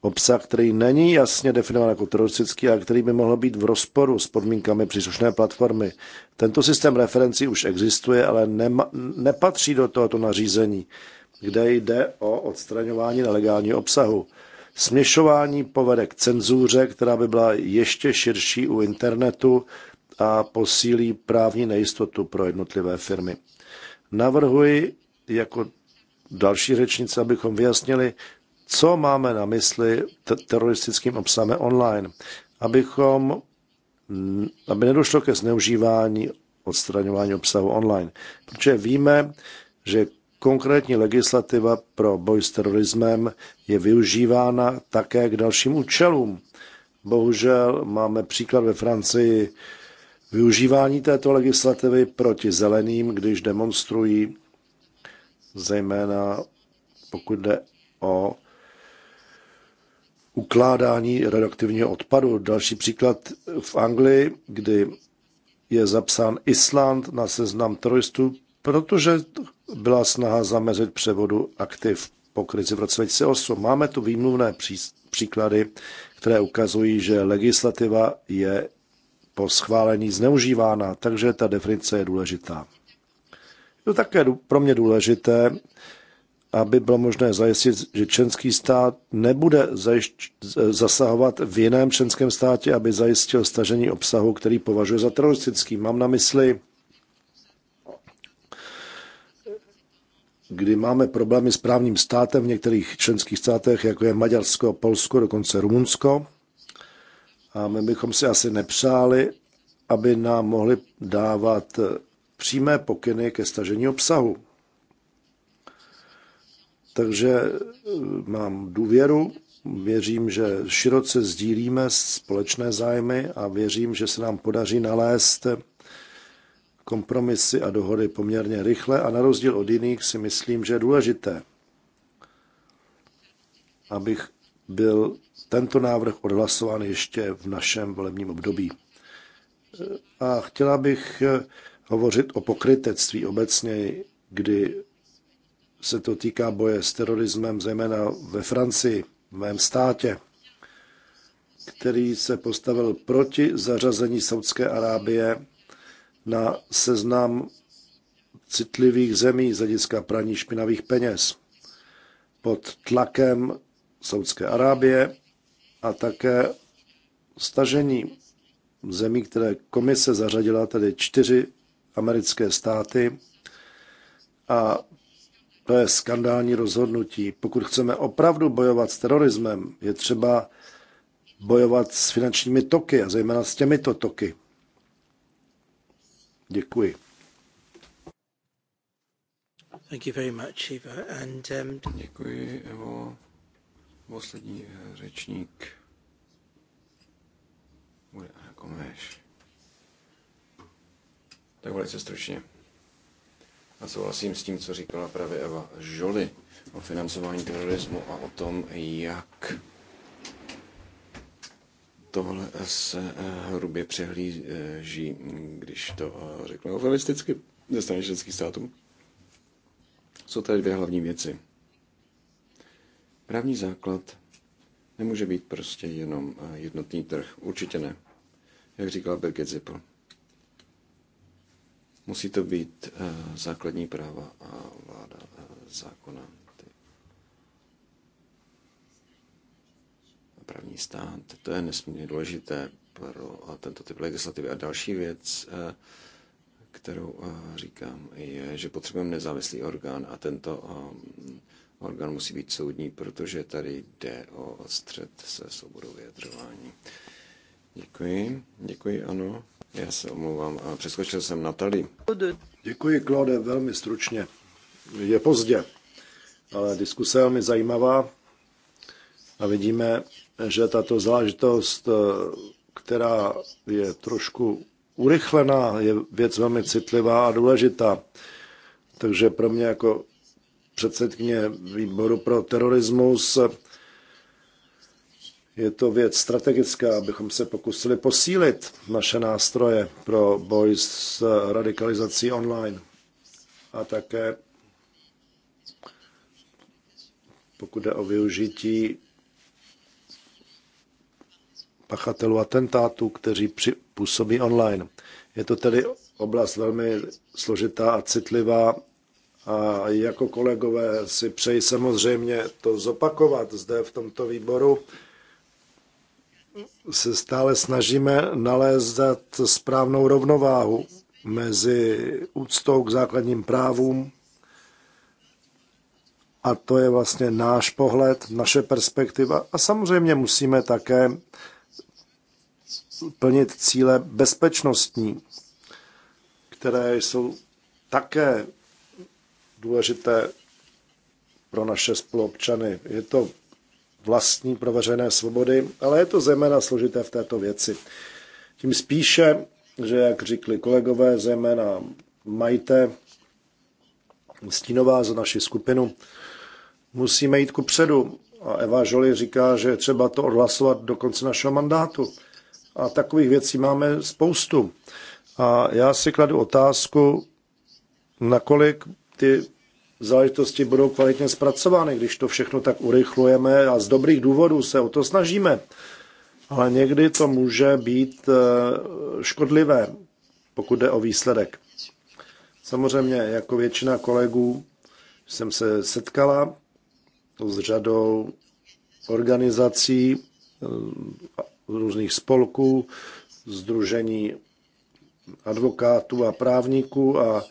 obsah, který není jasně definován jako teroristický a který by mohl být v rozporu s podmínkami příslušné platformy. Tento systém referencí už existuje, ale nema, nepatří do tohoto nařízení kde jde o odstraňování nelegálního obsahu. Směšování povede k cenzuře, která by byla ještě širší u internetu a posílí právní nejistotu pro jednotlivé firmy. Navrhuji jako další řečnice, abychom vyjasnili, co máme na mysli teroristickým obsahem online, abychom, aby nedošlo ke zneužívání odstraňování obsahu online. Protože víme, že Konkrétní legislativa pro boj s terorismem je využívána také k dalším účelům. Bohužel máme příklad ve Francii využívání této legislativy proti zeleným, když demonstrují, zejména pokud jde o ukládání radioaktivního odpadu. Další příklad v Anglii, kdy je zapsán Island na seznam teroristů protože byla snaha zamezit převodu aktiv po krizi v roce 2008. Máme tu výmluvné příklady, které ukazují, že legislativa je po schválení zneužívána, takže ta definice je důležitá. Je to také pro mě důležité, aby bylo možné zajistit, že členský stát nebude zajišť, zasahovat v jiném členském státě, aby zajistil stažení obsahu, který považuje za teroristický. Mám na mysli kdy máme problémy s právním státem v některých členských státech, jako je Maďarsko, Polsko, dokonce Rumunsko. A my bychom si asi nepřáli, aby nám mohli dávat eh, přímé pokyny ke stažení obsahu. Takže eh, mám důvěru, věřím, že široce sdílíme společné zájmy a věřím, že se nám podaří nalézt kompromisy a dohody poměrně rychle a na rozdíl od jiných si myslím, že je důležité, abych byl tento návrh odhlasován ještě v našem volebním období. A chtěla bych hovořit o pokrytectví obecně, kdy se to týká boje s terorismem, zejména ve Francii, v mém státě, který se postavil proti zařazení Saudské Arábie na seznam citlivých zemí z hlediska praní špinavých peněz pod tlakem Saudské Arábie a také stažení zemí, které komise zařadila, tedy čtyři americké státy. A to je skandální rozhodnutí. Pokud chceme opravdu bojovat s terorismem, je třeba bojovat s finančními toky a zejména s těmito toky. Děkuji. Thank you very much, Eva. And, um... Děkuji, Evo. Poslední eh, řečník bude jako Komeš. Tak velice stručně. A souhlasím s tím, co říkala právě Eva Žoli o financování terorismu a o tom, jak tohle se eh, hrubě přehlíží, když to eh, řeknu eufemisticky, ze strany členských států. Jsou tady dvě hlavní věci. Právní základ nemůže být prostě jenom eh, jednotný trh. Určitě ne. Jak říkala Birgit Zippel. Musí to být základní práva a vláda zákona. právní stát. To je nesmírně důležité pro eh, tento typ legislativy. A další věc, eh, kterou eh, říkám, je, že potřebujeme nezávislý orgán a tento orgán musí být soudní, protože tady jde o střed se svobodou vyjadřování. Děkuji, děkuji, ano. Já se omlouvám, a přeskočil jsem Natali. Děkuji, Klode, velmi stručně. Je pozdě, ale diskuse je velmi zajímavá a vidíme, že tato záležitost, eh, která je trošku urychlená, je věc velmi citlivá a důležitá. Takže pro mě jako předsedkyně výboru pro terorismus je to věc strategická, abychom se pokusili posílit naše nástroje pro boj s radikalizací online. A také pokud je o využití pachatelů atentátů, kteří působí online. Je to tedy oblast velmi složitá a citlivá a jako kolegové si přeji samozřejmě to zopakovat zde v tomto výboru. Se stále snažíme nalézat správnou rovnováhu mezi úctou k základním právům a to je vlastně náš pohled, naše perspektiva. A samozřejmě musíme také plnit cíle bezpečnostní, které jsou také důležité pro naše spoluobčany. Je to vlastní pro veřejné svobody, ale je to zejména složité v této věci. Tím spíše, že jak říkali kolegové, zejména majte stínová za naši skupinu, musíme jít ku předu. A Eva Žoli říká, že je třeba to odhlasovat do konce našeho mandátu. A takových věcí máme spoustu. A já si kladu otázku, nakolik ty záležitosti budou kvalitně zpracovány, když to všechno tak urychlujeme a z dobrých důvodů se o to snažíme. Ale někdy to může být eh, škodlivé, pokud jde o výsledek. Samozřejmě, jako většina kolegů, jsem se setkala s řadou organizací eh, různých spolků, združení advokátů a právníků a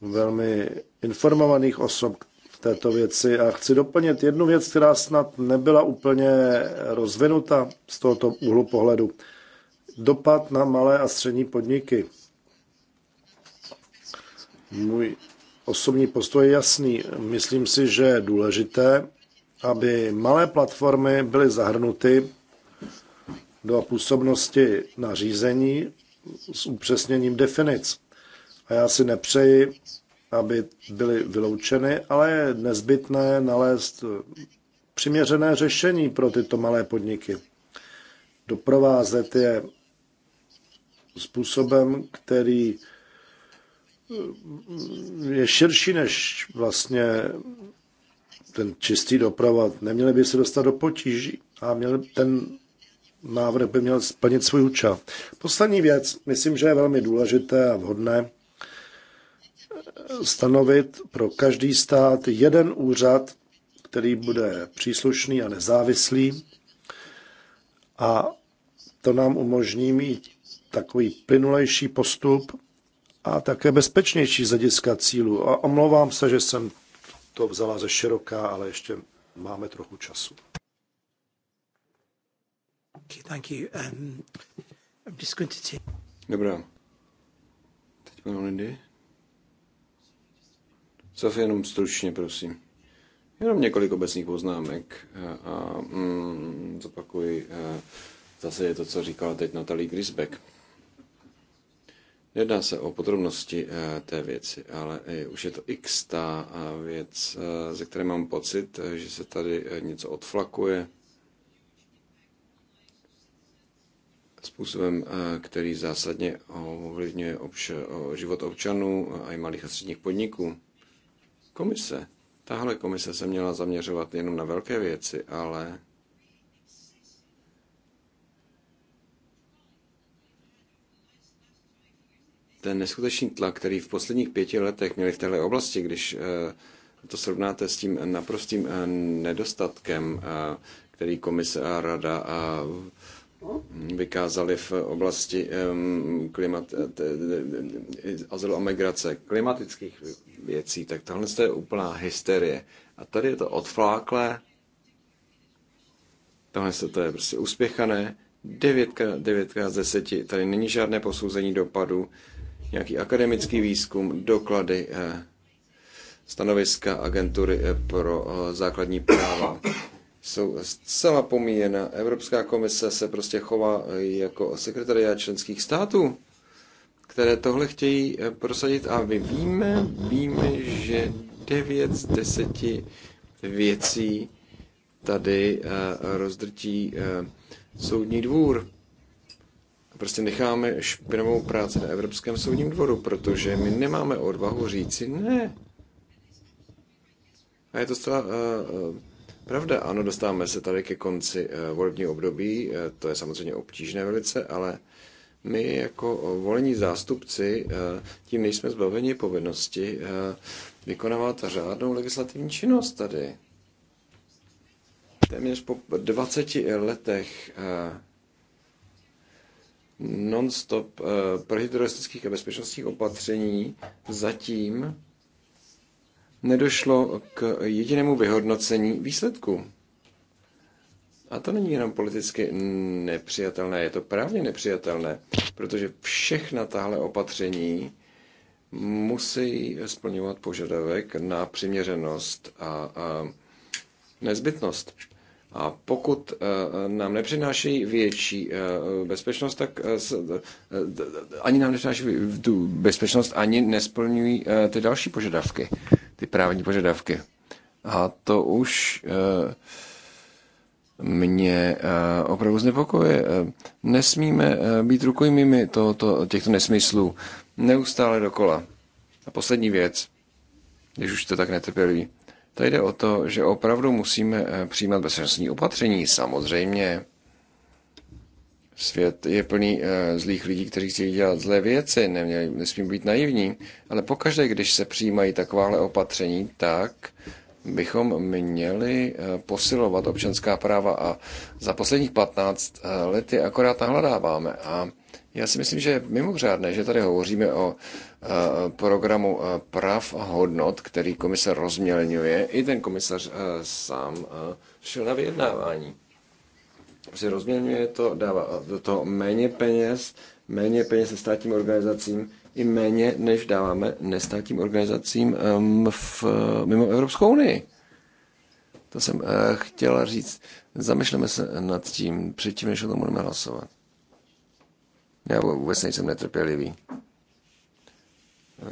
velmi informovaných osob v této věci. A chci doplnit jednu věc, která snad nebyla úplně rozvinuta z tohoto úhlu pohledu. Dopad na malé a střední podniky. Můj osobní postoj je jasný. Myslím si, že je důležité, aby malé platformy byly zahrnuty do působnosti nařízení s upřesněním definic. A já si nepřeji, aby byly vyloučeny, ale je nezbytné nalézt přiměřené řešení pro tyto malé podniky. Doprovázet je způsobem, který eh, je širší než vlastně ten čistý doprovod. Neměli by se dostat do potíží a měli ten návrh by měl splnit svůj účel. Poslední věc, myslím, že je velmi důležité a vhodné eh, stanovit pro každý stát jeden úřad, který bude příslušný a nezávislý. A to nám umožní mít takový plynulejší postup a také bezpečnější z hlediska cílu. A omlouvám se, že jsem to vzala ze široká, ale ještě máme trochu času. Um, Dobrá. Teď pan Lindy. Sofie, jenom stručně, prosím. Jenom několik obecných poznámek a, eh, a mm, zopakuji a, eh, zase je to, co říkala teď Natalie Grisbeck. Jedná se o podrobnosti eh, té věci, ale už je to x ta věc, ze které mám pocit, že se tady něco odflakuje způsobem, který zásadně ovlivňuje obš- život občanů a i malých a středních podniků. Komise. Tahle komise se měla zaměřovat jenom na velké věci, ale ten neskutečný tlak, který v posledních pěti letech měli v této oblasti, když e, to srovnáte s tím naprostým e, nedostatkem, e, který komise a rada a vykázali v oblasti klimat, eh, azylu a migrace, klimatických věcí, tak tohle je úplná hysterie. A tady je to odfláklé, tohle to je prostě uspěchané, devětka, devětka z deseti, tady není žádné posouzení dopadu, nějaký akademický výzkum, doklady, eh, stanoviska agentury eh, pro základní práva jsou zcela pomíjena. Evropská komise se prostě chová eh, jako sekretariát členských států, které tohle chtějí eh, prosadit a my víme, víme, že 9 z 10 věcí tady eh, rozdrtí soudní dvůr. Prostě necháme špinavou práci na Evropském soudním dvoru, protože my nemáme odvahu říci ne. A je to zcela uh, Pravda, ano, dostáváme se tady ke konci eh, volebního období, eh, to je samozřejmě obtížné velice, ale my jako eh, volení zástupci tím nejsme zbaveni povinnosti vykonávat řádnou legislativní činnost tady. Téměř po 20 letech non-stop prohydroistických a bezpečnostních opatření zatím nedošlo k jedinému vyhodnocení výsledku, A to není jenom politicky nepřijatelné, je to právně nepřijatelné, protože všechna tahle opatření musí splňovat požadavek na přiměřenost a, a nezbytnost. A pokud eh, nám nepřináší větší eh, bezpečnost, tak eh, ani nám nepřináší tu bezpečnost, ani nesplňují ty další požadavky, ty právní požadavky. A to už mě opravdu znepokojuje. Nesmíme být rukojmými tohoto, těchto nesmyslů neustále dokola. A poslední věc, když už to tak netrpělí. Tady jde o to, že opravdu musíme eh, přijímat bezpečnostní opatření, samozřejmě. Svět je plný eh, zlých lidí, kteří chtějí dělat zlé věci, neměli, nesmí být naivní, ale pokaždé, když se přijímají takováhle opatření, tak bychom měli eh, posilovat občanská práva a za posledních 15 lety akorát nahladáváme. A já si myslím, že je mimořádné, že tady hovoříme o Eh, programu eh, práv a hodnot, který komise rozmělňuje, i ten komisař eh, sám šel na vyjednávání. Si prostě rozmělňuje to, dává do toho méně peněz, méně peněz se státním organizacím, i méně, než dáváme nestátním organizacím v, mimo Evropskou unii. To jsem chtěla říct. Zamyšleme se nad tím, předtím, než o tom budeme hlasovat. Já vůbec nejsem netrpělivý.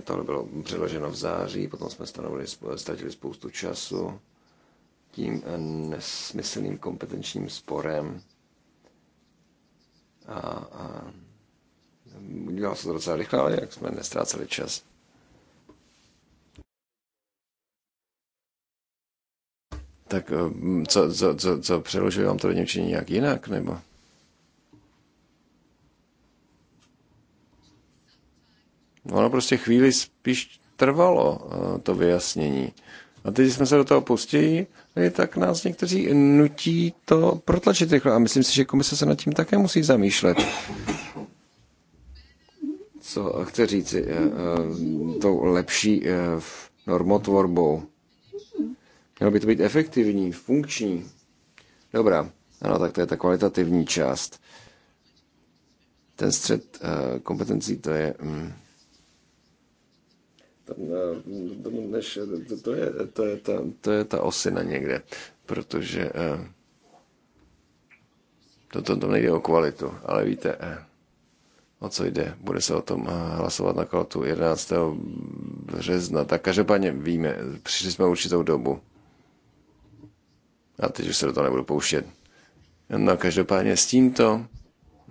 Tohle bylo předloženo v září, potom jsme stanovili, ztratili spoustu času tím eh, nesmyslným kompetenčním sporem. A, a udělalo se to docela rychle, ale jak jsme nestráceli čas. Tak eh, co, co, co, co přeložili vám to do nějak jinak, nebo? Ono prostě chvíli spíš trvalo eh, to vyjasnění. A teď, když jsme se do toho pustili, eh, tak nás někteří nutí to protlačit rychle. A myslím si, že komise se nad tím také musí zamýšlet. Co říct říci, eh, tou lepší normotvorbou. Mělo by to být efektivní, funkční. Dobrá, ano, tak to je ta kvalitativní část. Ten střed kompetencí, to je mm, Eh, mm, než to je, to je, ta, to je ta osina někde, protože eh, to, to, to nejde o kvalitu, ale víte, eh, o co jde. Bude se o tom hlasovat na kvalitu 11. března. Tak každopádně víme, přišli jsme určitou dobu. A teď už se do toho nebudu pouštět. No každopádně s tímto,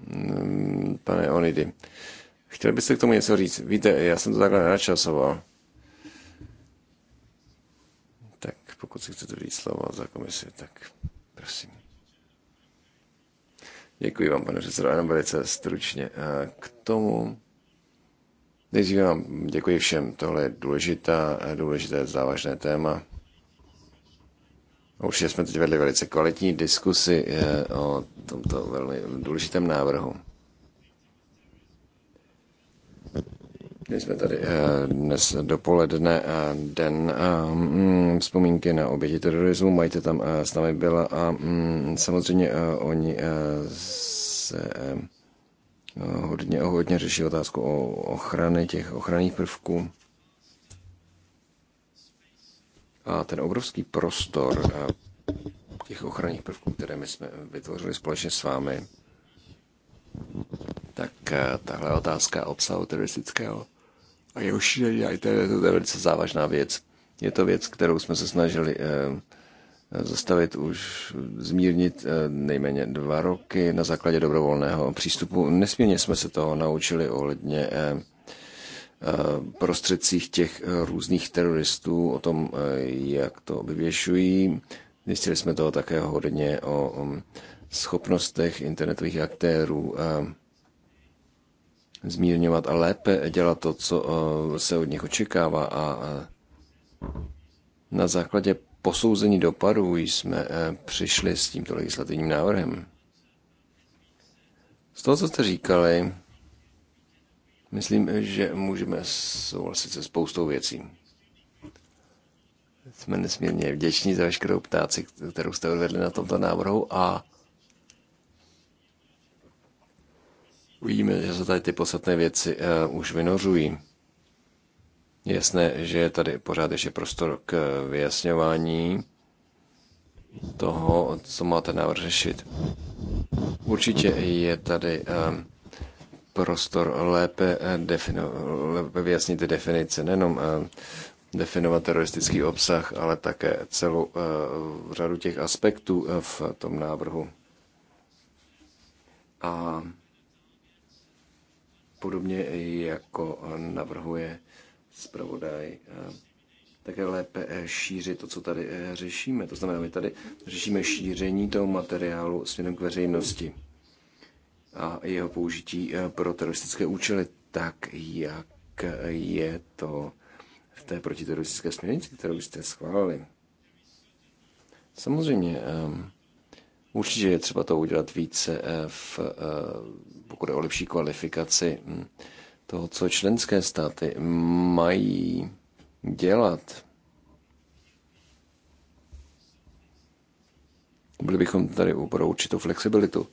mm, pane Onidy, chtěl byste k tomu něco říct? Víte, já jsem to takhle načasoval. pokud si chcete slovo za komisi, tak prosím. Děkuji vám, pane předsedo, jenom velice stručně. Eh, k tomu nejdříve vám děkuji všem. Tohle je důležitá, eh, důležité závažné téma. Už jsme teď vedli velice kvalitní diskusi eh, o tomto velmi důležitém návrhu. My jsme tady eh, dnes dopoledne eh, den eh, mm, vzpomínky na oběti terorismu. Majte tam s námi byla a mm, samozřejmě oni se hodně, hodně řeší otázku o ochrany těch ochranných prvků. A ten obrovský prostor těch ochranných prvků, které my jsme vytvořili společně s vámi, tak tahle otázka obsahu teroristického je už je, to je, to je velice závažná věc. Je to věc, kterou jsme se snažili eh, eh, zastavit už, zmírnit eh, nejméně dva roky na základě dobrovolného přístupu. Nesmírně jsme se toho naučili ohledně prostředcích těch různých teroristů, o tom, jak to vyvěšují. Zjistili jsme toho také hodně o schopnostech internetových aktérů, zmírňovat a lépe dělat to, co eh, se od nich očekává. A eh, na základě posouzení dopadů jsme eh, přišli s tímto legislativním návrhem. Z toho, co jste říkali, myslím, že můžeme souhlasit se spoustou věcí. Jsme nesmírně vděční za veškerou ptáci, kterou jste odvedli na tomto návrhu a Vidíme, že se tady ty podstatné věci uh, už vynořují. Jasné, že je tady pořád ještě prostor k eh, vyjasňování toho, co máte návrh řešit. Určitě je tady uh, prostor lépe, defino, lépe vyjasnit definice, nejenom uh, definovat teroristický obsah, ale také celou uh, řadu těch aspektů v tom návrhu. A podobně jako navrhuje zpravodaj eh, také lépe eh, šířit to, co tady eh, řešíme. To znamená, my tady řešíme šíření toho materiálu směrem k veřejnosti a jeho použití pro teroristické účely, tak jak je to v té protiteroristické směrnici, kterou jste schválili. Samozřejmě, určitě je třeba to udělat více v pokud je o lepší kvalifikaci hm, toho, co členské státy mají dělat. Byli bychom tady pro určitou flexibilitu.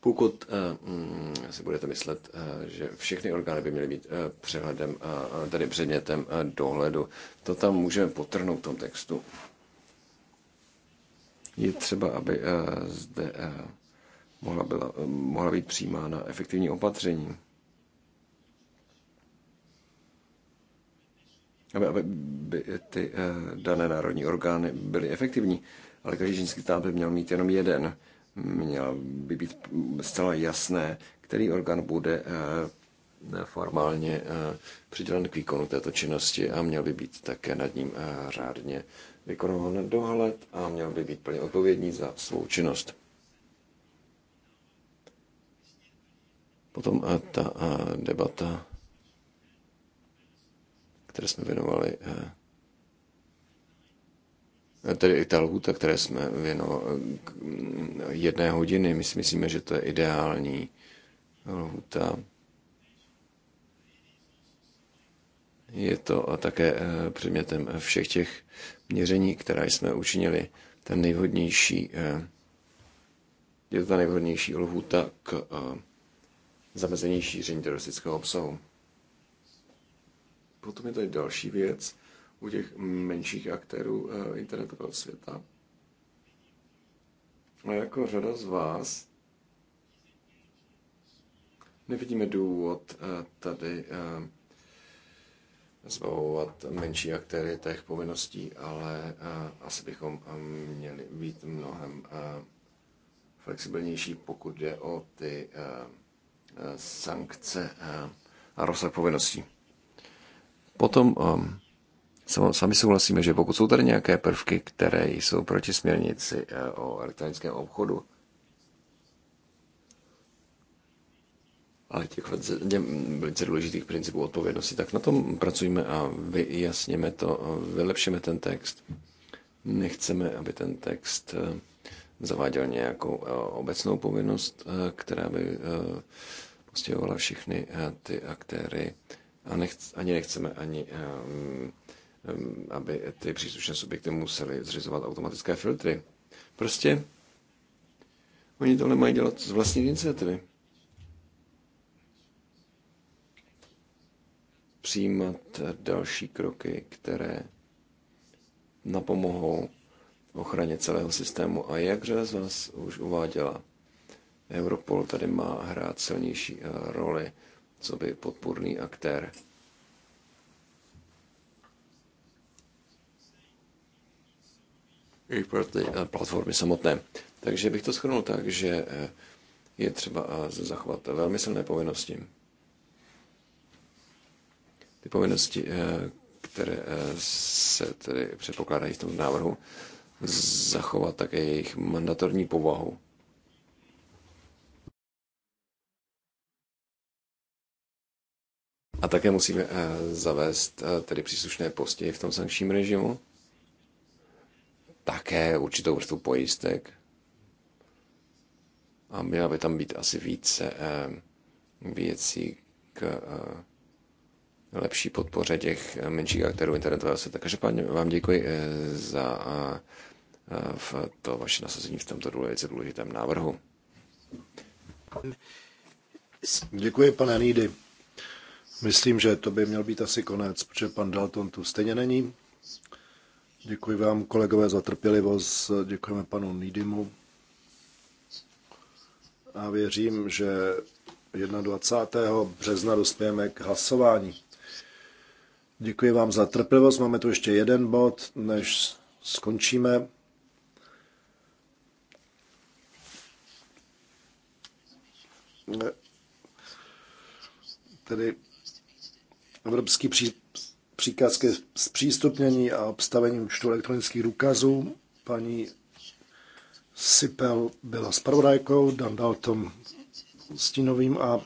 Pokud eh, hm, si budete myslet, eh, že všechny orgány by měly být eh, přehledem, uh, tedy předmětem dohledu, to tam můžeme potrhnout v tom textu. Je třeba, aby eh, zde eh, mohla, byla, mohla být přijímána efektivní opatření. Aby, aby by ty eh, dané národní orgány byly efektivní, ale každý ženský stát by měl mít jenom jeden. Měl by být zcela jasné, který orgán bude formálně přidělen k výkonu této činnosti a měl by být také nad ním řádně vykonoval dohled a měl by být plně odpovědný za svou činnost. Potom eh, ta eh, debata, které jsme věnovali, eh, tedy i ta lhůta, které jsme věnovali jedné hodiny, my si myslíme, že to je ideální lhůta. Je to také eh, předmětem všech těch měření, která jsme učinili. Ten nejvhodnější, eh, je to ta nejvhodnější lhůta k eh, zamezení šíření teroristického obsahu. Potom je tady další věc u těch menších aktérů internetového světa. A jako řada z vás nevidíme důvod tady zbavovat menší aktéry těch povinností, ale eh, asi bychom eh, měli být mnohem eh, flexibilnější, pokud jde o ty sankce a rozsah povinností. Potom ehm, sami souhlasíme, že pokud jsou tady nějaké prvky, které jsou proti směrnici o elektronickém obchodu, ale těch velice důležitých principů odpovědnosti, tak na tom pracujeme a vyjasněme to, vylepšíme ten text. Nechceme, aby ten text eh, zaváděl nějakou eh, obecnou povinnost, eh, která by postihovala všechny ty aktéry. A nechce, ani nechceme, ani mm, aby ty příslušné subjekty museli zřizovat automatické filtry. Prostě oni tohle mají dělat z vlastní iniciativy. přijímat další kroky, které napomohou ochraně celého systému. A jak řada z vás už uváděla, Europol tady má hrát silnější eh, roli, co by podpůrný aktér. I pro ty eh, platformy samotné. Takže bych to shrnul tak, že eh, je třeba zachovat velmi silné povinnosti ty povinnosti, eh, které eh, se tedy předpokládají v tom návrhu, zachovat také jejich mandatorní povahu. A také musíme eh, zavést tedy příslušné posti v tom sankčním režimu. Také určitou vrstvu pojistek. A měla by tam být asi více věcí k lepší podpoře těch eh, menších aktérů internetového světa. Každopádně vám děkuji eh, za eh, v to vaše nasazení v tomto důležitém důležitém návrhu. Děkuji, pane Nýdy. Myslím, že to by měl být asi konec, protože pan Dalton tu stejně není. Děkuji vám, kolegové, za trpělivost. Děkujeme panu Nýdymu. A věřím, že 21. března dospějeme k hlasování. Děkuji vám za trpělivost. Máme tu ještě jeden bod, než skončíme. Tedy Evropský pří, příkaz ke zpřístupnění a obstavení účtu elektronických důkazů. Paní Sipel byla s Dan Dalton stínovým a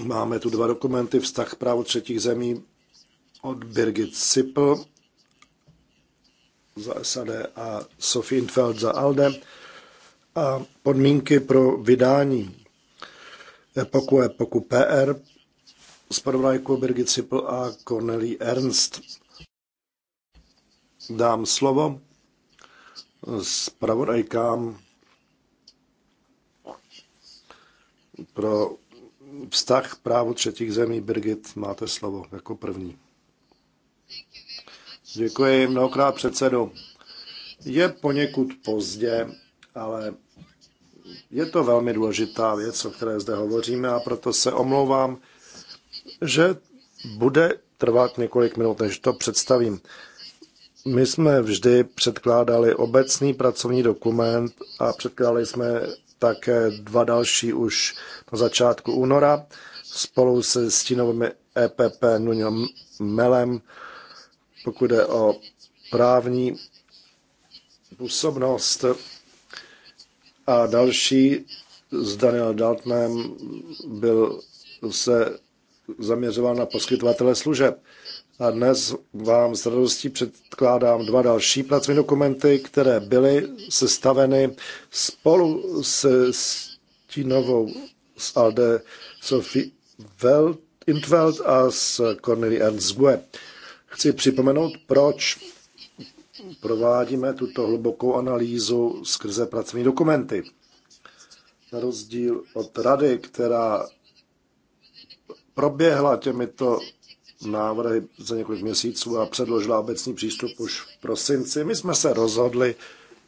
Máme tu dva dokumenty, vztah právo třetích zemí od Birgit Sippel za SAD a Sophie Infeld za ALDE a podmínky pro vydání epoku epoku PR s podvrajkou Birgit Sippel a Corneli Ernst. Dám slovo pravodajkám pro vztah právo třetích zemí. Birgit, máte slovo jako první. Děkuji mnohokrát předsedo. Je poněkud pozdě, ale je to velmi důležitá věc, o které zde hovoříme a proto se omlouvám, že bude trvat několik minut, než to představím. My jsme vždy předkládali obecný pracovní dokument a předkládali jsme také dva další už na začátku února spolu se stínovými EPP Nuno Melem, pokud jde o právní působnost a další s Daniel Daltmem byl se zaměřoval na poskytovatele služeb. A dnes vám s radostí předkládám dva další pracovní dokumenty, které byly sestaveny spolu se Stínovou z Alde Sophie Intveld a s Cornelie Ernst Gue. Chci připomenout, proč provádíme tuto hlubokou analýzu skrze pracovní dokumenty. Na rozdíl od rady, která proběhla těmito návrhy za několik měsíců a předložila obecný přístup už v prosinci. My jsme se rozhodli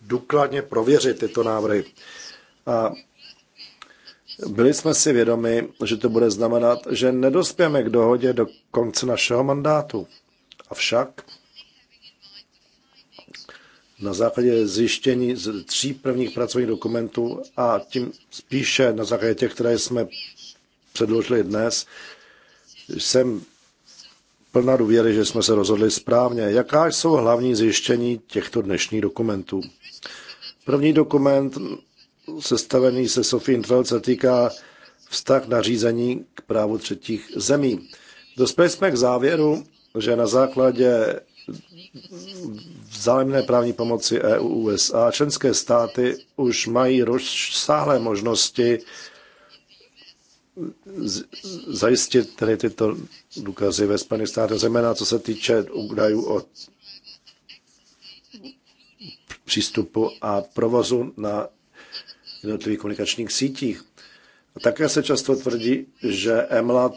důkladně prověřit tyto návrhy. A byli jsme si vědomi, že to bude znamenat, že nedospěme k dohodě do konce našeho mandátu. Avšak na základě zjištění z tří prvních pracovních dokumentů a tím spíše na základě těch, které jsme předložili dnes, jsem plna důvěry, že jsme se rozhodli správně. Jaká jsou hlavní zjištění těchto dnešních dokumentů? První dokument, sestavený se Sofie Intveld, se týká vztah řízení k právu třetích zemí. Dospěli jsme k závěru, že na základě vzájemné právní pomoci EU-USA členské státy už mají rozsáhlé možnosti zajistit tedy tyto důkazy ve Spojených státech, zejména co se týče údajů o přístupu a provozu na jednotlivých komunikačních sítích. A také se často tvrdí, že EMLAT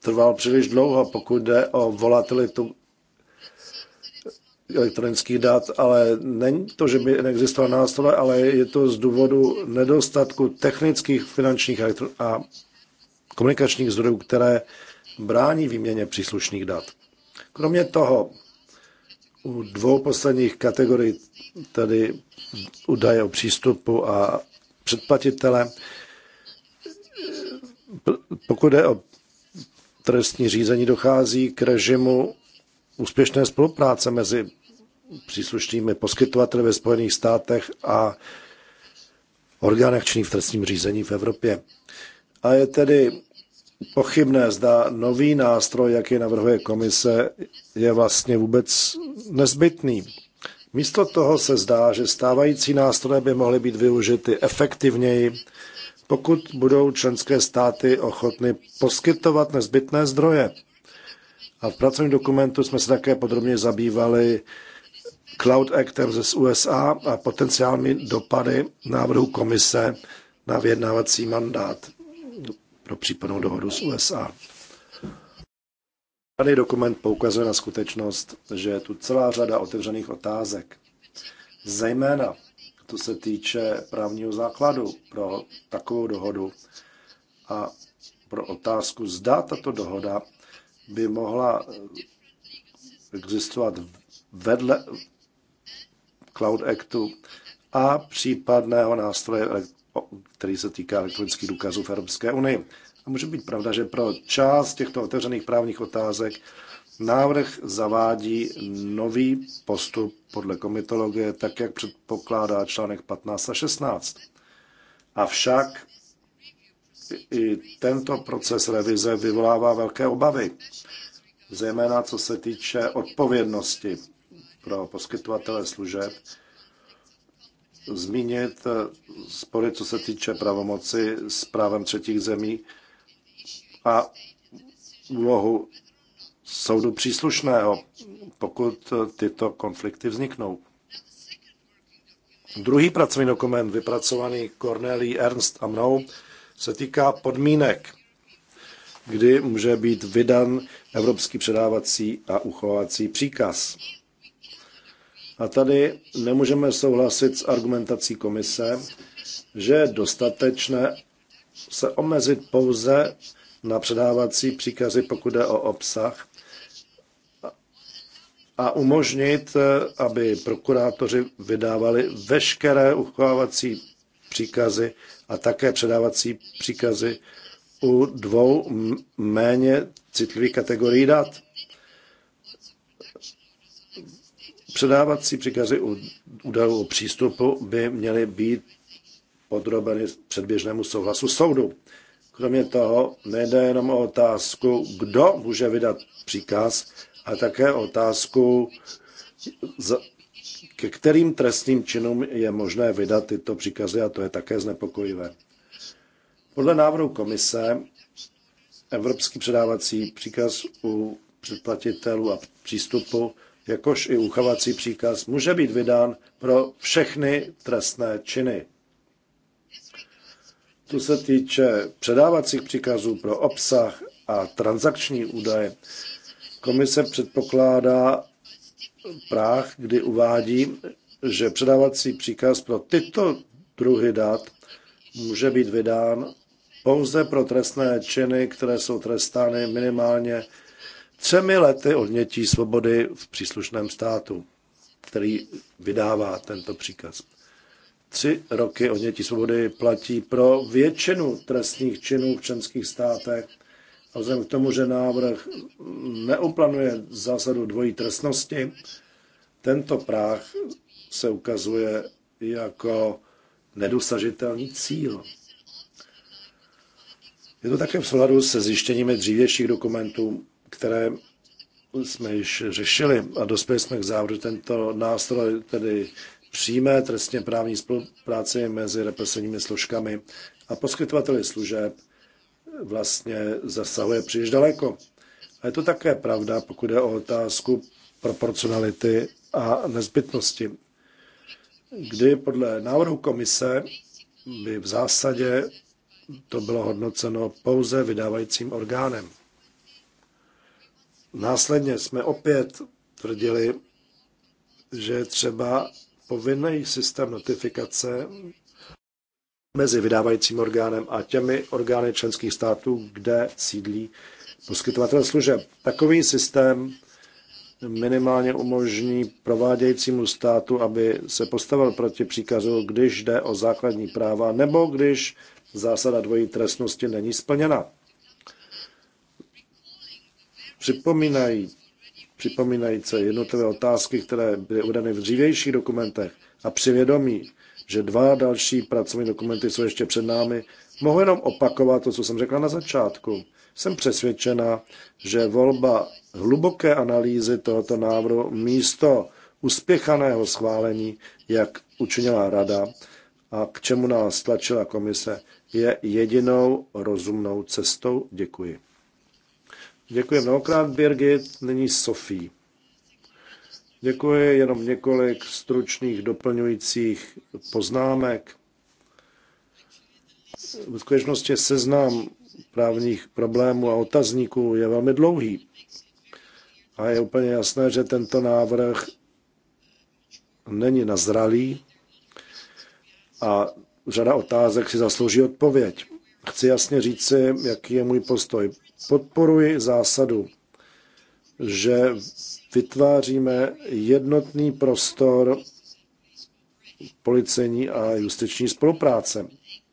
trval příliš dlouho, pokud jde o volatilitu elektronických dat, ale není to, že by neexistoval nástroj, ale je to z důvodu nedostatku technických, finančních a komunikačních zdrojů, které brání výměně příslušných dat. Kromě toho, u dvou posledních kategorií, tedy údaje o přístupu a předplatitele, pokud je o trestní řízení, dochází k režimu úspěšné spolupráce mezi příslušnými poskytovateli ve Spojených státech a orgánech činných v trestním řízení v Evropě. A je tedy pochybné, zda nový nástroj, jaký navrhuje komise, je vlastně vůbec nezbytný. Místo toho se zdá, že stávající nástroje by mohly být využity efektivněji, pokud budou členské státy ochotny poskytovat nezbytné zdroje. A v pracovním dokumentu jsme se také podrobně zabývali Cloud Actem ze USA a potenciální dopady návrhu komise na vyjednávací mandát pro případnou dohodu s USA. Daný dokument poukazuje na skutečnost, že je tu celá řada otevřených otázek, zejména to se týče právního základu pro takovou dohodu a pro otázku, zda tato dohoda by mohla existovat vedle Cloud Actu a případného nástroje který se týká elektronických důkazů v Evropské unii. A může být pravda, že pro část těchto otevřených právních otázek návrh zavádí nový postup podle komitologie, tak jak předpokládá článek 15 a 16. Avšak i tento proces revize vyvolává velké obavy, zejména co se týče odpovědnosti pro poskytovatele služeb, zmínit eh, spory, co se týče pravomoci s právem třetích zemí a úlohu soudu příslušného, pokud eh, tyto konflikty vzniknou. Druhý pracovní dokument, vypracovaný Cornelí Ernst a mnou, se týká podmínek, kdy může být vydan evropský předávací a uchovací příkaz. A tady nemůžeme souhlasit s argumentací komise, že je dostatečné se omezit pouze na předávací příkazy, pokud jde o obsah, a umožnit, aby prokurátoři vydávali veškeré uchovávací příkazy a také předávací příkazy u dvou méně citlivých kategorií dat. Předávací příkazy údajů o přístupu by měly být podrobeny předběžnému souhlasu soudu. Kromě toho nejde jenom o otázku, kdo může vydat příkaz, a také otázku, ke kterým trestným činům je možné vydat tyto příkazy, a to je také znepokojivé. Podle návrhu komise Evropský předávací příkaz u předplatitelů a přístupu jakož i uchovací příkaz může být vydán pro všechny trestné činy. Tu se týče předávacích příkazů pro obsah a transakční údaje. Komise předpokládá práh, kdy uvádí, že předávací příkaz pro tyto druhy dat může být vydán pouze pro trestné činy, které jsou trestány minimálně třemi lety odnětí svobody v příslušném státu, který vydává tento příkaz. Tři roky odnětí svobody platí pro většinu trestných činů v členských státech. A vzhledem k tomu, že návrh neoplanuje zásadu dvojí trestnosti, tento práh se ukazuje jako nedosažitelný cíl. Je to také v souladu se zjištěními dřívějších dokumentů které jsme již řešili a dospěli jsme k závodu tento nástroj, tedy přímé trestně právní spolupráci mezi represivními složkami a poskytovateli služeb vlastně zasahuje příliš daleko. A je to také pravda, pokud je o otázku proporcionality a nezbytnosti, kdy podle návrhu komise by v zásadě to bylo hodnoceno pouze vydávajícím orgánem. Následně jsme opět tvrdili, že je třeba povinný systém notifikace mezi vydávajícím orgánem a těmi orgány členských států, kde sídlí poskytovatel služeb. Takový systém minimálně umožní provádějícímu státu, aby se postavil proti příkazu, když jde o základní práva nebo když zásada dvojí trestnosti není splněna připomínají, se jednotlivé otázky, které byly udany v dřívějších dokumentech a při vědomí, že dva další pracovní dokumenty jsou ještě před námi, mohu jenom opakovat to, co jsem řekla na začátku. Jsem přesvědčena, že volba hluboké analýzy tohoto návrhu místo uspěchaného schválení, jak učinila Rada a k čemu nás tlačila komise, je jedinou rozumnou cestou. Děkuji. Děkuji mnohokrát, Birgit. Nyní Sofí. Děkuji, jenom několik stručných doplňujících poznámek. V skutečnosti seznam právních problémů a otazníků je velmi dlouhý. A je úplně jasné, že tento návrh není nazralý a řada otázek si zaslouží odpověď. Chci jasně říci, jaký je můj postoj podporuji zásadu, že vytváříme jednotný prostor policejní a justiční spolupráce.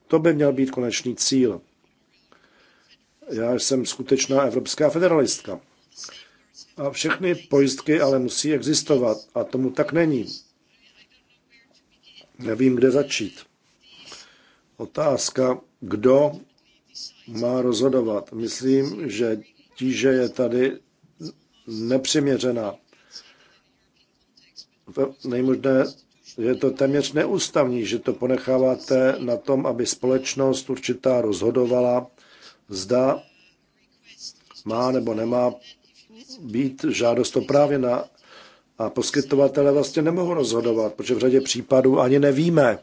To by měl být konečný cíl. Já jsem skutečná evropská federalistka. A všechny pojistky ale musí existovat. A tomu tak není. Nevím, kde začít. Otázka, kdo má rozhodovat. Myslím, že tíže je tady nepřiměřená. Nejmožné, je to téměř neústavní, že to ponecháváte na tom, aby společnost určitá rozhodovala, zda má nebo nemá být žádost oprávěna. a poskytovatele vlastně nemohou rozhodovat, protože v řadě případů ani nevíme,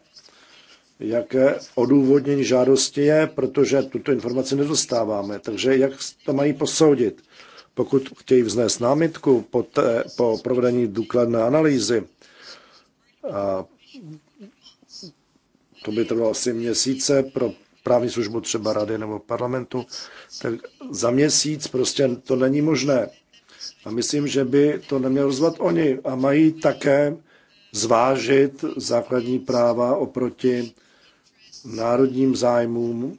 jaké odůvodnění žádosti je, protože tuto informaci nedostáváme. Takže jak to mají posoudit? Pokud chtějí vznést námitku po, té, po provedení důkladné analýzy, a to by trvalo asi měsíce pro právní službu třeba rady nebo parlamentu, tak za měsíc prostě to není možné. A myslím, že by to neměl rozvat oni. A mají také zvážit základní práva oproti národním zájmům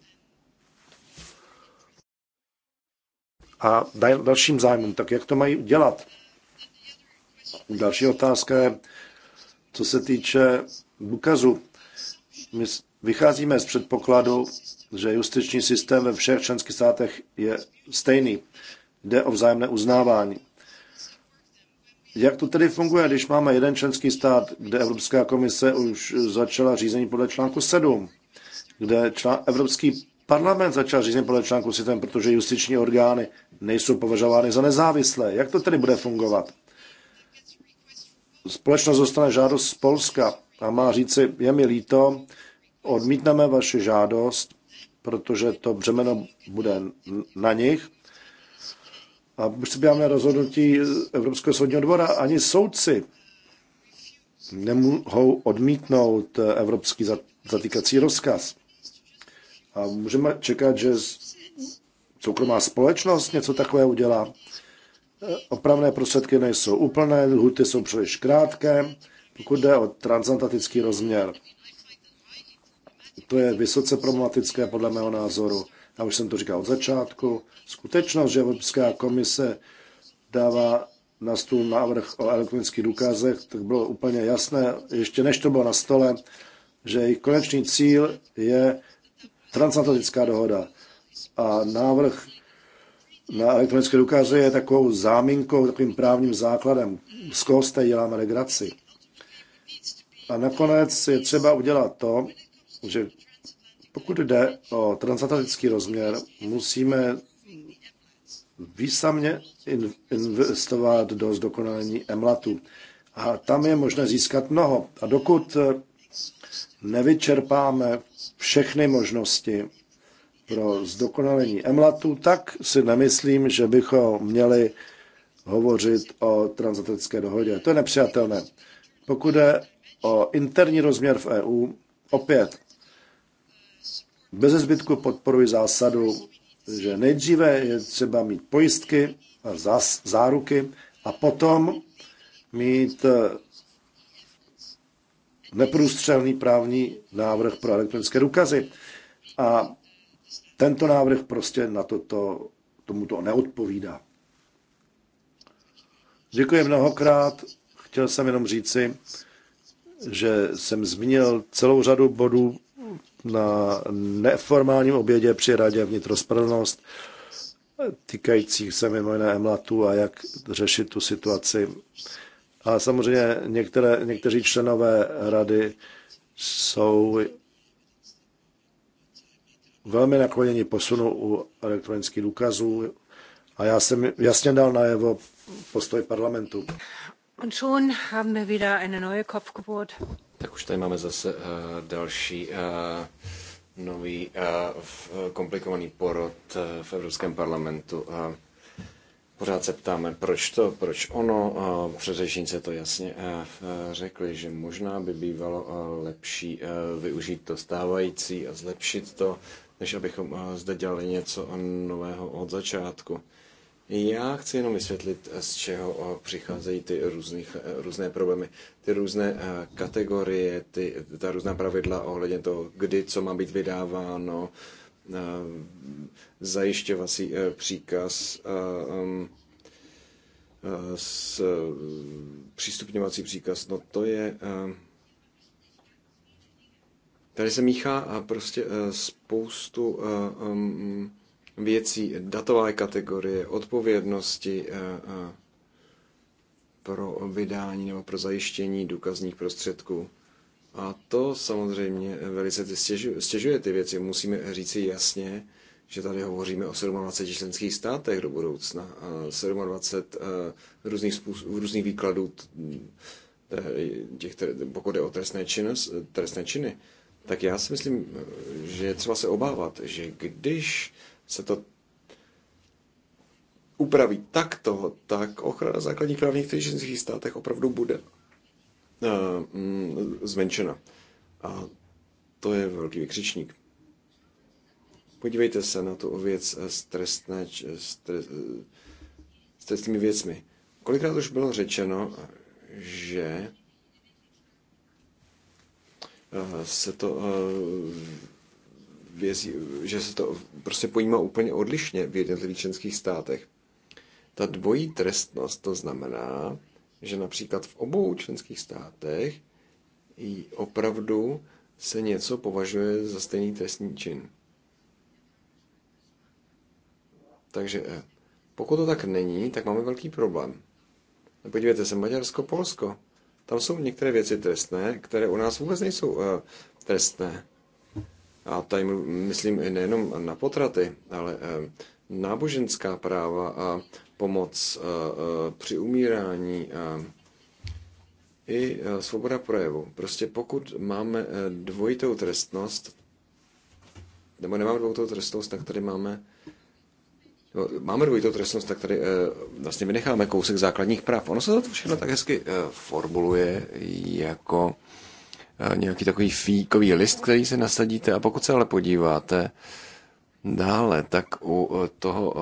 a dalším zájmům. Tak jak to mají udělat? Další otázka je, co se týče důkazu. My vycházíme z předpokladu, že justiční systém ve všech členských státech je stejný. Jde o vzájemné uznávání. Jak to tedy funguje, když máme jeden členský stát, kde Evropská komise už začala řízení podle článku 7? kde člán, Evropský parlament začal řízení podle článku 7, protože justiční orgány nejsou považovány za nezávislé. Jak to tedy bude fungovat? Společnost dostane žádost z Polska a má říci, je mi líto, odmítneme vaši žádost, protože to břemeno bude na nich. A už si na rozhodnutí Evropského soudního dvora, ani soudci nemohou odmítnout evropský zatýkací rozkaz. A můžeme čekat, že soukromá společnost něco takové udělá. E, opravné prostředky nejsou úplné, lhuty jsou příliš krátké, pokud jde o transatlantický rozměr. To je vysoce problematické podle mého názoru. Já už jsem to říkal od začátku. Skutečnost, že Evropská komise dává na stůl návrh o elektronických důkazech, tak bylo úplně jasné, ještě než to bylo na stole, že jejich konečný cíl je transatlantická dohoda. A návrh na elektronické důkazy je takovou záminkou, takovým právním základem. Z koho jste děláme legraci. A nakonec je třeba udělat to, že pokud jde o transatlantický rozměr, musíme významně investovat do zdokonalení emlatu. A tam je možné získat mnoho. A dokud nevyčerpáme všechny možnosti pro zdokonalení emlatu, tak si nemyslím, že bychom měli hovořit o transatlantické dohodě. To je nepřijatelné. Pokud je o interní rozměr v EU, opět, bez zbytku podporuji zásadu, že nejdříve je třeba mít pojistky a záruky a potom mít neprůstřelný právní návrh pro elektronické důkazy. A tento návrh prostě na toto, tomuto neodpovídá. Děkuji mnohokrát. Chtěl jsem jenom říci, že jsem zmínil celou řadu bodů na neformálním obědě při Radě vnitrospravedlnost týkajících se mimo jiné emlatu a jak řešit tu situaci a samozřejmě některé, někteří členové rady jsou velmi nakloněni posunu u elektronických důkazů a já jsem jasně dal najevo postoj parlamentu. Und schon haben wir wieder eine neue Kopfgeburt. Tak už tady máme zase uh, další uh, nový uh, komplikovaný porod uh, v Evropském parlamentu. Uh, pořád se ptáme, proč to, proč ono. Předřečnice to jasně eh, eh, řekli, že možná by bývalo eh, lepší využít to stávající a zlepšit to, než abychom zde dělali něco nového od začátku. Já chci jenom vysvětlit, z čeho přicházejí ty různých, různé problémy, ty různé kategorie, ty, ta různá pravidla ohledně toho, kdy co má být vydáváno, Eh, zajišťovací eh, příkaz, eh, s přístupňovací příkaz, no to je... Tady se míchá prostě spoustu věcí, datové kategorie, odpovědnosti pro vydání nebo pro zajištění důkazních prostředků. A to samozřejmě velice stěžuje, stěžuje ty věci. Musíme říci jasně, že tady hovoříme o 27 členských státech do budoucna. 27 eh, různých, způsob, různých výkladů těch, pokud jde o trestné, činnost, trestné činy. Tak já si myslím, eh, že je třeba se obávat, že když se to upraví takto, tak ochrana základních práv v některých členských státech opravdu bude Eh, mm, zmenšena. A to je velký vykřičník. Podívejte se na tu věc eh, s, trestné, eh, s, trestnými věcmi. Kolikrát už bylo řečeno, že se to vězí, že se to prostě pojímá úplně odlišně v jednotlivých členských státech. Ta dvojí trestnost, to znamená, že například v obou členských státech i opravdu se něco považuje za stejný trestní čin. Takže eh, pokud to tak není, tak máme velký problém. Podívejte se, Maďarsko, Polsko. Tam jsou některé věci trestné, které u nás vůbec nejsou uh, trestné. A tady myslím nejenom na potraty, ale uh, náboženská práva a pomoc eh, eh, při umírání eh, i svoboda projevu. Prostě pokud máme dvojitou trestnost, nebo nemáme dvojitou trestnost, tak tady máme máme dvojitou trestnost, tak tady vlastně vynecháme kousek základních práv. Ono se to všechno tak hezky formuluje jako nějaký takový fíkový list, který se nasadíte a pokud se ale podíváte dále, tak u toho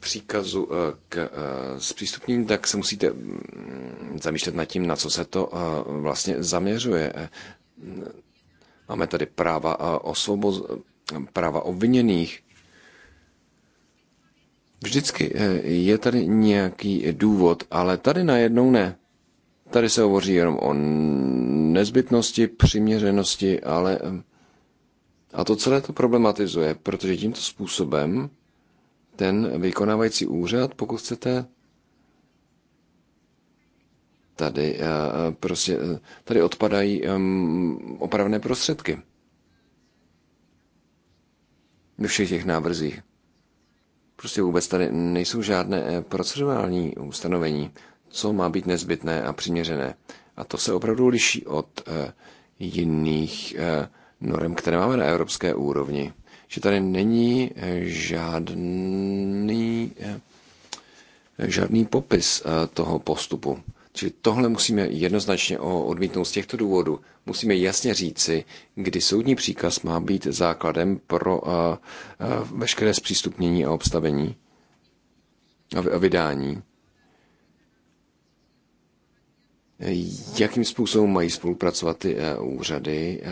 příkazu eh, k eh, zpřístupnění, tak se musíte mm, zamýšlet nad tím, na co se to eh, vlastně zaměřuje. Máme tady práva, osvoboz, práva obviněných. Vždycky je tady nějaký důvod, ale tady najednou ne. Tady se hovoří jenom o nezbytnosti, přiměřenosti, ale a to celé to problematizuje, protože tímto způsobem ten vykonávající úřad, pokud chcete, tady, eh, prostě, eh, tady odpadají opravné prostředky. Ve všech těch návrzích. Prostě vůbec tady nejsou žádné eh, procedurální ustanovení, co má být nezbytné a přiměřené. A to se opravdu liší od jiných norm, které máme na evropské úrovni že tady není eh, žádný, eh, žádný popis eh, toho postupu. Čili tohle musíme jednoznačně odmítnout z těchto důvodů. Musíme jasně říci, kdy soudní příkaz má být základem pro veškeré zpřístupnění a obstavení a vydání. Jakým způsobem mají spolupracovat ty úřady?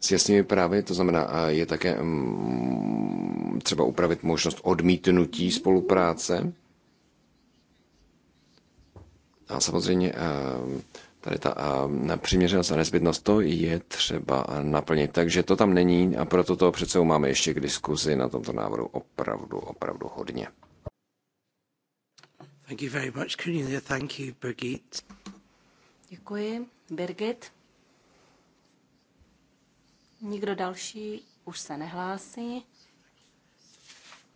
s jasnými právy, to znamená, je také mm, třeba upravit možnost odmítnutí spolupráce. A samozřejmě tady ta přiměřenost a nezbytnost, to je třeba naplnit. Takže to tam není a proto to přece máme ještě k diskuzi na tomto návrhu opravdu, opravdu hodně. Thank you very much, Cornelia. Thank you, Birgit. Děkuji, Birgit. Nikdo další už se nehlásí.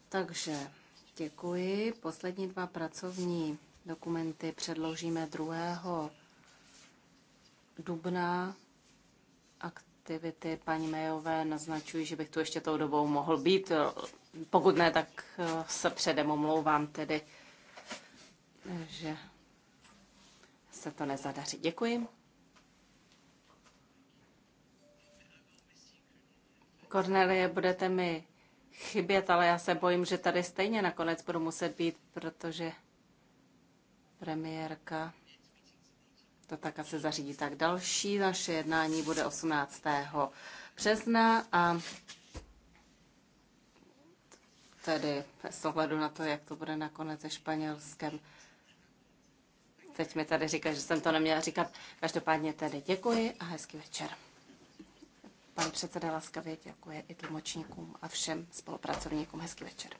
Takže děkuji. Poslední dva pracovní dokumenty předložíme 2. dubna. Aktivity paní Mejové naznačují, že bych tu ještě tou dobou mohl být. Pokud ne, tak eh, se předem omlouvám tedy, že se to nezadaří. Děkuji. Kornelie, budete mi chybět, ale já se bojím, že tady stejně nakonec budu muset být, protože premiérka to tak asi zařídí. Tak další naše jednání bude 18. března a tedy s ohledu na to, jak to bude nakonec se Španělskem. Teď mi tady říká, že jsem to neměla říkat. Každopádně tedy děkuji a hezký večer. Pan předseda laskavě děkuje i tlumočníkům a všem spolupracovníkům. Hezký večer.